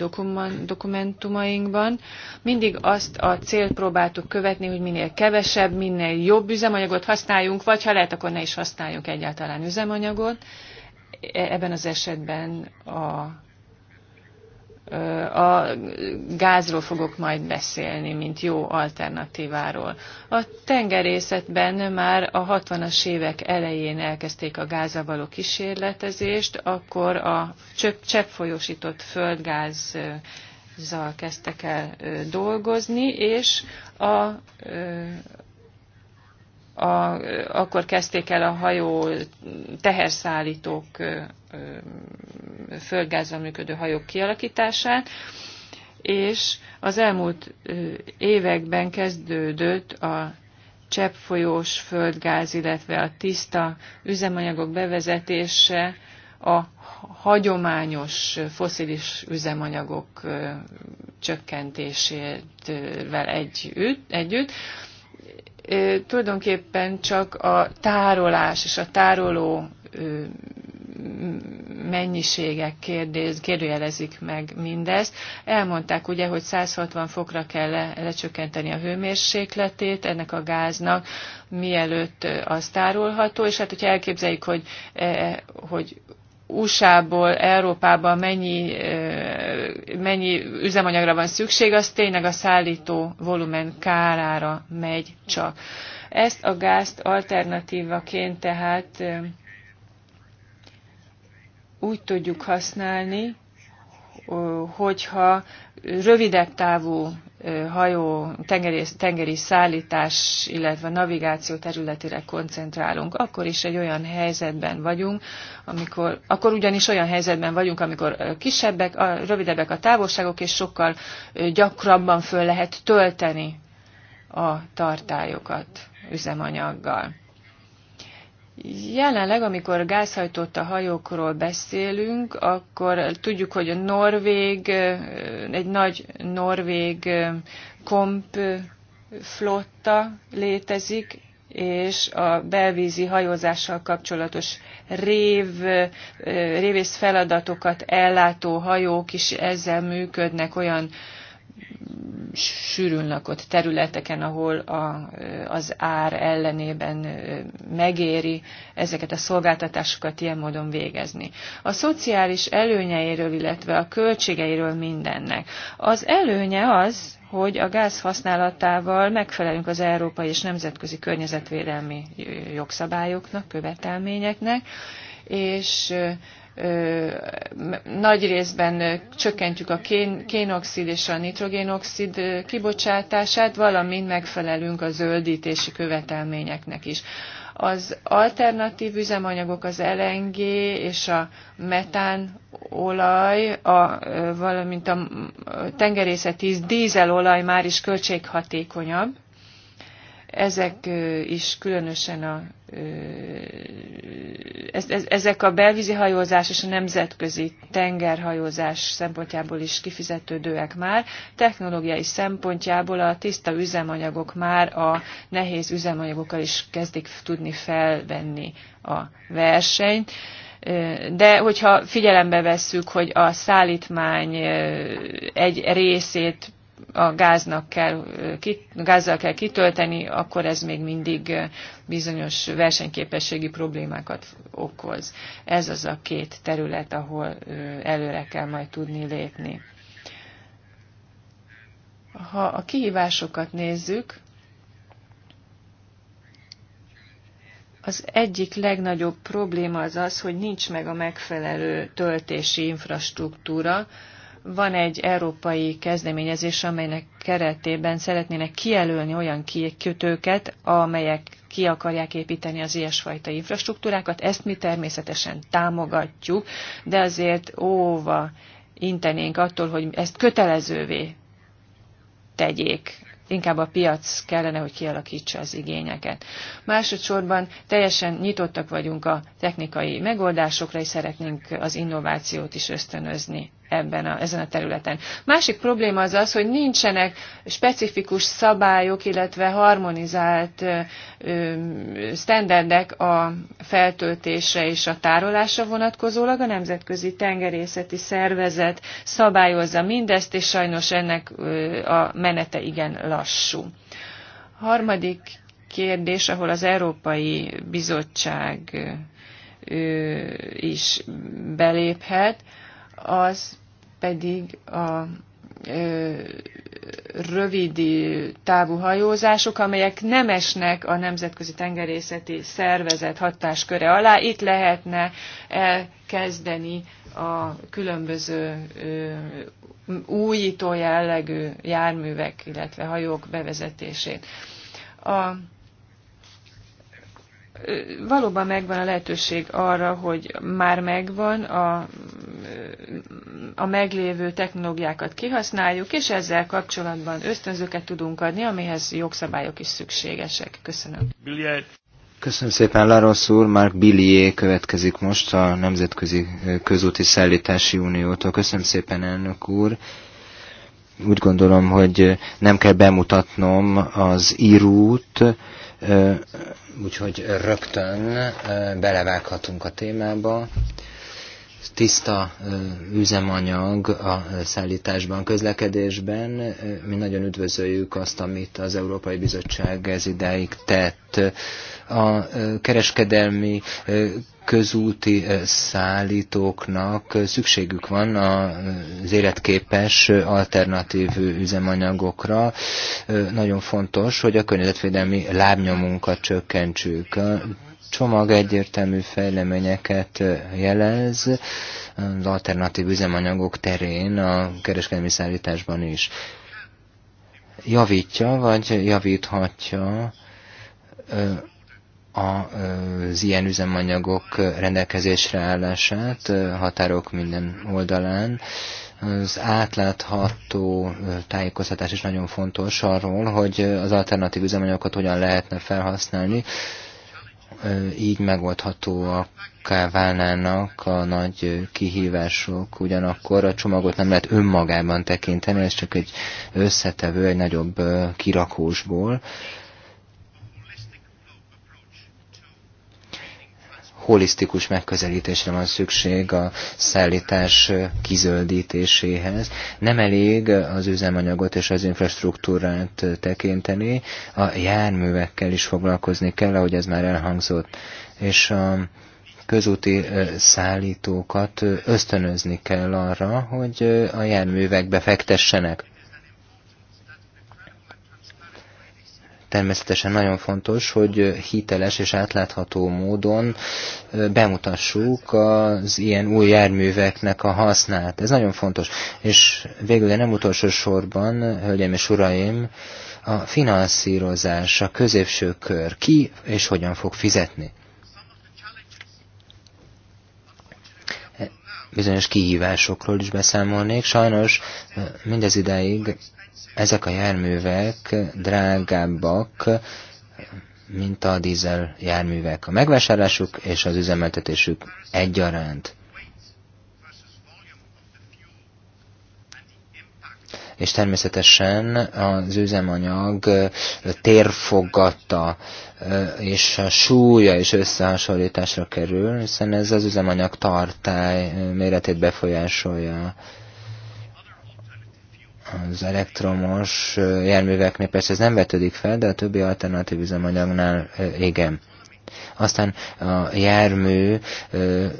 dokumentumainkban. Mindig azt a célt próbáltuk követni, hogy minél kevesebb, minél jobb üzemanyagot használjunk, vagy ha lehet, akkor ne is használjunk egyáltalán üzemanyagot. E-, ebben az esetben a a gázról fogok majd beszélni, mint jó alternatíváról. A tengerészetben már a 60-as évek elején elkezdték a gázzal való kísérletezést, akkor a csepp folyosított földgáz kezdtek el dolgozni, és a, a, akkor kezdték el a hajó teherszállítók földgázzal működő hajók kialakítását, és az elmúlt években kezdődött a cseppfolyós földgáz, illetve a tiszta üzemanyagok bevezetése a hagyományos foszilis üzemanyagok csökkentését vel együtt tulajdonképpen csak a tárolás és a tároló mennyiségek kérdés, kérdőjelezik meg mindezt. Elmondták ugye, hogy 160 fokra kell le, lecsökkenteni a hőmérsékletét ennek a gáznak, mielőtt az tárolható, és hát hogyha elképzeljük, hogy, e, e, hogy USA-ból Európába mennyi, mennyi üzemanyagra van szükség, az tényleg a szállító volumen kárára megy csak. Ezt a gázt alternatívaként tehát úgy tudjuk használni, hogyha rövidebb távú hajó, tengeri, tengeri szállítás, illetve navigáció területére koncentrálunk, akkor is egy olyan helyzetben vagyunk, amikor, akkor ugyanis olyan helyzetben vagyunk, amikor kisebbek, a, rövidebbek a távolságok, és sokkal gyakrabban föl lehet tölteni a tartályokat üzemanyaggal. Jelenleg, amikor gázhajtott a hajókról beszélünk, akkor tudjuk, hogy a norvég, egy nagy norvég komp flotta létezik, és a belvízi hajózással kapcsolatos rév, révész feladatokat ellátó hajók is ezzel működnek olyan sűrűn lakott területeken, ahol a, az ár ellenében megéri ezeket a szolgáltatásokat ilyen módon végezni. A szociális előnyeiről, illetve a költségeiről mindennek. Az előnye az, hogy a gáz használatával megfelelünk az európai és nemzetközi környezetvédelmi jogszabályoknak, követelményeknek, és nagy részben csökkentjük a kén, kénoxid és a nitrogénoxid kibocsátását, valamint megfelelünk a zöldítési követelményeknek is. Az alternatív üzemanyagok az LNG és a metán olaj, a, valamint a tengerészeti dízelolaj már is költséghatékonyabb, ezek is különösen a, ezek a belvízi hajózás és a nemzetközi tengerhajózás szempontjából is kifizetődőek már. Technológiai szempontjából a tiszta üzemanyagok már a nehéz üzemanyagokkal is kezdik tudni felvenni a versenyt. De hogyha figyelembe vesszük, hogy a szállítmány egy részét a gáznak kell, gázzal kell kitölteni, akkor ez még mindig bizonyos versenyképességi problémákat okoz. Ez az a két terület, ahol előre kell majd tudni lépni. Ha a kihívásokat nézzük, az egyik legnagyobb probléma az az, hogy nincs meg a megfelelő töltési infrastruktúra, van egy európai kezdeményezés, amelynek keretében szeretnének kijelölni olyan kikötőket, amelyek ki akarják építeni az ilyesfajta infrastruktúrákat. Ezt mi természetesen támogatjuk, de azért óva intenénk attól, hogy ezt kötelezővé tegyék inkább a piac kellene, hogy kialakítsa az igényeket. Másodszorban teljesen nyitottak vagyunk a technikai megoldásokra, és szeretnénk az innovációt is ösztönözni ebben a, ezen a területen. Másik probléma az az, hogy nincsenek specifikus szabályok, illetve harmonizált standardek a feltöltésre és a tárolásra vonatkozólag. A Nemzetközi Tengerészeti Szervezet szabályozza mindezt, és sajnos ennek a menete igen lassú. Harmadik kérdés, ahol az Európai Bizottság is beléphet, az pedig a rövid távú hajózások, amelyek nem esnek a Nemzetközi Tengerészeti Szervezet hatásköre alá. Itt lehetne elkezdeni a különböző újító jellegű járművek, illetve hajók bevezetését. A valóban megvan a lehetőség arra, hogy már megvan a, a meglévő technológiákat kihasználjuk, és ezzel kapcsolatban ösztönzőket tudunk adni, amihez jogszabályok is szükségesek. Köszönöm. Billiet. Köszönöm szépen, Larosz úr. Mark Billié következik most a Nemzetközi Közúti Szállítási Uniótól. Köszönöm szépen, elnök úr úgy gondolom, hogy nem kell bemutatnom az írút, Úgyhogy rögtön belevághatunk a témába tiszta üzemanyag a szállításban, közlekedésben. Mi nagyon üdvözöljük azt, amit az Európai Bizottság ez ideig tett. A kereskedelmi közúti szállítóknak szükségük van az életképes alternatív üzemanyagokra. Nagyon fontos, hogy a környezetvédelmi lábnyomunkat csökkentsük. A csomag egyértelmű fejleményeket jelez az alternatív üzemanyagok terén, a kereskedelmi szállításban is. Javítja, vagy javíthatja az ilyen üzemanyagok rendelkezésre állását határok minden oldalán. Az átlátható tájékoztatás is nagyon fontos arról, hogy az alternatív üzemanyagokat hogyan lehetne felhasználni, így a válnának a nagy kihívások, ugyanakkor a csomagot nem lehet önmagában tekinteni, ez csak egy összetevő, egy nagyobb kirakósból, holisztikus megközelítésre van szükség a szállítás kizöldítéséhez. Nem elég az üzemanyagot és az infrastruktúrát tekinteni, a járművekkel is foglalkozni kell, ahogy ez már elhangzott. És a közúti szállítókat ösztönözni kell arra, hogy a járművekbe fektessenek. Természetesen nagyon fontos, hogy hiteles és átlátható módon bemutassuk az ilyen új járműveknek a hasznát. Ez nagyon fontos. És végül, de nem utolsó sorban, hölgyeim és uraim, a finanszírozás, a középső kör, ki és hogyan fog fizetni. Bizonyos kihívásokról is beszámolnék. Sajnos mindez ideig ezek a járművek drágábbak, mint a dízel járművek. A megvásárlásuk és az üzemeltetésük egyaránt. és természetesen az üzemanyag térfogata és a súlya is összehasonlításra kerül, hiszen ez az üzemanyag tartály méretét befolyásolja az elektromos járműveknél persze ez nem vetődik fel, de a többi alternatív üzemanyagnál igen. Aztán a jármű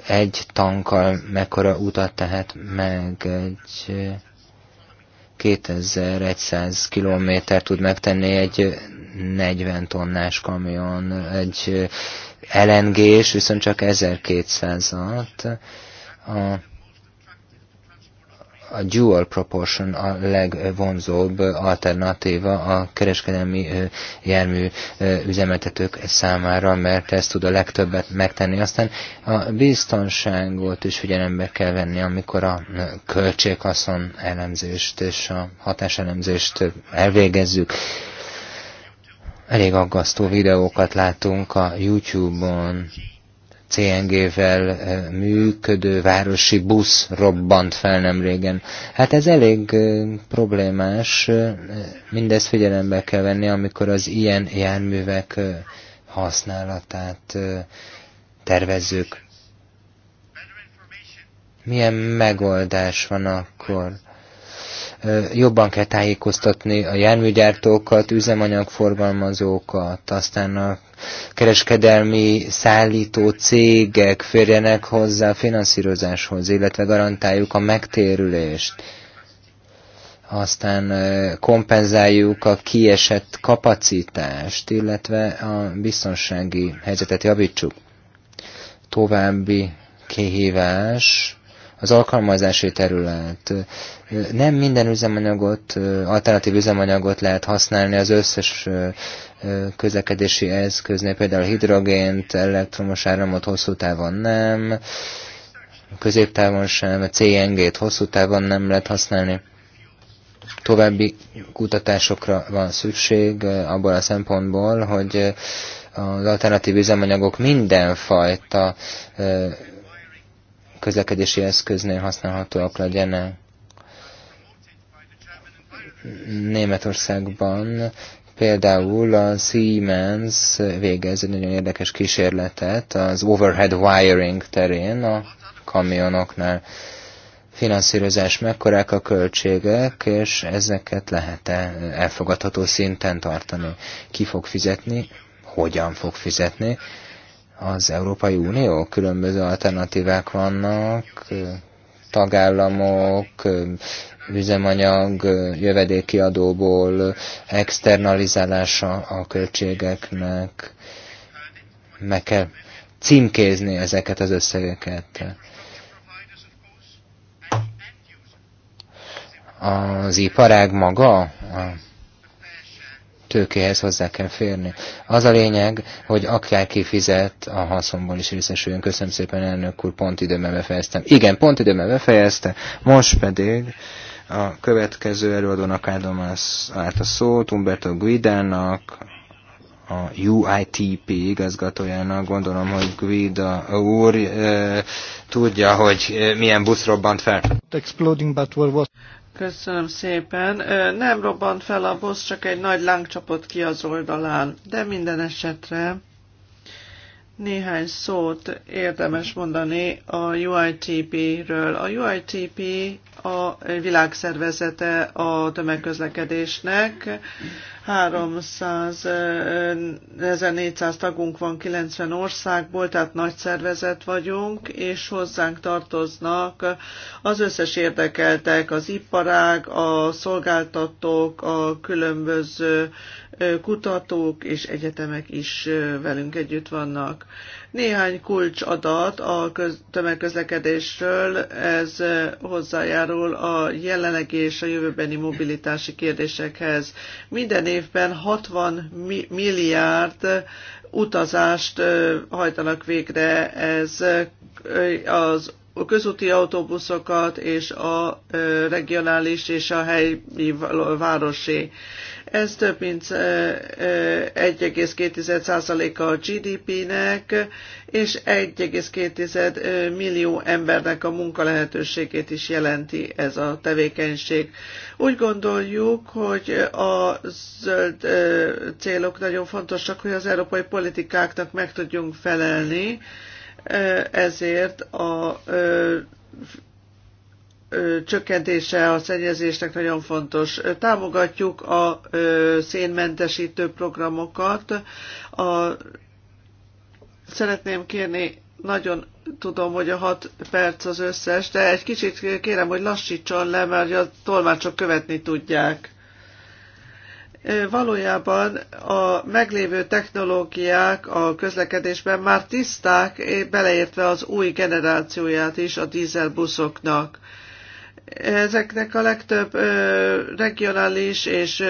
egy tankkal mekkora utat tehet meg egy 2100 kilométer tud megtenni egy 40 tonnás kamion, egy LNG-s, viszont csak 1200-at. A a dual proportion a legvonzóbb alternatíva a kereskedelmi jármű üzemeltetők számára, mert ezt tud a legtöbbet megtenni. Aztán a biztonságot is figyelembe kell venni, amikor a költséghaszon elemzést és a hatáselemzést elvégezzük elég aggasztó videókat látunk a YouTube-on CNG-vel eh, működő városi busz robbant fel nem régen. Hát ez elég eh, problémás, eh, mindezt figyelembe kell venni, amikor az ilyen járművek használatát tervezzük. Milyen megoldás van akkor? jobban kell tájékoztatni a járműgyártókat, üzemanyagforgalmazókat, aztán a kereskedelmi szállító cégek férjenek hozzá a finanszírozáshoz, illetve garantáljuk a megtérülést. Aztán kompenzáljuk a kiesett kapacitást, illetve a biztonsági helyzetet javítsuk. További kihívás az alkalmazási terület. Nem minden üzemanyagot, alternatív üzemanyagot lehet használni az összes közlekedési eszköznél, például hidrogént, elektromos áramot hosszú távon nem, középtávon sem, CNG-t hosszú távon nem lehet használni. További kutatásokra van szükség abból a szempontból, hogy az alternatív üzemanyagok mindenfajta közlekedési eszköznél használhatóak legyenek. Németországban Például a Siemens végez egy nagyon érdekes kísérletet az overhead wiring terén a kamionoknál. Finanszírozás mekkorák a költségek, és ezeket lehet-e elfogadható szinten tartani? Ki fog fizetni? Hogyan fog fizetni? Az Európai Unió különböző alternatívák vannak, tagállamok, üzemanyag jövedékiadóból externalizálása a költségeknek, meg kell címkézni ezeket az összegeket. Az iparág maga a tőkéhez hozzá kell férni. Az a lényeg, hogy akárki fizet, a haszonból is részesüljön. Köszönöm szépen, elnök úr, pont időben befejeztem. Igen, pont időben befejezte, most pedig a következő előadónak áldom át a szót, Umberto Guidának, a UITP igazgatójának, gondolom, hogy Guida úr e, tudja, hogy milyen busz robbant fel. Exploding Battle was... Köszönöm szépen. Nem robbant fel a busz, csak egy nagy láng csapott ki az oldalán, de minden esetre néhány szót érdemes mondani a UITP-ről. A UITP a világszervezete a tömegközlekedésnek. 300, 1400 tagunk van 90 országból, tehát nagy szervezet vagyunk, és hozzánk tartoznak az összes érdekeltek, az iparág, a szolgáltatók, a különböző kutatók és egyetemek is velünk együtt vannak. Néhány kulcsadat a köz, tömegközlekedésről, ez hozzájárul a jelenlegi és a jövőbeni mobilitási kérdésekhez. Minden évben 60 milliárd utazást hajtanak végre, ez az a közúti autóbuszokat és a regionális és a helyi városi. Ez több mint 1,2% a GDP-nek, és 1,2 millió embernek a munkalehetőségét is jelenti ez a tevékenység. Úgy gondoljuk, hogy a zöld célok nagyon fontosak, hogy az európai politikáknak meg tudjunk felelni, ezért a csökkentése a szennyezésnek nagyon fontos. Támogatjuk a szénmentesítő programokat. A, szeretném kérni, nagyon tudom, hogy a hat perc az összes, de egy kicsit kérem, hogy lassítson le, mert a tolmácsok követni tudják valójában a meglévő technológiák a közlekedésben már tiszták, beleértve az új generációját is a dízelbuszoknak. Ezeknek a legtöbb regionális és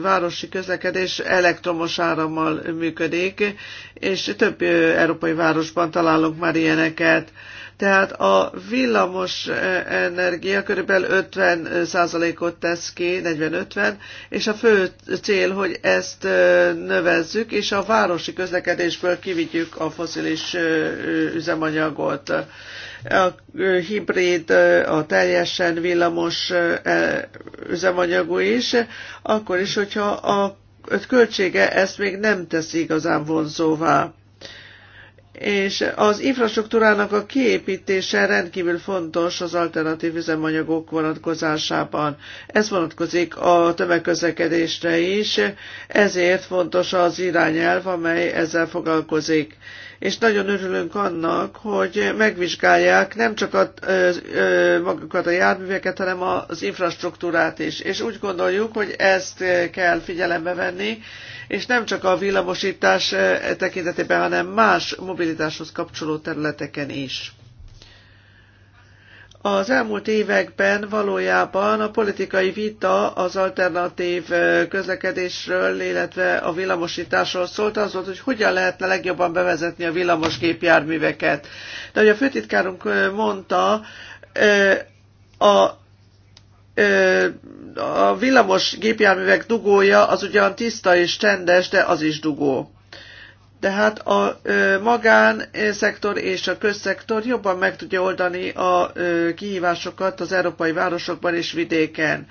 városi közlekedés elektromos árammal működik, és több európai városban találunk már ilyeneket. Tehát a villamos e, energia körülbelül 50%-ot e, tesz ki, 40-50, és a fő cél, hogy ezt e, növezzük, és a városi közlekedésből kivigyük a foszilis üzemanyagot. A hibrid, a teljesen villamos üzemanyagú is, akkor is, hogyha a költsége ezt még nem teszi igazán vonzóvá és az infrastruktúrának a kiépítése rendkívül fontos az alternatív üzemanyagok vonatkozásában. Ez vonatkozik a tömegközlekedésre is, ezért fontos az irányelv, amely ezzel foglalkozik. És nagyon örülünk annak, hogy megvizsgálják nem csak a, magukat a járműveket, hanem az infrastruktúrát is. És úgy gondoljuk, hogy ezt kell figyelembe venni, és nem csak a villamosítás eh, tekintetében, hanem más mobilitáshoz kapcsoló területeken is. Az elmúlt években valójában a politikai vita az alternatív eh, közlekedésről, illetve a villamosításról szólt az volt, hogy hogyan lehetne legjobban bevezetni a villamosgépjárműveket. De ahogy a főtitkárunk eh, mondta, a a villamos gépjárművek dugója az ugyan tiszta és csendes, de az is dugó. Tehát a szektor és a közszektor jobban meg tudja oldani a kihívásokat az európai városokban és vidéken.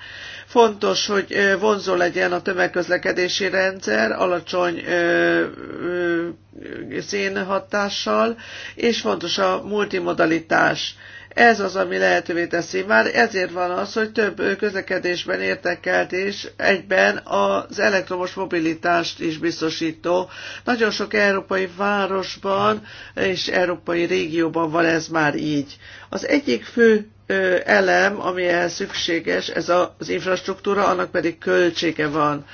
Fontos, hogy vonzó legyen a tömegközlekedési rendszer alacsony szénhatással, és fontos a multimodalitás ez az, ami lehetővé teszi. Már ezért van az, hogy több közlekedésben értekelt és egyben az elektromos mobilitást is biztosító. Nagyon sok európai városban és európai régióban van ez már így. Az egyik fő elem, ami ehhez szükséges, ez az infrastruktúra, annak pedig költsége van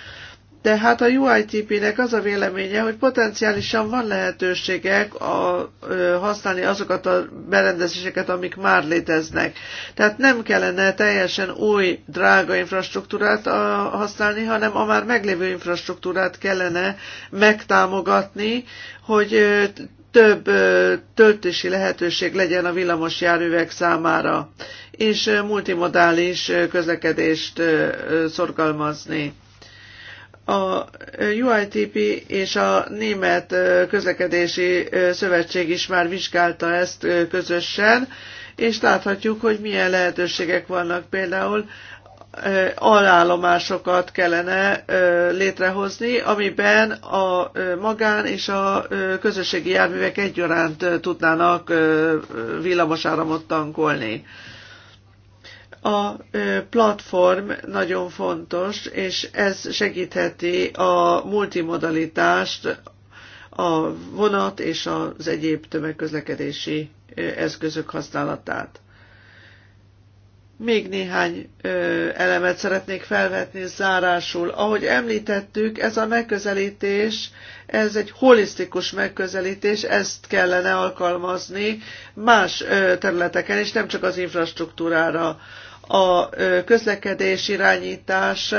hát a UITP-nek az a véleménye, hogy potenciálisan van lehetőségek a, ö, használni azokat a berendezéseket, amik már léteznek. Tehát nem kellene teljesen új, drága infrastruktúrát a, használni, hanem a már meglévő infrastruktúrát kellene megtámogatni, hogy ö, több ö, töltési lehetőség legyen a villamos járművek számára, és multimodális közlekedést szorgalmazni a UITP és a Német Közlekedési Szövetség is már vizsgálta ezt közösen, és láthatjuk, hogy milyen lehetőségek vannak például alállomásokat kellene létrehozni, amiben a magán és a közösségi járművek egyaránt tudnának villamosáramot tankolni a platform nagyon fontos, és ez segítheti a multimodalitást, a vonat és az egyéb tömegközlekedési eszközök használatát. Még néhány elemet szeretnék felvetni zárásul. Ahogy említettük, ez a megközelítés, ez egy holisztikus megközelítés, ezt kellene alkalmazni más területeken, és nem csak az infrastruktúrára a közlekedés irányítás,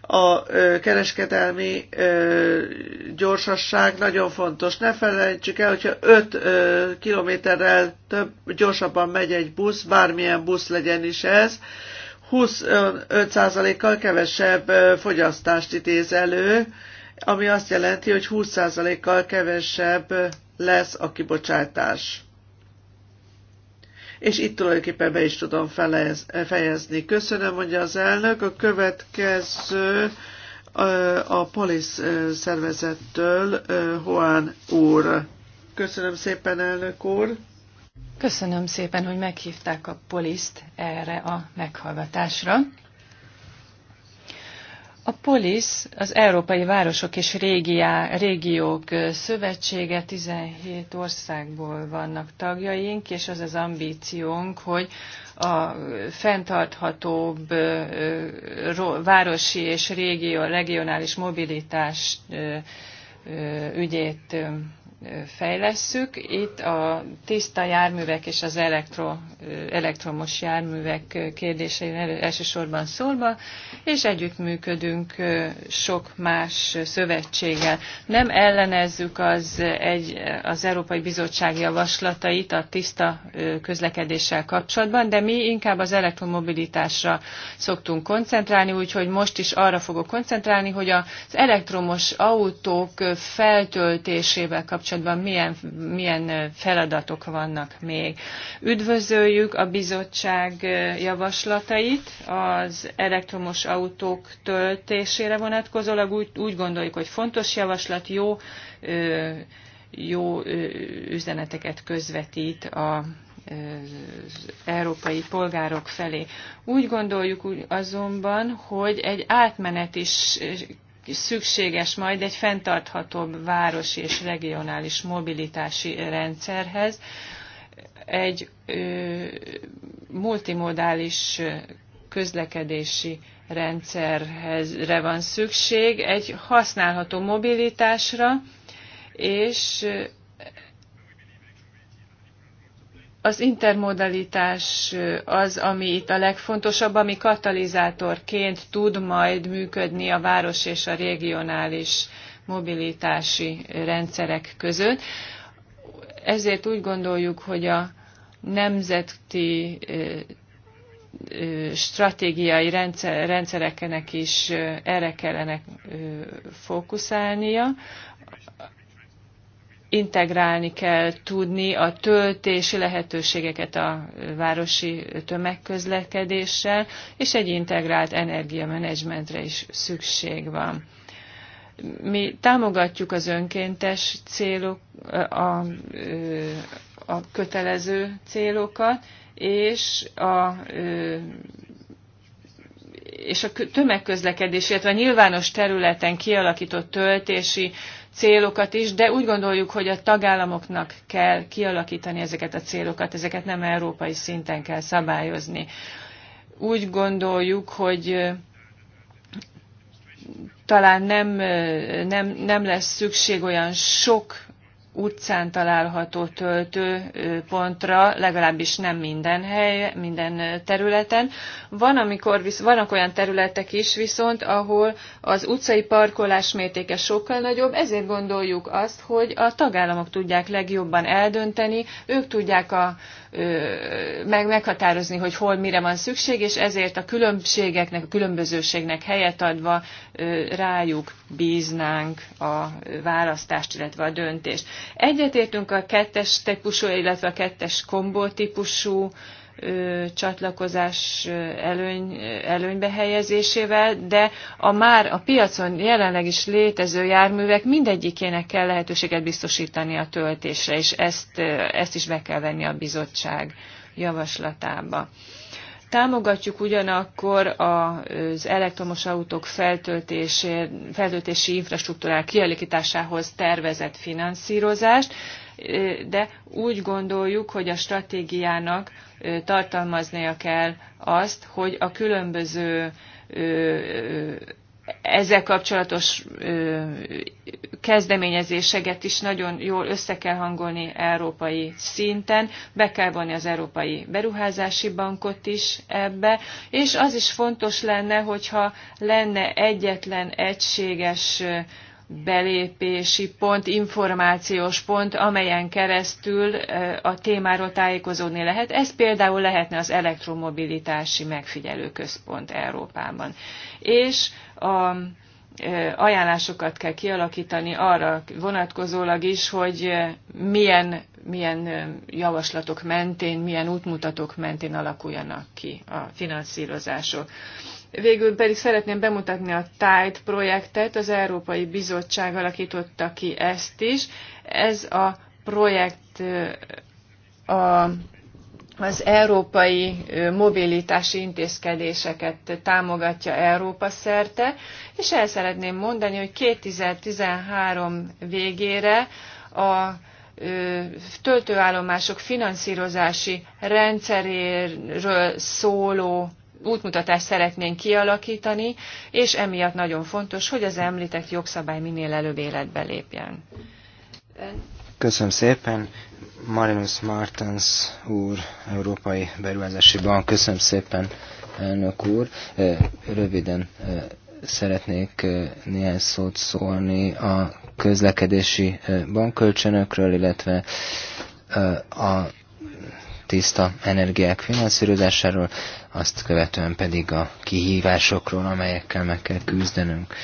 a kereskedelmi gyorsasság nagyon fontos. Ne felejtsük el, hogyha 5 kilométerrel több gyorsabban megy egy busz, bármilyen busz legyen is ez, 25%-kal kevesebb fogyasztást idéz elő, ami azt jelenti, hogy 20%-kal kevesebb lesz a kibocsátás és itt tulajdonképpen be is tudom felez, fejezni. Köszönöm, mondja az elnök. A következő a Polisz szervezettől Juan úr. Köszönöm szépen, elnök úr. Köszönöm szépen, hogy meghívták a Poliszt erre a meghallgatásra. A POLISZ, az Európai Városok és Régiá, Régiók Szövetsége 17 országból vannak tagjaink, és az az ambíciónk, hogy a fenntarthatóbb városi és régió, regionális mobilitás ügyét fejlesszük. Itt a tiszta járművek és az elektro, elektromos járművek kérdéseivel elsősorban szólva, és együttműködünk sok más szövetséggel. Nem ellenezzük az, egy, az Európai Bizottság javaslatait a tiszta közlekedéssel kapcsolatban, de mi inkább az elektromobilitásra szoktunk koncentrálni, úgyhogy most is arra fogok koncentrálni, hogy az elektromos autók feltöltésével kapcsolatban kapcsolatban milyen, milyen feladatok vannak még. Üdvözöljük a bizottság javaslatait az elektromos autók töltésére vonatkozólag. Úgy, úgy gondoljuk, hogy fontos javaslat, jó, jó üzeneteket közvetít a az európai polgárok felé. Úgy gondoljuk azonban, hogy egy átmenet is és szükséges majd egy fenntarthatóbb városi és regionális mobilitási rendszerhez. Egy ö, multimodális közlekedési rendszerhezre van szükség, egy használható mobilitásra, és az intermodalitás az, ami itt a legfontosabb, ami katalizátorként tud majd működni a város és a regionális mobilitási rendszerek között. Ezért úgy gondoljuk, hogy a nemzeti stratégiai rendszereknek is erre kellene fókuszálnia integrálni kell tudni a töltési lehetőségeket a városi tömegközlekedéssel, és egy integrált energiamenedzsmentre is szükség van. Mi támogatjuk az önkéntes célok, a, a kötelező célokat, és a és a tömegközlekedés, illetve a nyilvános területen kialakított töltési célokat is, de úgy gondoljuk, hogy a tagállamoknak kell kialakítani ezeket a célokat, ezeket nem európai szinten kell szabályozni. Úgy gondoljuk, hogy talán nem, nem, nem lesz szükség olyan sok utcán található töltőpontra, legalábbis nem minden hely, minden területen. Van, amikor, visz, vannak olyan területek is viszont, ahol az utcai parkolás mértéke sokkal nagyobb, ezért gondoljuk azt, hogy a tagállamok tudják legjobban eldönteni, ők tudják a meg, meghatározni, hogy hol mire van szükség, és ezért a különbségeknek, a különbözőségnek helyet adva rájuk bíznánk a választást, illetve a döntést. Egyetértünk a kettes típusú, illetve a kettes kombó típusú csatlakozás előny, előnybe helyezésével, de a már a piacon jelenleg is létező járművek mindegyikének kell lehetőséget biztosítani a töltésre, és ezt, ezt is be kell venni a bizottság javaslatába. Támogatjuk ugyanakkor az elektromos autók feltöltési infrastruktúrák kialakításához tervezett finanszírozást, de úgy gondoljuk, hogy a stratégiának tartalmaznia kell azt, hogy a különböző ezzel kapcsolatos kezdeményezéseket is nagyon jól össze kell hangolni európai szinten, be kell vonni az Európai Beruházási Bankot is ebbe, és az is fontos lenne, hogyha lenne egyetlen egységes belépési pont, információs pont, amelyen keresztül a témáról tájékozódni lehet. Ez például lehetne az elektromobilitási megfigyelőközpont Európában. És a ajánlásokat kell kialakítani arra vonatkozólag is, hogy milyen, milyen javaslatok mentén, milyen útmutatók mentén alakuljanak ki a finanszírozások. Végül pedig szeretném bemutatni a TIDE projektet, az Európai Bizottság alakította ki ezt is. Ez a projekt a, az európai mobilitási intézkedéseket támogatja Európa szerte, és el szeretném mondani, hogy 2013 végére a töltőállomások finanszírozási rendszeréről szóló útmutatást szeretnénk kialakítani, és emiatt nagyon fontos, hogy az említett jogszabály minél előbb életbe lépjen. Köszönöm szépen. Marinus Martens úr, Európai Beruházási Bank, köszönöm szépen, elnök úr. Röviden szeretnék néhány szót szólni a közlekedési bankkölcsönökről, illetve a tiszta energiák finanszírozásáról azt követően pedig a kihívásokról, amelyekkel meg kell küzdenünk.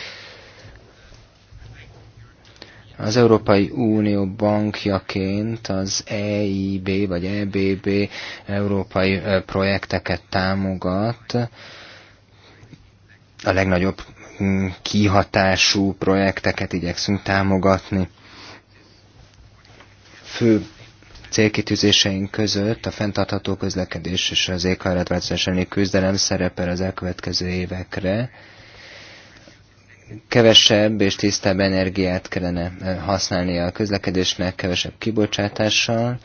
Az Európai Unió bankjaként az EIB vagy EBB európai projekteket támogat, a legnagyobb mm, kihatású projekteket igyekszünk támogatni. Fő célkitűzéseink között a fenntartható közlekedés és az éghajlatváltozás elleni küzdelem szerepel az elkövetkező évekre. Kevesebb és tisztább energiát kellene eh, használni a közlekedésnek, kevesebb kibocsátással,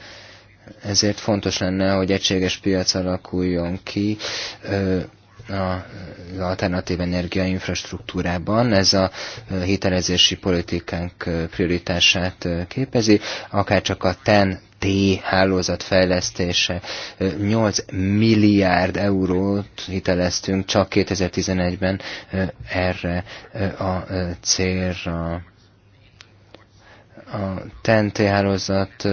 ezért fontos lenne, hogy egységes piac alakuljon ki eh, az alternatív energia infrastruktúrában. Ez a eh, hitelezési politikánk prioritását képezi, akár csak a TEN T hálózat fejlesztése. 8 milliárd eurót hiteleztünk csak 2011-ben erre a célra a TNT hálózat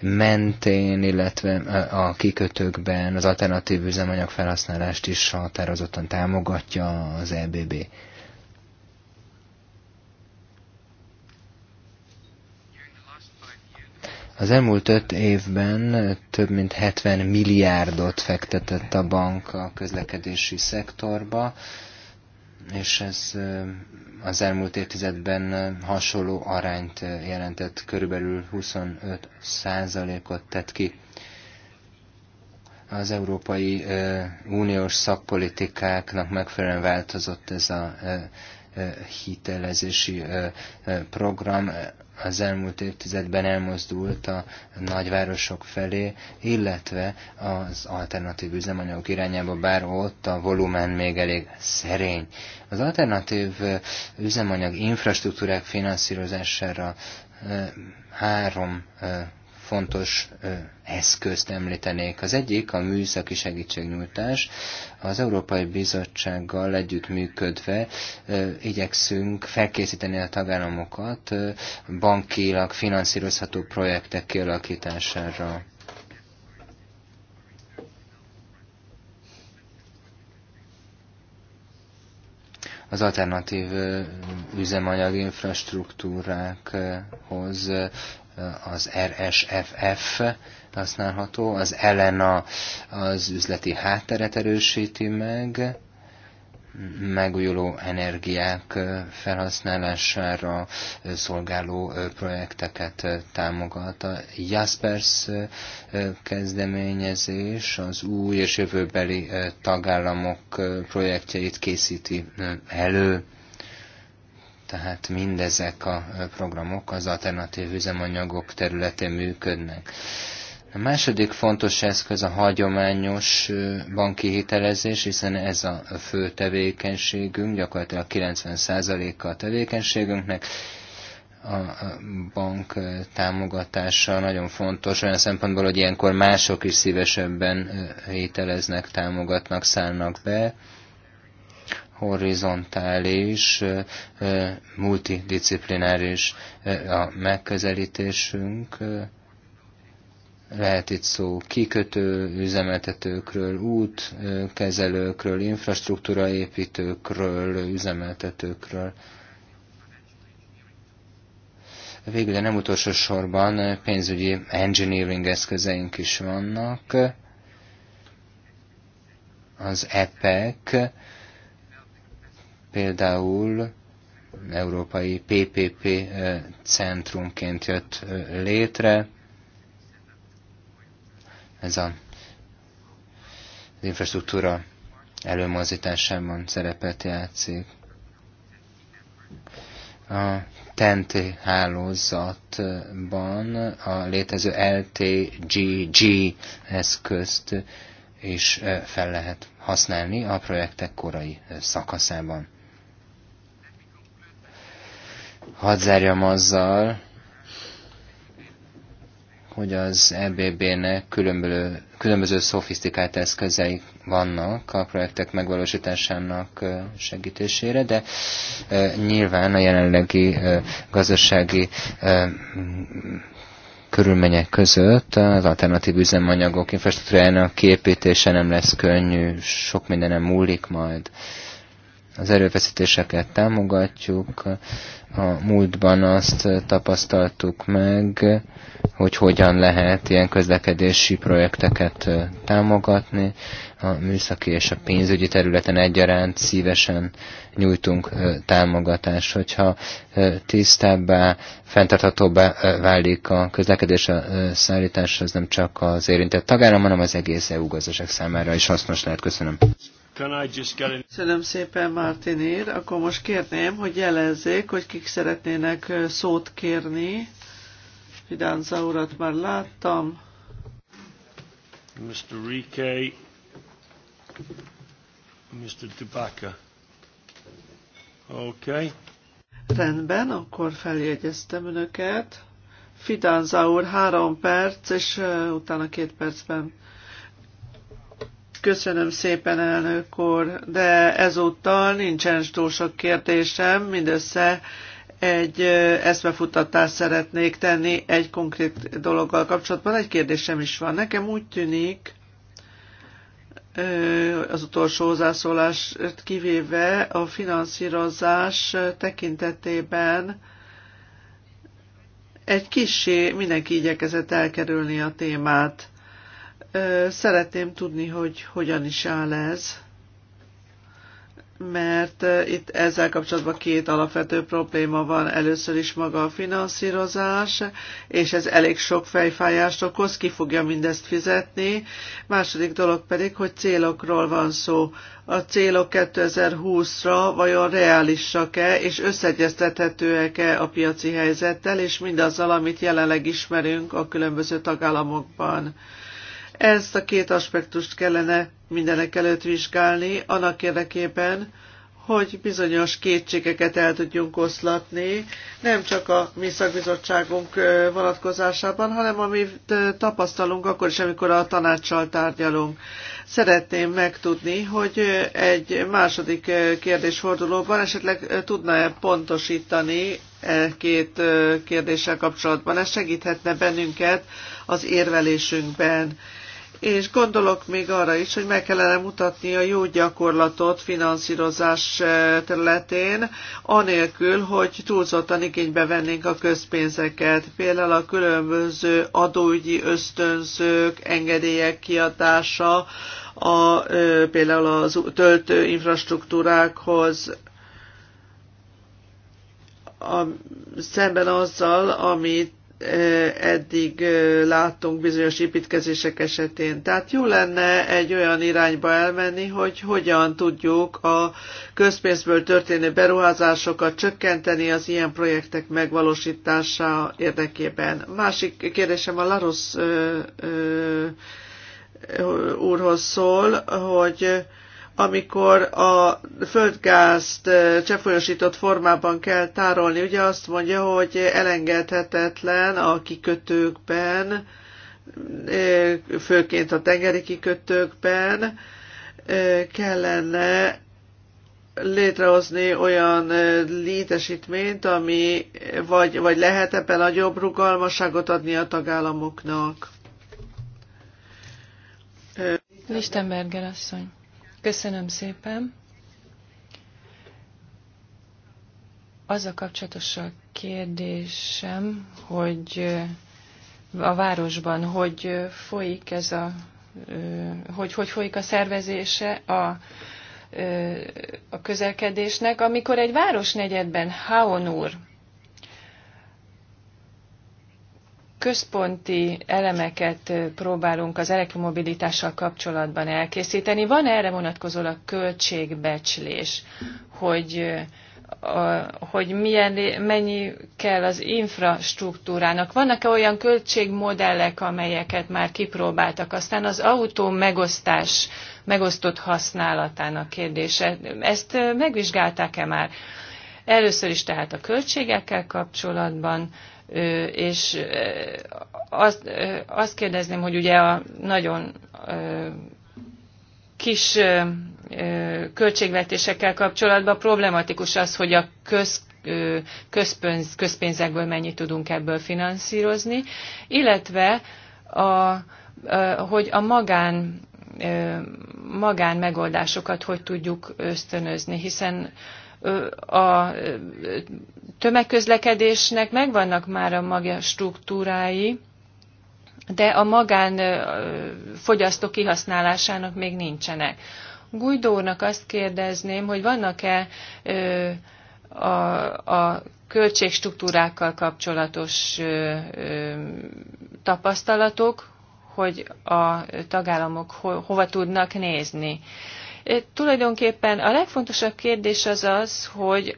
mentén, illetve a kikötőkben az alternatív üzemanyag felhasználást is határozottan támogatja az EBB. Az elmúlt öt évben több mint 70 milliárdot fektetett a bank a közlekedési szektorba, és ez az elmúlt évtizedben hasonló arányt jelentett, körülbelül 25 százalékot tett ki. Az Európai Uniós szakpolitikáknak megfelelően változott ez a hitelezési program az elmúlt évtizedben elmozdult a nagyvárosok felé, illetve az alternatív üzemanyagok irányába, bár ott a volumen még elég szerény. Az alternatív üzemanyag infrastruktúrák finanszírozására három fontos eszközt említenék. Az egyik a műszaki segítségnyújtás. Az Európai Bizottsággal együttműködve igyekszünk felkészíteni a tagállamokat bankilag finanszírozható projektek kialakítására. az alternatív üzemanyag infrastruktúrákhoz az RSFF használható, az Elena az üzleti hátteret erősíti meg, megújuló energiák felhasználására szolgáló projekteket támogat. A Jaspers kezdeményezés az új és jövőbeli tagállamok projektjeit készíti elő. Tehát mindezek a programok az alternatív üzemanyagok területén működnek. A második fontos eszköz a hagyományos banki hitelezés, hiszen ez a fő tevékenységünk, gyakorlatilag 90%-a a tevékenységünknek. A bank támogatása nagyon fontos olyan szempontból, hogy ilyenkor mások is szívesebben hiteleznek, támogatnak, szállnak be horizontális, multidisciplináris a megközelítésünk. Lehet itt szó kikötő üzemeltetőkről, útkezelőkről, infrastruktúraépítőkről, üzemeltetőkről végül, de nem utolsó sorban pénzügyi engineering eszközeink is vannak. Az EPEC például európai PPP centrumként jött létre. Ez a, az infrastruktúra előmozdításában szerepet játszik. A TNT e hálózatban a létező LTGG eszközt is fel lehet használni a projektek korai szakaszában. Hadd zárjam azzal, hogy az EBB-nek különböző, különböző szofisztikált eszközei vannak a projektek megvalósításának segítésére, de nyilván a jelenlegi gazdasági körülmények között az alternatív üzemanyagok infrastruktúrájának kiépítése nem lesz könnyű, sok mindenem múlik majd. Az erőfeszítéseket támogatjuk, a múltban azt eh, tapasztaltuk meg, hogy hogyan lehet ilyen közlekedési projekteket eh, támogatni. A műszaki és a pénzügyi területen egyaránt szívesen nyújtunk eh, támogatást. Hogyha tisztábbá, fenntarthatóbbá válik a közlekedés a szállítás, az nem csak az érintett tagállam, hanem az egész EU gazdaság számára is hasznos lehet. Köszönöm. Köszönöm szépen, Martin ír. Akkor most kérném, hogy jelezzék, hogy kik szeretnének szót kérni. Fidanza urat már láttam. Mr. Rike, Mr. Dubaka. Okay. Rendben, akkor feljegyeztem önöket. Fidanza úr, három perc, és uh, utána két percben Köszönöm szépen, elnök úr, de ezúttal nincsen túl sok kérdésem, mindössze egy eszmefutatást szeretnék tenni egy konkrét dologgal kapcsolatban. Egy kérdésem is van. Nekem úgy tűnik, az utolsó hozzászólást kivéve a finanszírozás tekintetében egy kisé mindenki igyekezett elkerülni a témát. Szeretném tudni, hogy hogyan is áll ez, mert itt ezzel kapcsolatban két alapvető probléma van. Először is maga a finanszírozás, és ez elég sok fejfájást okoz, ki fogja mindezt fizetni. Második dolog pedig, hogy célokról van szó. A célok 2020-ra vajon reálisak-e, és összegyeztethetőek-e a piaci helyzettel, és mindazzal, amit jelenleg ismerünk a különböző tagállamokban ezt a két aspektust kellene mindenek előtt vizsgálni, annak érdekében, hogy bizonyos kétségeket el tudjunk oszlatni, nem csak a mi szakbizottságunk vonatkozásában, hanem amit tapasztalunk akkor is, amikor a tanácssal tárgyalunk. Szeretném megtudni, hogy egy második kérdésfordulóban esetleg tudna-e pontosítani e két kérdéssel kapcsolatban. Ez segíthetne bennünket az érvelésünkben és gondolok még arra is, hogy meg kellene mutatni a jó gyakorlatot finanszírozás eh, területén, anélkül, hogy túlzottan igénybe vennénk a közpénzeket, például a különböző adóügyi ösztönzők, engedélyek kiadása, a, eh, például a töltő infrastruktúrákhoz, a, szemben azzal, amit Eh, eddig eh, láttunk bizonyos építkezések esetén. Tehát jó lenne egy olyan irányba elmenni, hogy hogyan tudjuk a közpénzből történő beruházásokat csökkenteni az ilyen projektek megvalósítása érdekében. Másik kérdésem a Larosz eh, úrhoz szól, hogy amikor a földgázt cseppfolyósított formában kell tárolni. Ugye azt mondja, hogy elengedhetetlen a kikötőkben, főként a tengeri kikötőkben kellene létrehozni olyan létesítményt, ami vagy, vagy lehet ebben nagyobb rugalmasságot adni a tagállamoknak. Lichtenberger asszony. Köszönöm szépen. a kapcsolatos a kérdésem, hogy a városban hogy folyik ez a, hogy, hogy folyik a szervezése a, a közelkedésnek, amikor egy városnegyedben Haonur központi elemeket próbálunk az elektromobilitással kapcsolatban elkészíteni. Van erre vonatkozólag költségbecslés, hogy hogy milyen, mennyi kell az infrastruktúrának. Vannak-e olyan költségmodellek, amelyeket már kipróbáltak? Aztán az autó megosztás, megosztott használatának kérdése. Ezt megvizsgálták-e már? Először is tehát a költségekkel kapcsolatban, és azt, azt kérdezném, hogy ugye a nagyon kis költségvetésekkel kapcsolatban problematikus az, hogy a köz, közpénz, közpénzekből mennyit tudunk ebből finanszírozni, illetve a, hogy a magán magán megoldásokat hogy tudjuk ösztönözni, hiszen a tömegközlekedésnek megvannak már a maga struktúrái, de a magán fogyasztó kihasználásának még nincsenek. Gújdónak azt kérdezném, hogy vannak-e a, a költségstruktúrákkal kapcsolatos ö, ö, tapasztalatok, hogy a tagállamok ho, hova tudnak nézni tulajdonképpen a legfontosabb kérdés az az, hogy,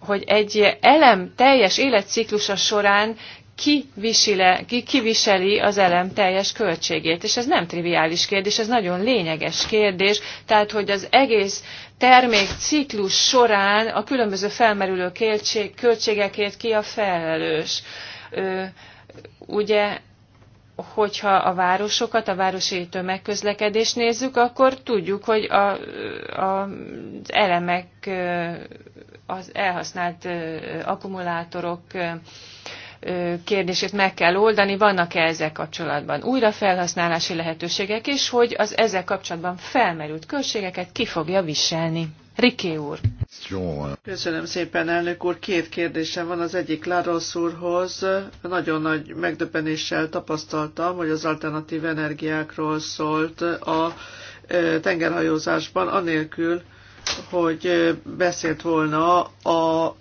hogy egy elem teljes életciklusa során ki, visile, ki, ki viseli az elem teljes költségét. És ez nem triviális kérdés, ez nagyon lényeges kérdés, tehát hogy az egész termék ciklus során a különböző felmerülő költségekért ki a felelős. ugye hogyha a városokat, a városi tömegközlekedést nézzük, akkor tudjuk, hogy a, a, az elemek, az elhasznált akkumulátorok kérdését meg kell oldani, vannak-e ezzel kapcsolatban újrafelhasználási lehetőségek, és hogy az ezzel kapcsolatban felmerült költségeket ki fogja viselni. Riké úr. Köszönöm szépen, elnök úr. Két kérdésem van. Az egyik Larosz úrhoz. Nagyon nagy megdöbbenéssel tapasztaltam, hogy az alternatív energiákról szólt a tengerhajózásban, anélkül, hogy beszélt volna a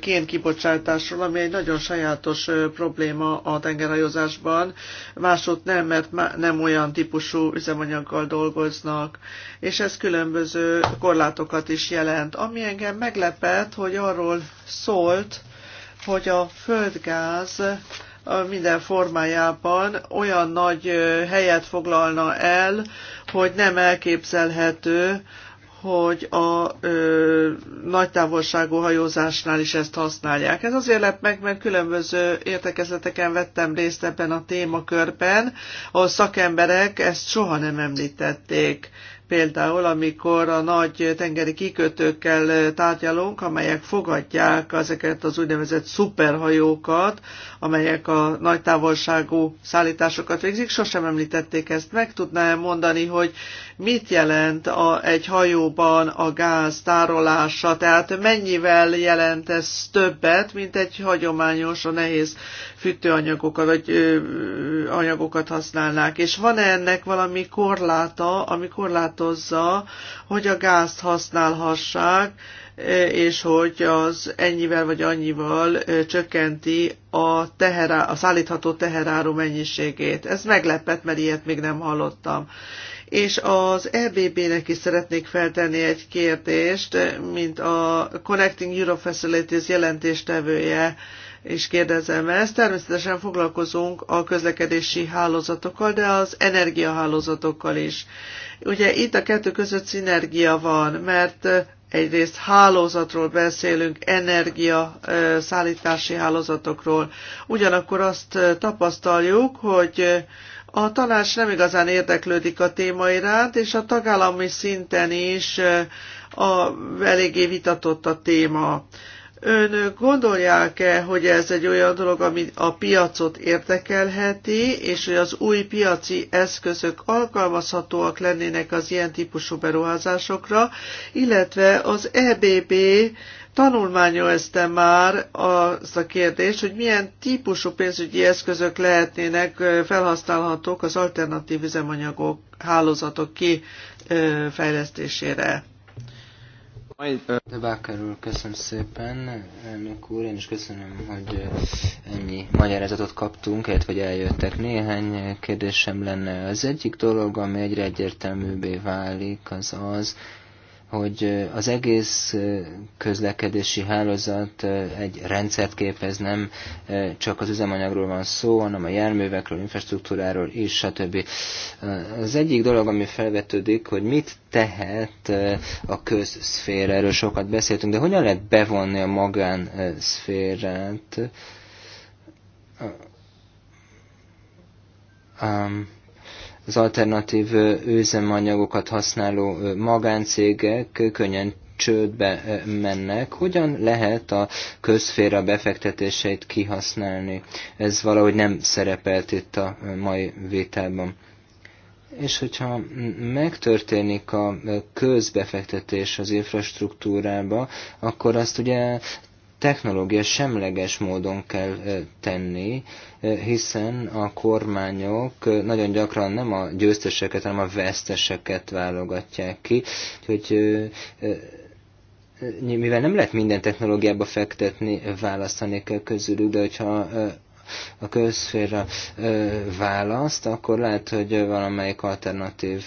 kénkibocsátásról, ami egy nagyon sajátos probléma a tengerhajózásban. Másút nem, mert nem olyan típusú üzemanyaggal dolgoznak, és ez különböző korlátokat is jelent. Ami engem meglepett, hogy arról szólt, hogy a földgáz minden formájában olyan nagy helyet foglalna el, hogy nem elképzelhető, hogy a ö, nagy távolságú hajózásnál is ezt használják. Ez azért lett meg, mert különböző értekezeteken vettem részt ebben a témakörben, ahol szakemberek ezt soha nem említették. Például, amikor a nagy tengeri kikötőkkel tárgyalunk, amelyek fogadják ezeket az úgynevezett szuperhajókat, amelyek a nagy távolságú szállításokat végzik, sosem említették ezt. Meg tudná mondani, hogy mit jelent a, egy hajóban a gáz tárolása, tehát mennyivel jelent ez többet, mint egy hagyományos, a nehéz fűtőanyagokat vagy ö, anyagokat használnák. És van-e ennek valami korláta, ami korlátozza, hogy a gázt használhassák, és hogy az ennyivel vagy annyival csökkenti a, teherá, a szállítható teheráru mennyiségét. Ez meglepett, mert ilyet még nem hallottam és az EBB-nek is szeretnék feltenni egy kérdést, mint a Connecting Europe Facilities jelentéstevője, és kérdezem ezt. Természetesen foglalkozunk a közlekedési hálózatokkal, de az energiahálózatokkal is. Ugye itt a kettő között szinergia van, mert egyrészt hálózatról beszélünk, energia szállítási hálózatokról. Ugyanakkor azt tapasztaljuk, hogy a tanács nem igazán érdeklődik a téma iránt, és a tagállami szinten is a, eléggé vitatott a téma. Önök gondolják-e, hogy ez egy olyan dolog, ami a piacot érdekelheti, és hogy az új piaci eszközök alkalmazhatóak lennének az ilyen típusú beruházásokra, illetve az EBB Tanulmányoztam már azt a kérdést, hogy milyen típusú pénzügyi eszközök lehetnének felhasználhatók az alternatív üzemanyagok hálózatok kifejlesztésére. Debáker úr, köszönöm szépen. Elnök úr, én is köszönöm, hogy ennyi magyarázatot kaptunk, illetve hogy eljöttek. Néhány kérdésem lenne. Az egyik dolog, ami egyre egyértelműbbé válik, az az, hogy az egész közlekedési hálózat egy rendszert képez, nem csak az üzemanyagról van szó, hanem a járművekről, infrastruktúráról is, stb. Az egyik dolog, ami felvetődik, hogy mit tehet a közszféra, erről sokat beszéltünk, de hogyan lehet bevonni a magánszférát? Um, az alternatív üzemanyagokat használó magáncégek könnyen csődbe mennek, hogyan lehet a közféra befektetéseit kihasználni. Ez valahogy nem szerepelt itt a mai vételben. És hogyha megtörténik a közbefektetés az infrastruktúrába, akkor azt ugye technológia semleges módon kell tenni, hiszen a kormányok nagyon gyakran nem a győzteseket, hanem a veszteseket válogatják ki, hogy mivel nem lehet minden technológiába fektetni, választani kell közülük, de hogyha a közféra választ, akkor lehet, hogy valamelyik alternatív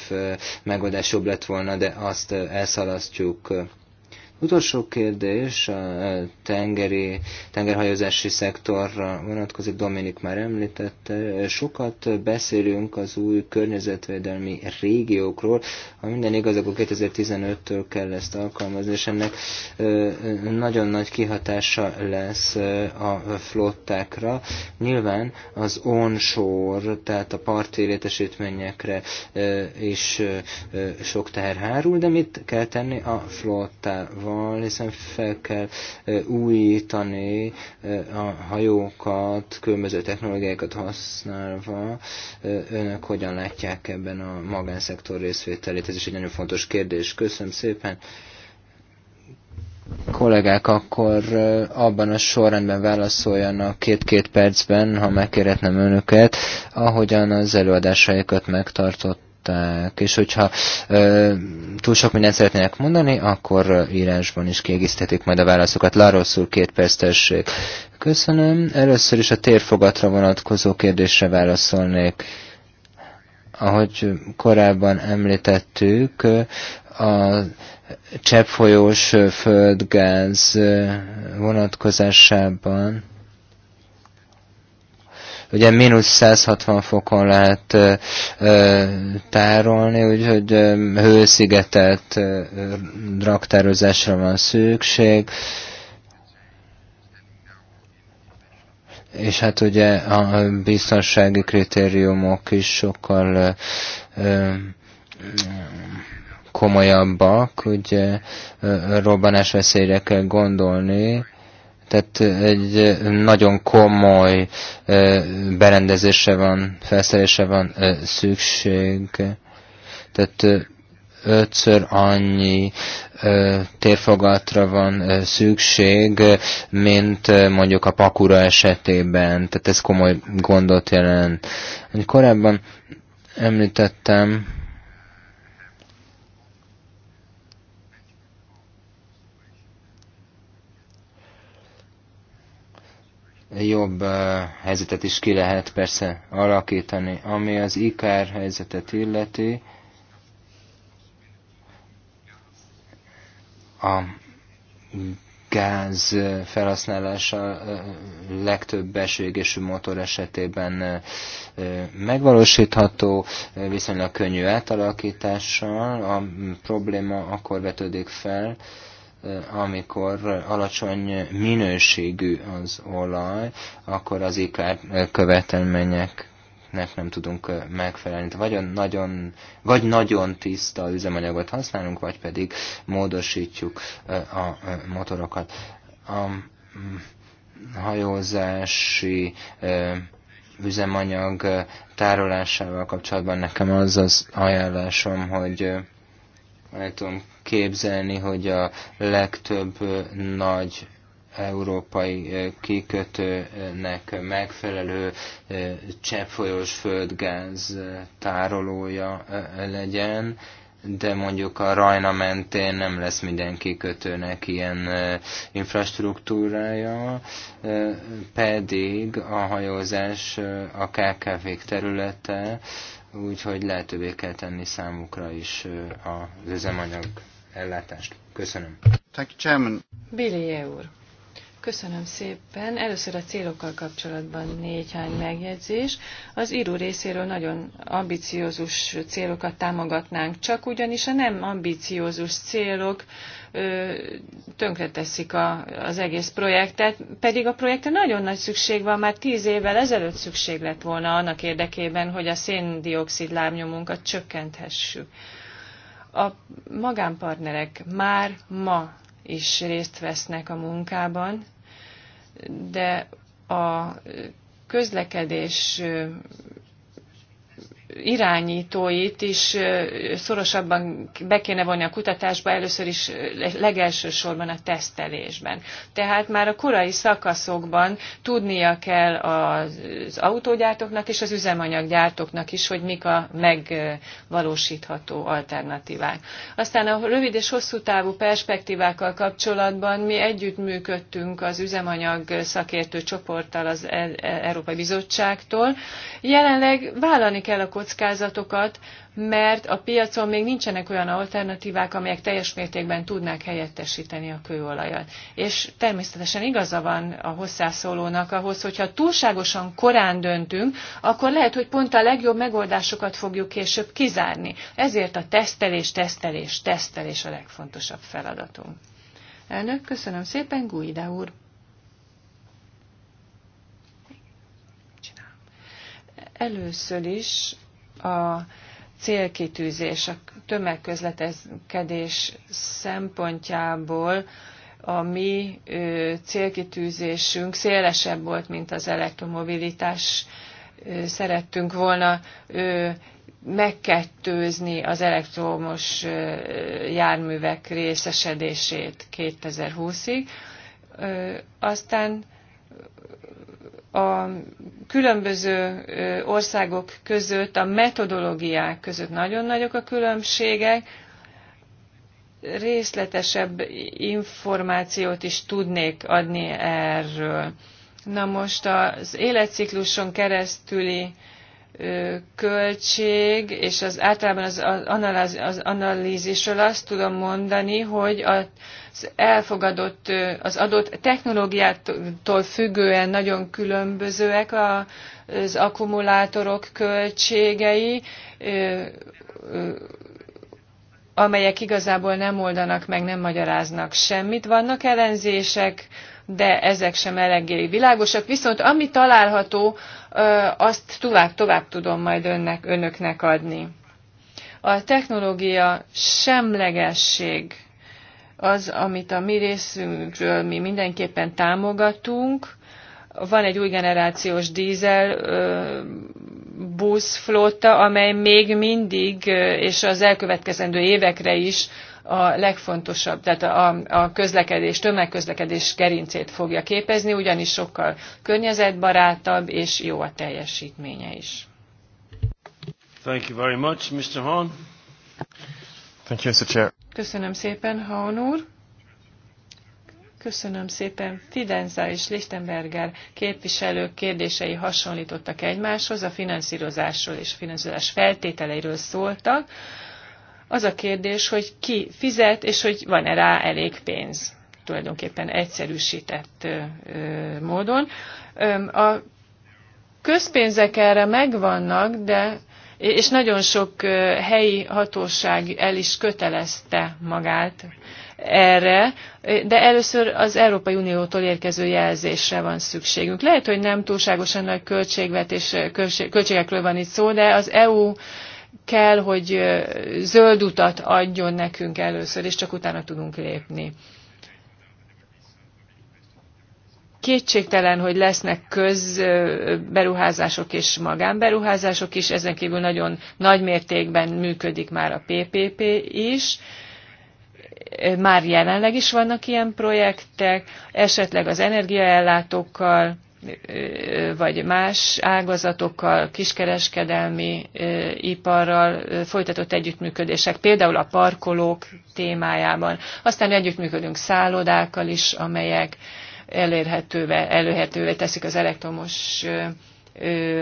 megoldás jobb lett volna, de azt elszalasztjuk utolsó kérdés a tengeri, tengerhajózási szektorra vonatkozik, Dominik már említette. Sokat beszélünk az új környezetvédelmi régiókról, ha minden igaz, akkor 2015-től kell ezt alkalmazni, és ennek nagyon nagy kihatása lesz a flottákra. Nyilván az onshore, tehát a parti létesítményekre is sok teher hárul, de mit kell tenni a flottával? van, hiszen fel kell újítani a hajókat, különböző technológiákat használva. Önök hogyan látják ebben a magánszektor részvételét? Ez is egy nagyon fontos kérdés. Köszönöm szépen! kollégák akkor abban a sorrendben válaszoljanak két-két percben, ha megkérhetnem önöket, ahogyan az előadásaikat megtartott hallották. és hogyha túl sok mindent szeretnének mondani, akkor írásban is kiegészíthetik majd a válaszokat. Larosz két perc tessék. Köszönöm. Először is a térfogatra vonatkozó kérdésre válaszolnék. Ahogy korábban említettük, a cseppfolyós földgáz vonatkozásában ugye mínusz 160 fokon lehet tárolni, úgyhogy hőszigetelt raktározásra van szükség. És hát ugye a biztonsági kritériumok is sokkal komolyabbak, ugye robbanás veszélyre kell gondolni, tehát egy eh, nagyon komoly eh, berendezése van, felszerelése van eh, szükség. Tehát ötször annyi térfogatra van szükség, mint mondjuk a pakura esetében. Tehát ez komoly gondot jelent. Korábban említettem, jobb helyzetet is ki lehet persze alakítani. Ami az IKR helyzetet illeti, a gáz felhasználása legtöbb belső motor esetében megvalósítható, viszonylag könnyű átalakítással. A probléma akkor vetődik fel, amikor alacsony minőségű az olaj, akkor az ikár követelmények nek nem tudunk megfelelni. Vagy nagyon, vagy nagyon tiszta üzemanyagot használunk, vagy pedig módosítjuk a motorokat. A hajózási üzemanyag tárolásával kapcsolatban nekem az az ajánlásom, hogy el képzelni, hogy a legtöbb nagy európai kikötőnek megfelelő cseppfolyós földgáz tárolója legyen, de mondjuk a Rajna mentén nem lesz minden kikötőnek ilyen infrastruktúrája, pedig a hajózás a KKV-k területe, úgyhogy lehetővé kell tenni számukra is az üzemanyag ellátást. Köszönöm. Thank you, Chairman. Billy úr. Köszönöm szépen. Először a célokkal kapcsolatban néhány megjegyzés. Az író részéről nagyon ambiciózus célokat támogatnánk, csak ugyanis a nem ambiciózus célok tönkreteszik a, az egész projektet, pedig a projektre nagyon nagy szükség van, már tíz évvel ezelőtt szükség lett volna annak érdekében, hogy a széndiokszid lábnyomunkat csökkenthessük. A magánpartnerek már ma is részt vesznek a munkában, de a közlekedés irányítóit is szorosabban be kéne vonni a kutatásba, először is legelsősorban a tesztelésben. Tehát már a korai szakaszokban tudnia kell az autógyártóknak és az üzemanyaggyártóknak is, hogy mik a megvalósítható alternatívák. Aztán a rövid és hosszú távú perspektívákkal kapcsolatban mi együttműködtünk az üzemanyag szakértő csoporttal az e-, e-, Európai Bizottságtól. Jelenleg vállalni kell a kockázatokat, mert a piacon még nincsenek olyan alternatívák, amelyek teljes mértékben tudnák helyettesíteni a kőolajat. És természetesen igaza van a hozzászólónak ahhoz, hogyha túlságosan korán döntünk, akkor lehet, hogy pont a legjobb megoldásokat fogjuk később kizárni. Ezért a tesztelés, tesztelés, tesztelés a legfontosabb feladatunk. Elnök, köszönöm szépen, Guida úr. Először is a célkitűzés, a tömegközlekedés szempontjából a mi célkitűzésünk szélesebb volt, mint az elektromobilitás. Szerettünk volna megkettőzni az elektromos járművek részesedését 2020-ig. Aztán a különböző országok között, a metodológiák között nagyon nagyok a különbségek, részletesebb információt is tudnék adni erről. Na most az életcikluson keresztüli költség, és az általában az, az, az analízisről azt tudom mondani, hogy az elfogadott, az adott technológiától függően nagyon különbözőek az akkumulátorok költségei, amelyek igazából nem oldanak meg, nem magyaráznak semmit. Vannak ellenzések, de ezek sem eléggé világosak. Viszont ami található, azt tovább, tovább tudom majd önnek, önöknek adni. A technológia semlegesség az, amit a mi részünkről mi mindenképpen támogatunk. Van egy új generációs dízel buszflotta, amely még mindig, és az elkövetkezendő évekre is a legfontosabb, tehát a, a közlekedés, tömegközlekedés gerincét fogja képezni, ugyanis sokkal környezetbarátabb és jó a teljesítménye is. Thank you very much, Mr. Hahn. Thank you, Mr. Chair. Köszönöm szépen, Hahn úr. Köszönöm szépen. Fidenza és Lichtenberger képviselők kérdései hasonlítottak egymáshoz, a finanszírozásról és a finanszírozás feltételeiről szóltak. Az a kérdés, hogy ki fizet, és hogy van-e rá elég pénz tulajdonképpen egyszerűsített módon. A közpénzek erre megvannak, de és nagyon sok helyi hatóság el is kötelezte magát erre, de először az Európai Uniótól érkező jelzésre van szükségünk. Lehet, hogy nem túlságosan nagy költségvetés, költségekről van itt szó, de az EU kell, hogy zöld utat adjon nekünk először, és csak utána tudunk lépni. Kétségtelen, hogy lesznek közberuházások és magánberuházások is, ezen kívül nagyon nagy mértékben működik már a PPP is már jelenleg is vannak ilyen projektek, esetleg az energiaellátókkal, vagy más ágazatokkal, kiskereskedelmi iparral folytatott együttműködések, például a parkolók témájában. Aztán együttműködünk szállodákkal is, amelyek elérhetővé, elérhetővé teszik az elektromos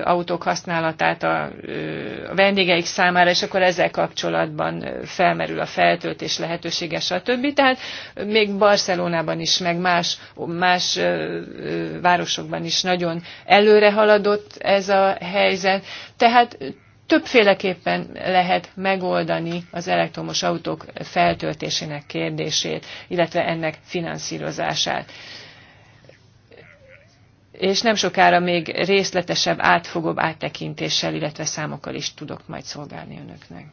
autók használatát a, a vendégeik számára, és akkor ezzel kapcsolatban felmerül a feltöltés lehetősége, stb. Tehát még Barcelonában is, meg más, más városokban is nagyon előre haladott ez a helyzet. Tehát többféleképpen lehet megoldani az elektromos autók feltöltésének kérdését, illetve ennek finanszírozását és nem sokára még részletesebb, átfogóbb áttekintéssel, illetve számokkal is tudok majd szolgálni önöknek.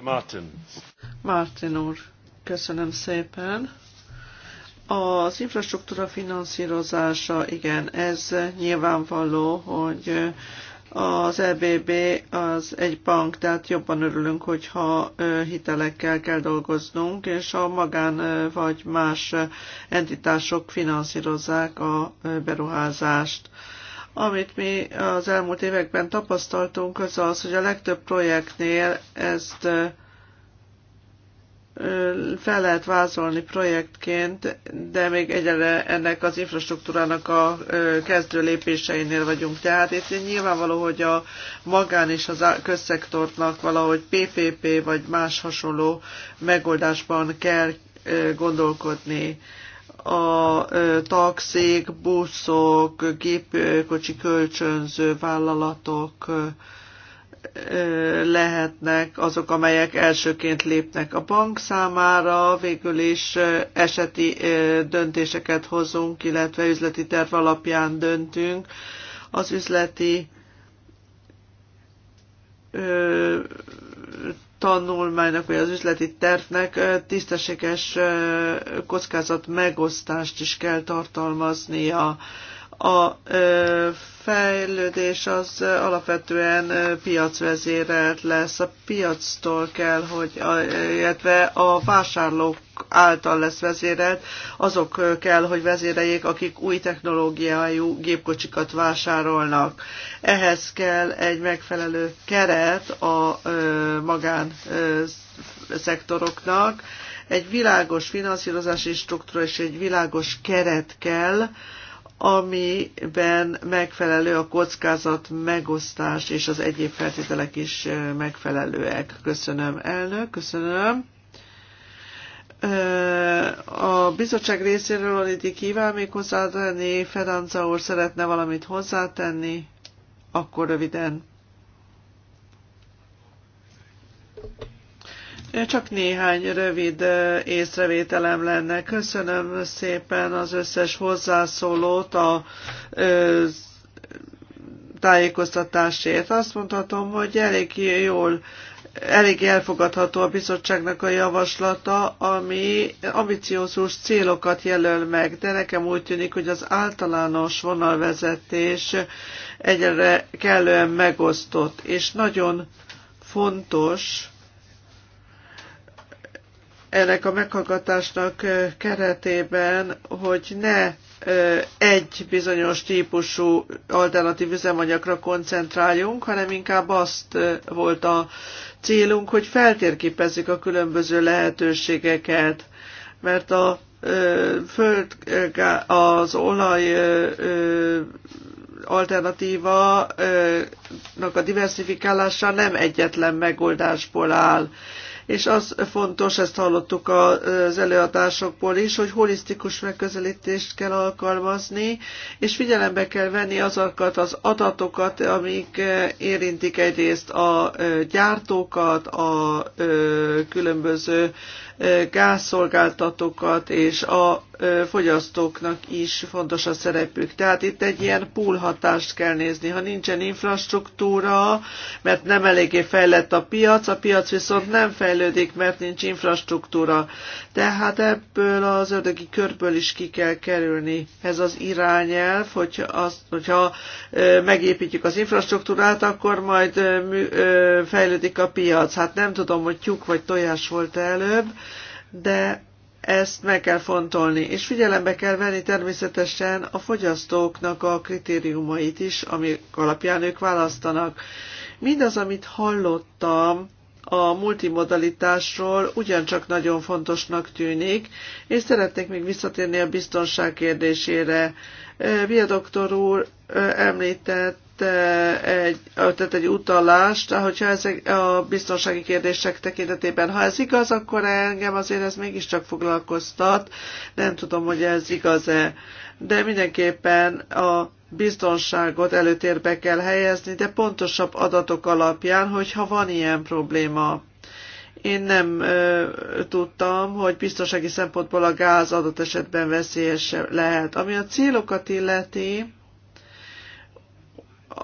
Martin. Martin úr, köszönöm szépen. Az infrastruktúra finanszírozása, igen, ez nyilvánvaló, hogy az EBB az egy bank, tehát jobban örülünk, hogyha hitelekkel kell dolgoznunk, és a magán vagy más entitások finanszírozzák a beruházást. Amit mi az elmúlt években tapasztaltunk, az az, hogy a legtöbb projektnél ezt fel lehet vázolni projektként, de még egyre ennek az infrastruktúrának a kezdő lépéseinél vagyunk. Tehát itt nyilvánvaló, hogy a magán és az közszektornak valahogy PPP vagy más hasonló megoldásban kell gondolkodni. A taxik, buszok, gépkocsi kölcsönző vállalatok, lehetnek azok, amelyek elsőként lépnek a bank számára, végül is eseti döntéseket hozunk, illetve üzleti terv alapján döntünk. Az üzleti tanulmánynak, vagy az üzleti tervnek tisztességes kockázat megosztást is kell tartalmaznia. a a fejlődés az alapvetően piacvezérelt lesz. A piactól kell, hogy, illetve a vásárlók által lesz vezérelt, azok kell, hogy vezéreljék, akik új technológiájú gépkocsikat vásárolnak. Ehhez kell egy megfelelő keret a magán szektoroknak, egy világos finanszírozási struktúra és egy világos keret kell, amiben megfelelő a kockázat megosztás és az egyéb feltételek is megfelelőek. Köszönöm, elnök, köszönöm. A bizottság részéről Olidi kíván még hozzátenni, Fedanca úr szeretne valamit hozzátenni, akkor röviden. Csak néhány rövid észrevételem lenne. Köszönöm szépen az összes hozzászólót a tájékoztatásért. Azt mondhatom, hogy elég jól elég elfogadható a bizottságnak a javaslata, ami ambiciózus célokat jelöl meg, de nekem úgy tűnik, hogy az általános vonalvezetés egyre kellően megosztott, és nagyon fontos, ennek a meghallgatásnak keretében, hogy ne egy bizonyos típusú alternatív üzemanyagra koncentráljunk, hanem inkább azt volt a célunk, hogy feltérképezzük a különböző lehetőségeket, mert a föld, az olaj alternatíva a diversifikálása nem egyetlen megoldásból áll és az fontos, ezt hallottuk az előadásokból is, hogy holisztikus megközelítést kell alkalmazni, és figyelembe kell venni azokat az adatokat, amik eh, érintik egyrészt a eh, gyártókat, a eh, különböző gázszolgáltatókat és a fogyasztóknak is fontos a szerepük. Tehát itt egy ilyen pool kell nézni. Ha nincsen infrastruktúra, mert nem eléggé fejlett a piac, a piac viszont nem fejlődik, mert nincs infrastruktúra. Tehát ebből az ördögi körből is ki kell kerülni. Ez az irányelv, hogyha, az, hogyha megépítjük az infrastruktúrát, akkor majd fejlődik a piac. Hát nem tudom, hogy tyúk vagy tojás volt előbb, de ezt meg kell fontolni, és figyelembe kell venni természetesen a fogyasztóknak a kritériumait is, amik alapján ők választanak. Mindaz, amit hallottam a multimodalitásról, ugyancsak nagyon fontosnak tűnik, és szeretnék még visszatérni a biztonság kérdésére. Via doktor úr említett tett egy, tett egy utalást, hogyha ezek a biztonsági kérdések tekintetében, ha ez igaz, akkor engem azért ez mégiscsak foglalkoztat, nem tudom, hogy ez igaz-e, de mindenképpen a biztonságot előtérbe kell helyezni, de pontosabb adatok alapján, hogyha van ilyen probléma. Én nem ö, tudtam, hogy biztonsági szempontból a gáz adott esetben veszélyes lehet. Ami a célokat illeti,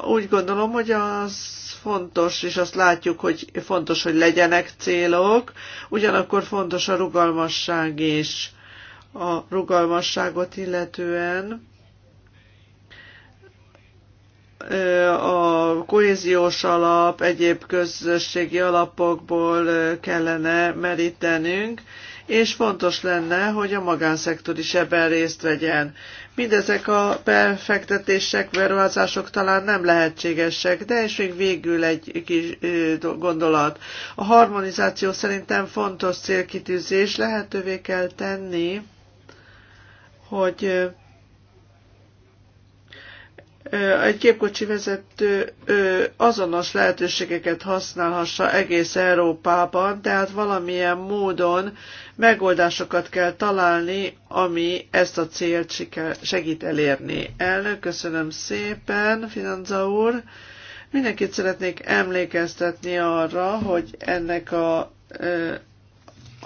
úgy gondolom, hogy az fontos, és azt látjuk, hogy fontos, hogy legyenek célok, ugyanakkor fontos a rugalmasság is. A rugalmasságot illetően a kohéziós alap, egyéb közösségi alapokból kellene merítenünk, és fontos lenne, hogy a magánszektor is ebben részt vegyen. Mindezek a befektetések, beruházások talán nem lehetségesek, de és még végül egy kis gondolat. A harmonizáció szerintem fontos célkitűzés, lehetővé kell tenni, hogy egy gépkocsi vezető azonos lehetőségeket használhassa egész Európában, tehát valamilyen módon megoldásokat kell találni, ami ezt a célt segít elérni. Elnök, köszönöm szépen, Finanza úr. Mindenkit szeretnék emlékeztetni arra, hogy ennek a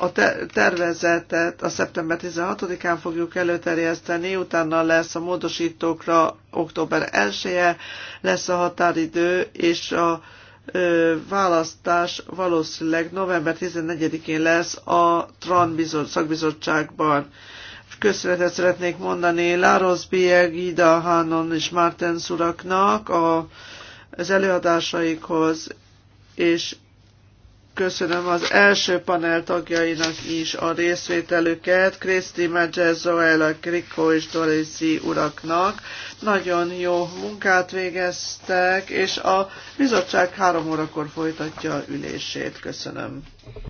a tervezetet a szeptember 16-án fogjuk előterjeszteni, utána lesz a módosítókra október 1-e, lesz a határidő, és a ö, választás valószínűleg november 14-én lesz a TRAN bizot, szakbizottságban. Köszönetet szeretnék mondani Láros Bieg, Ida Hánon és Márten Szuraknak a, az előadásaikhoz, és köszönöm az első panel tagjainak is a részvételüket, Kriszti Magezzoela, Krikó és Dorézi uraknak. Nagyon jó munkát végeztek, és a bizottság három órakor folytatja ülését. Köszönöm.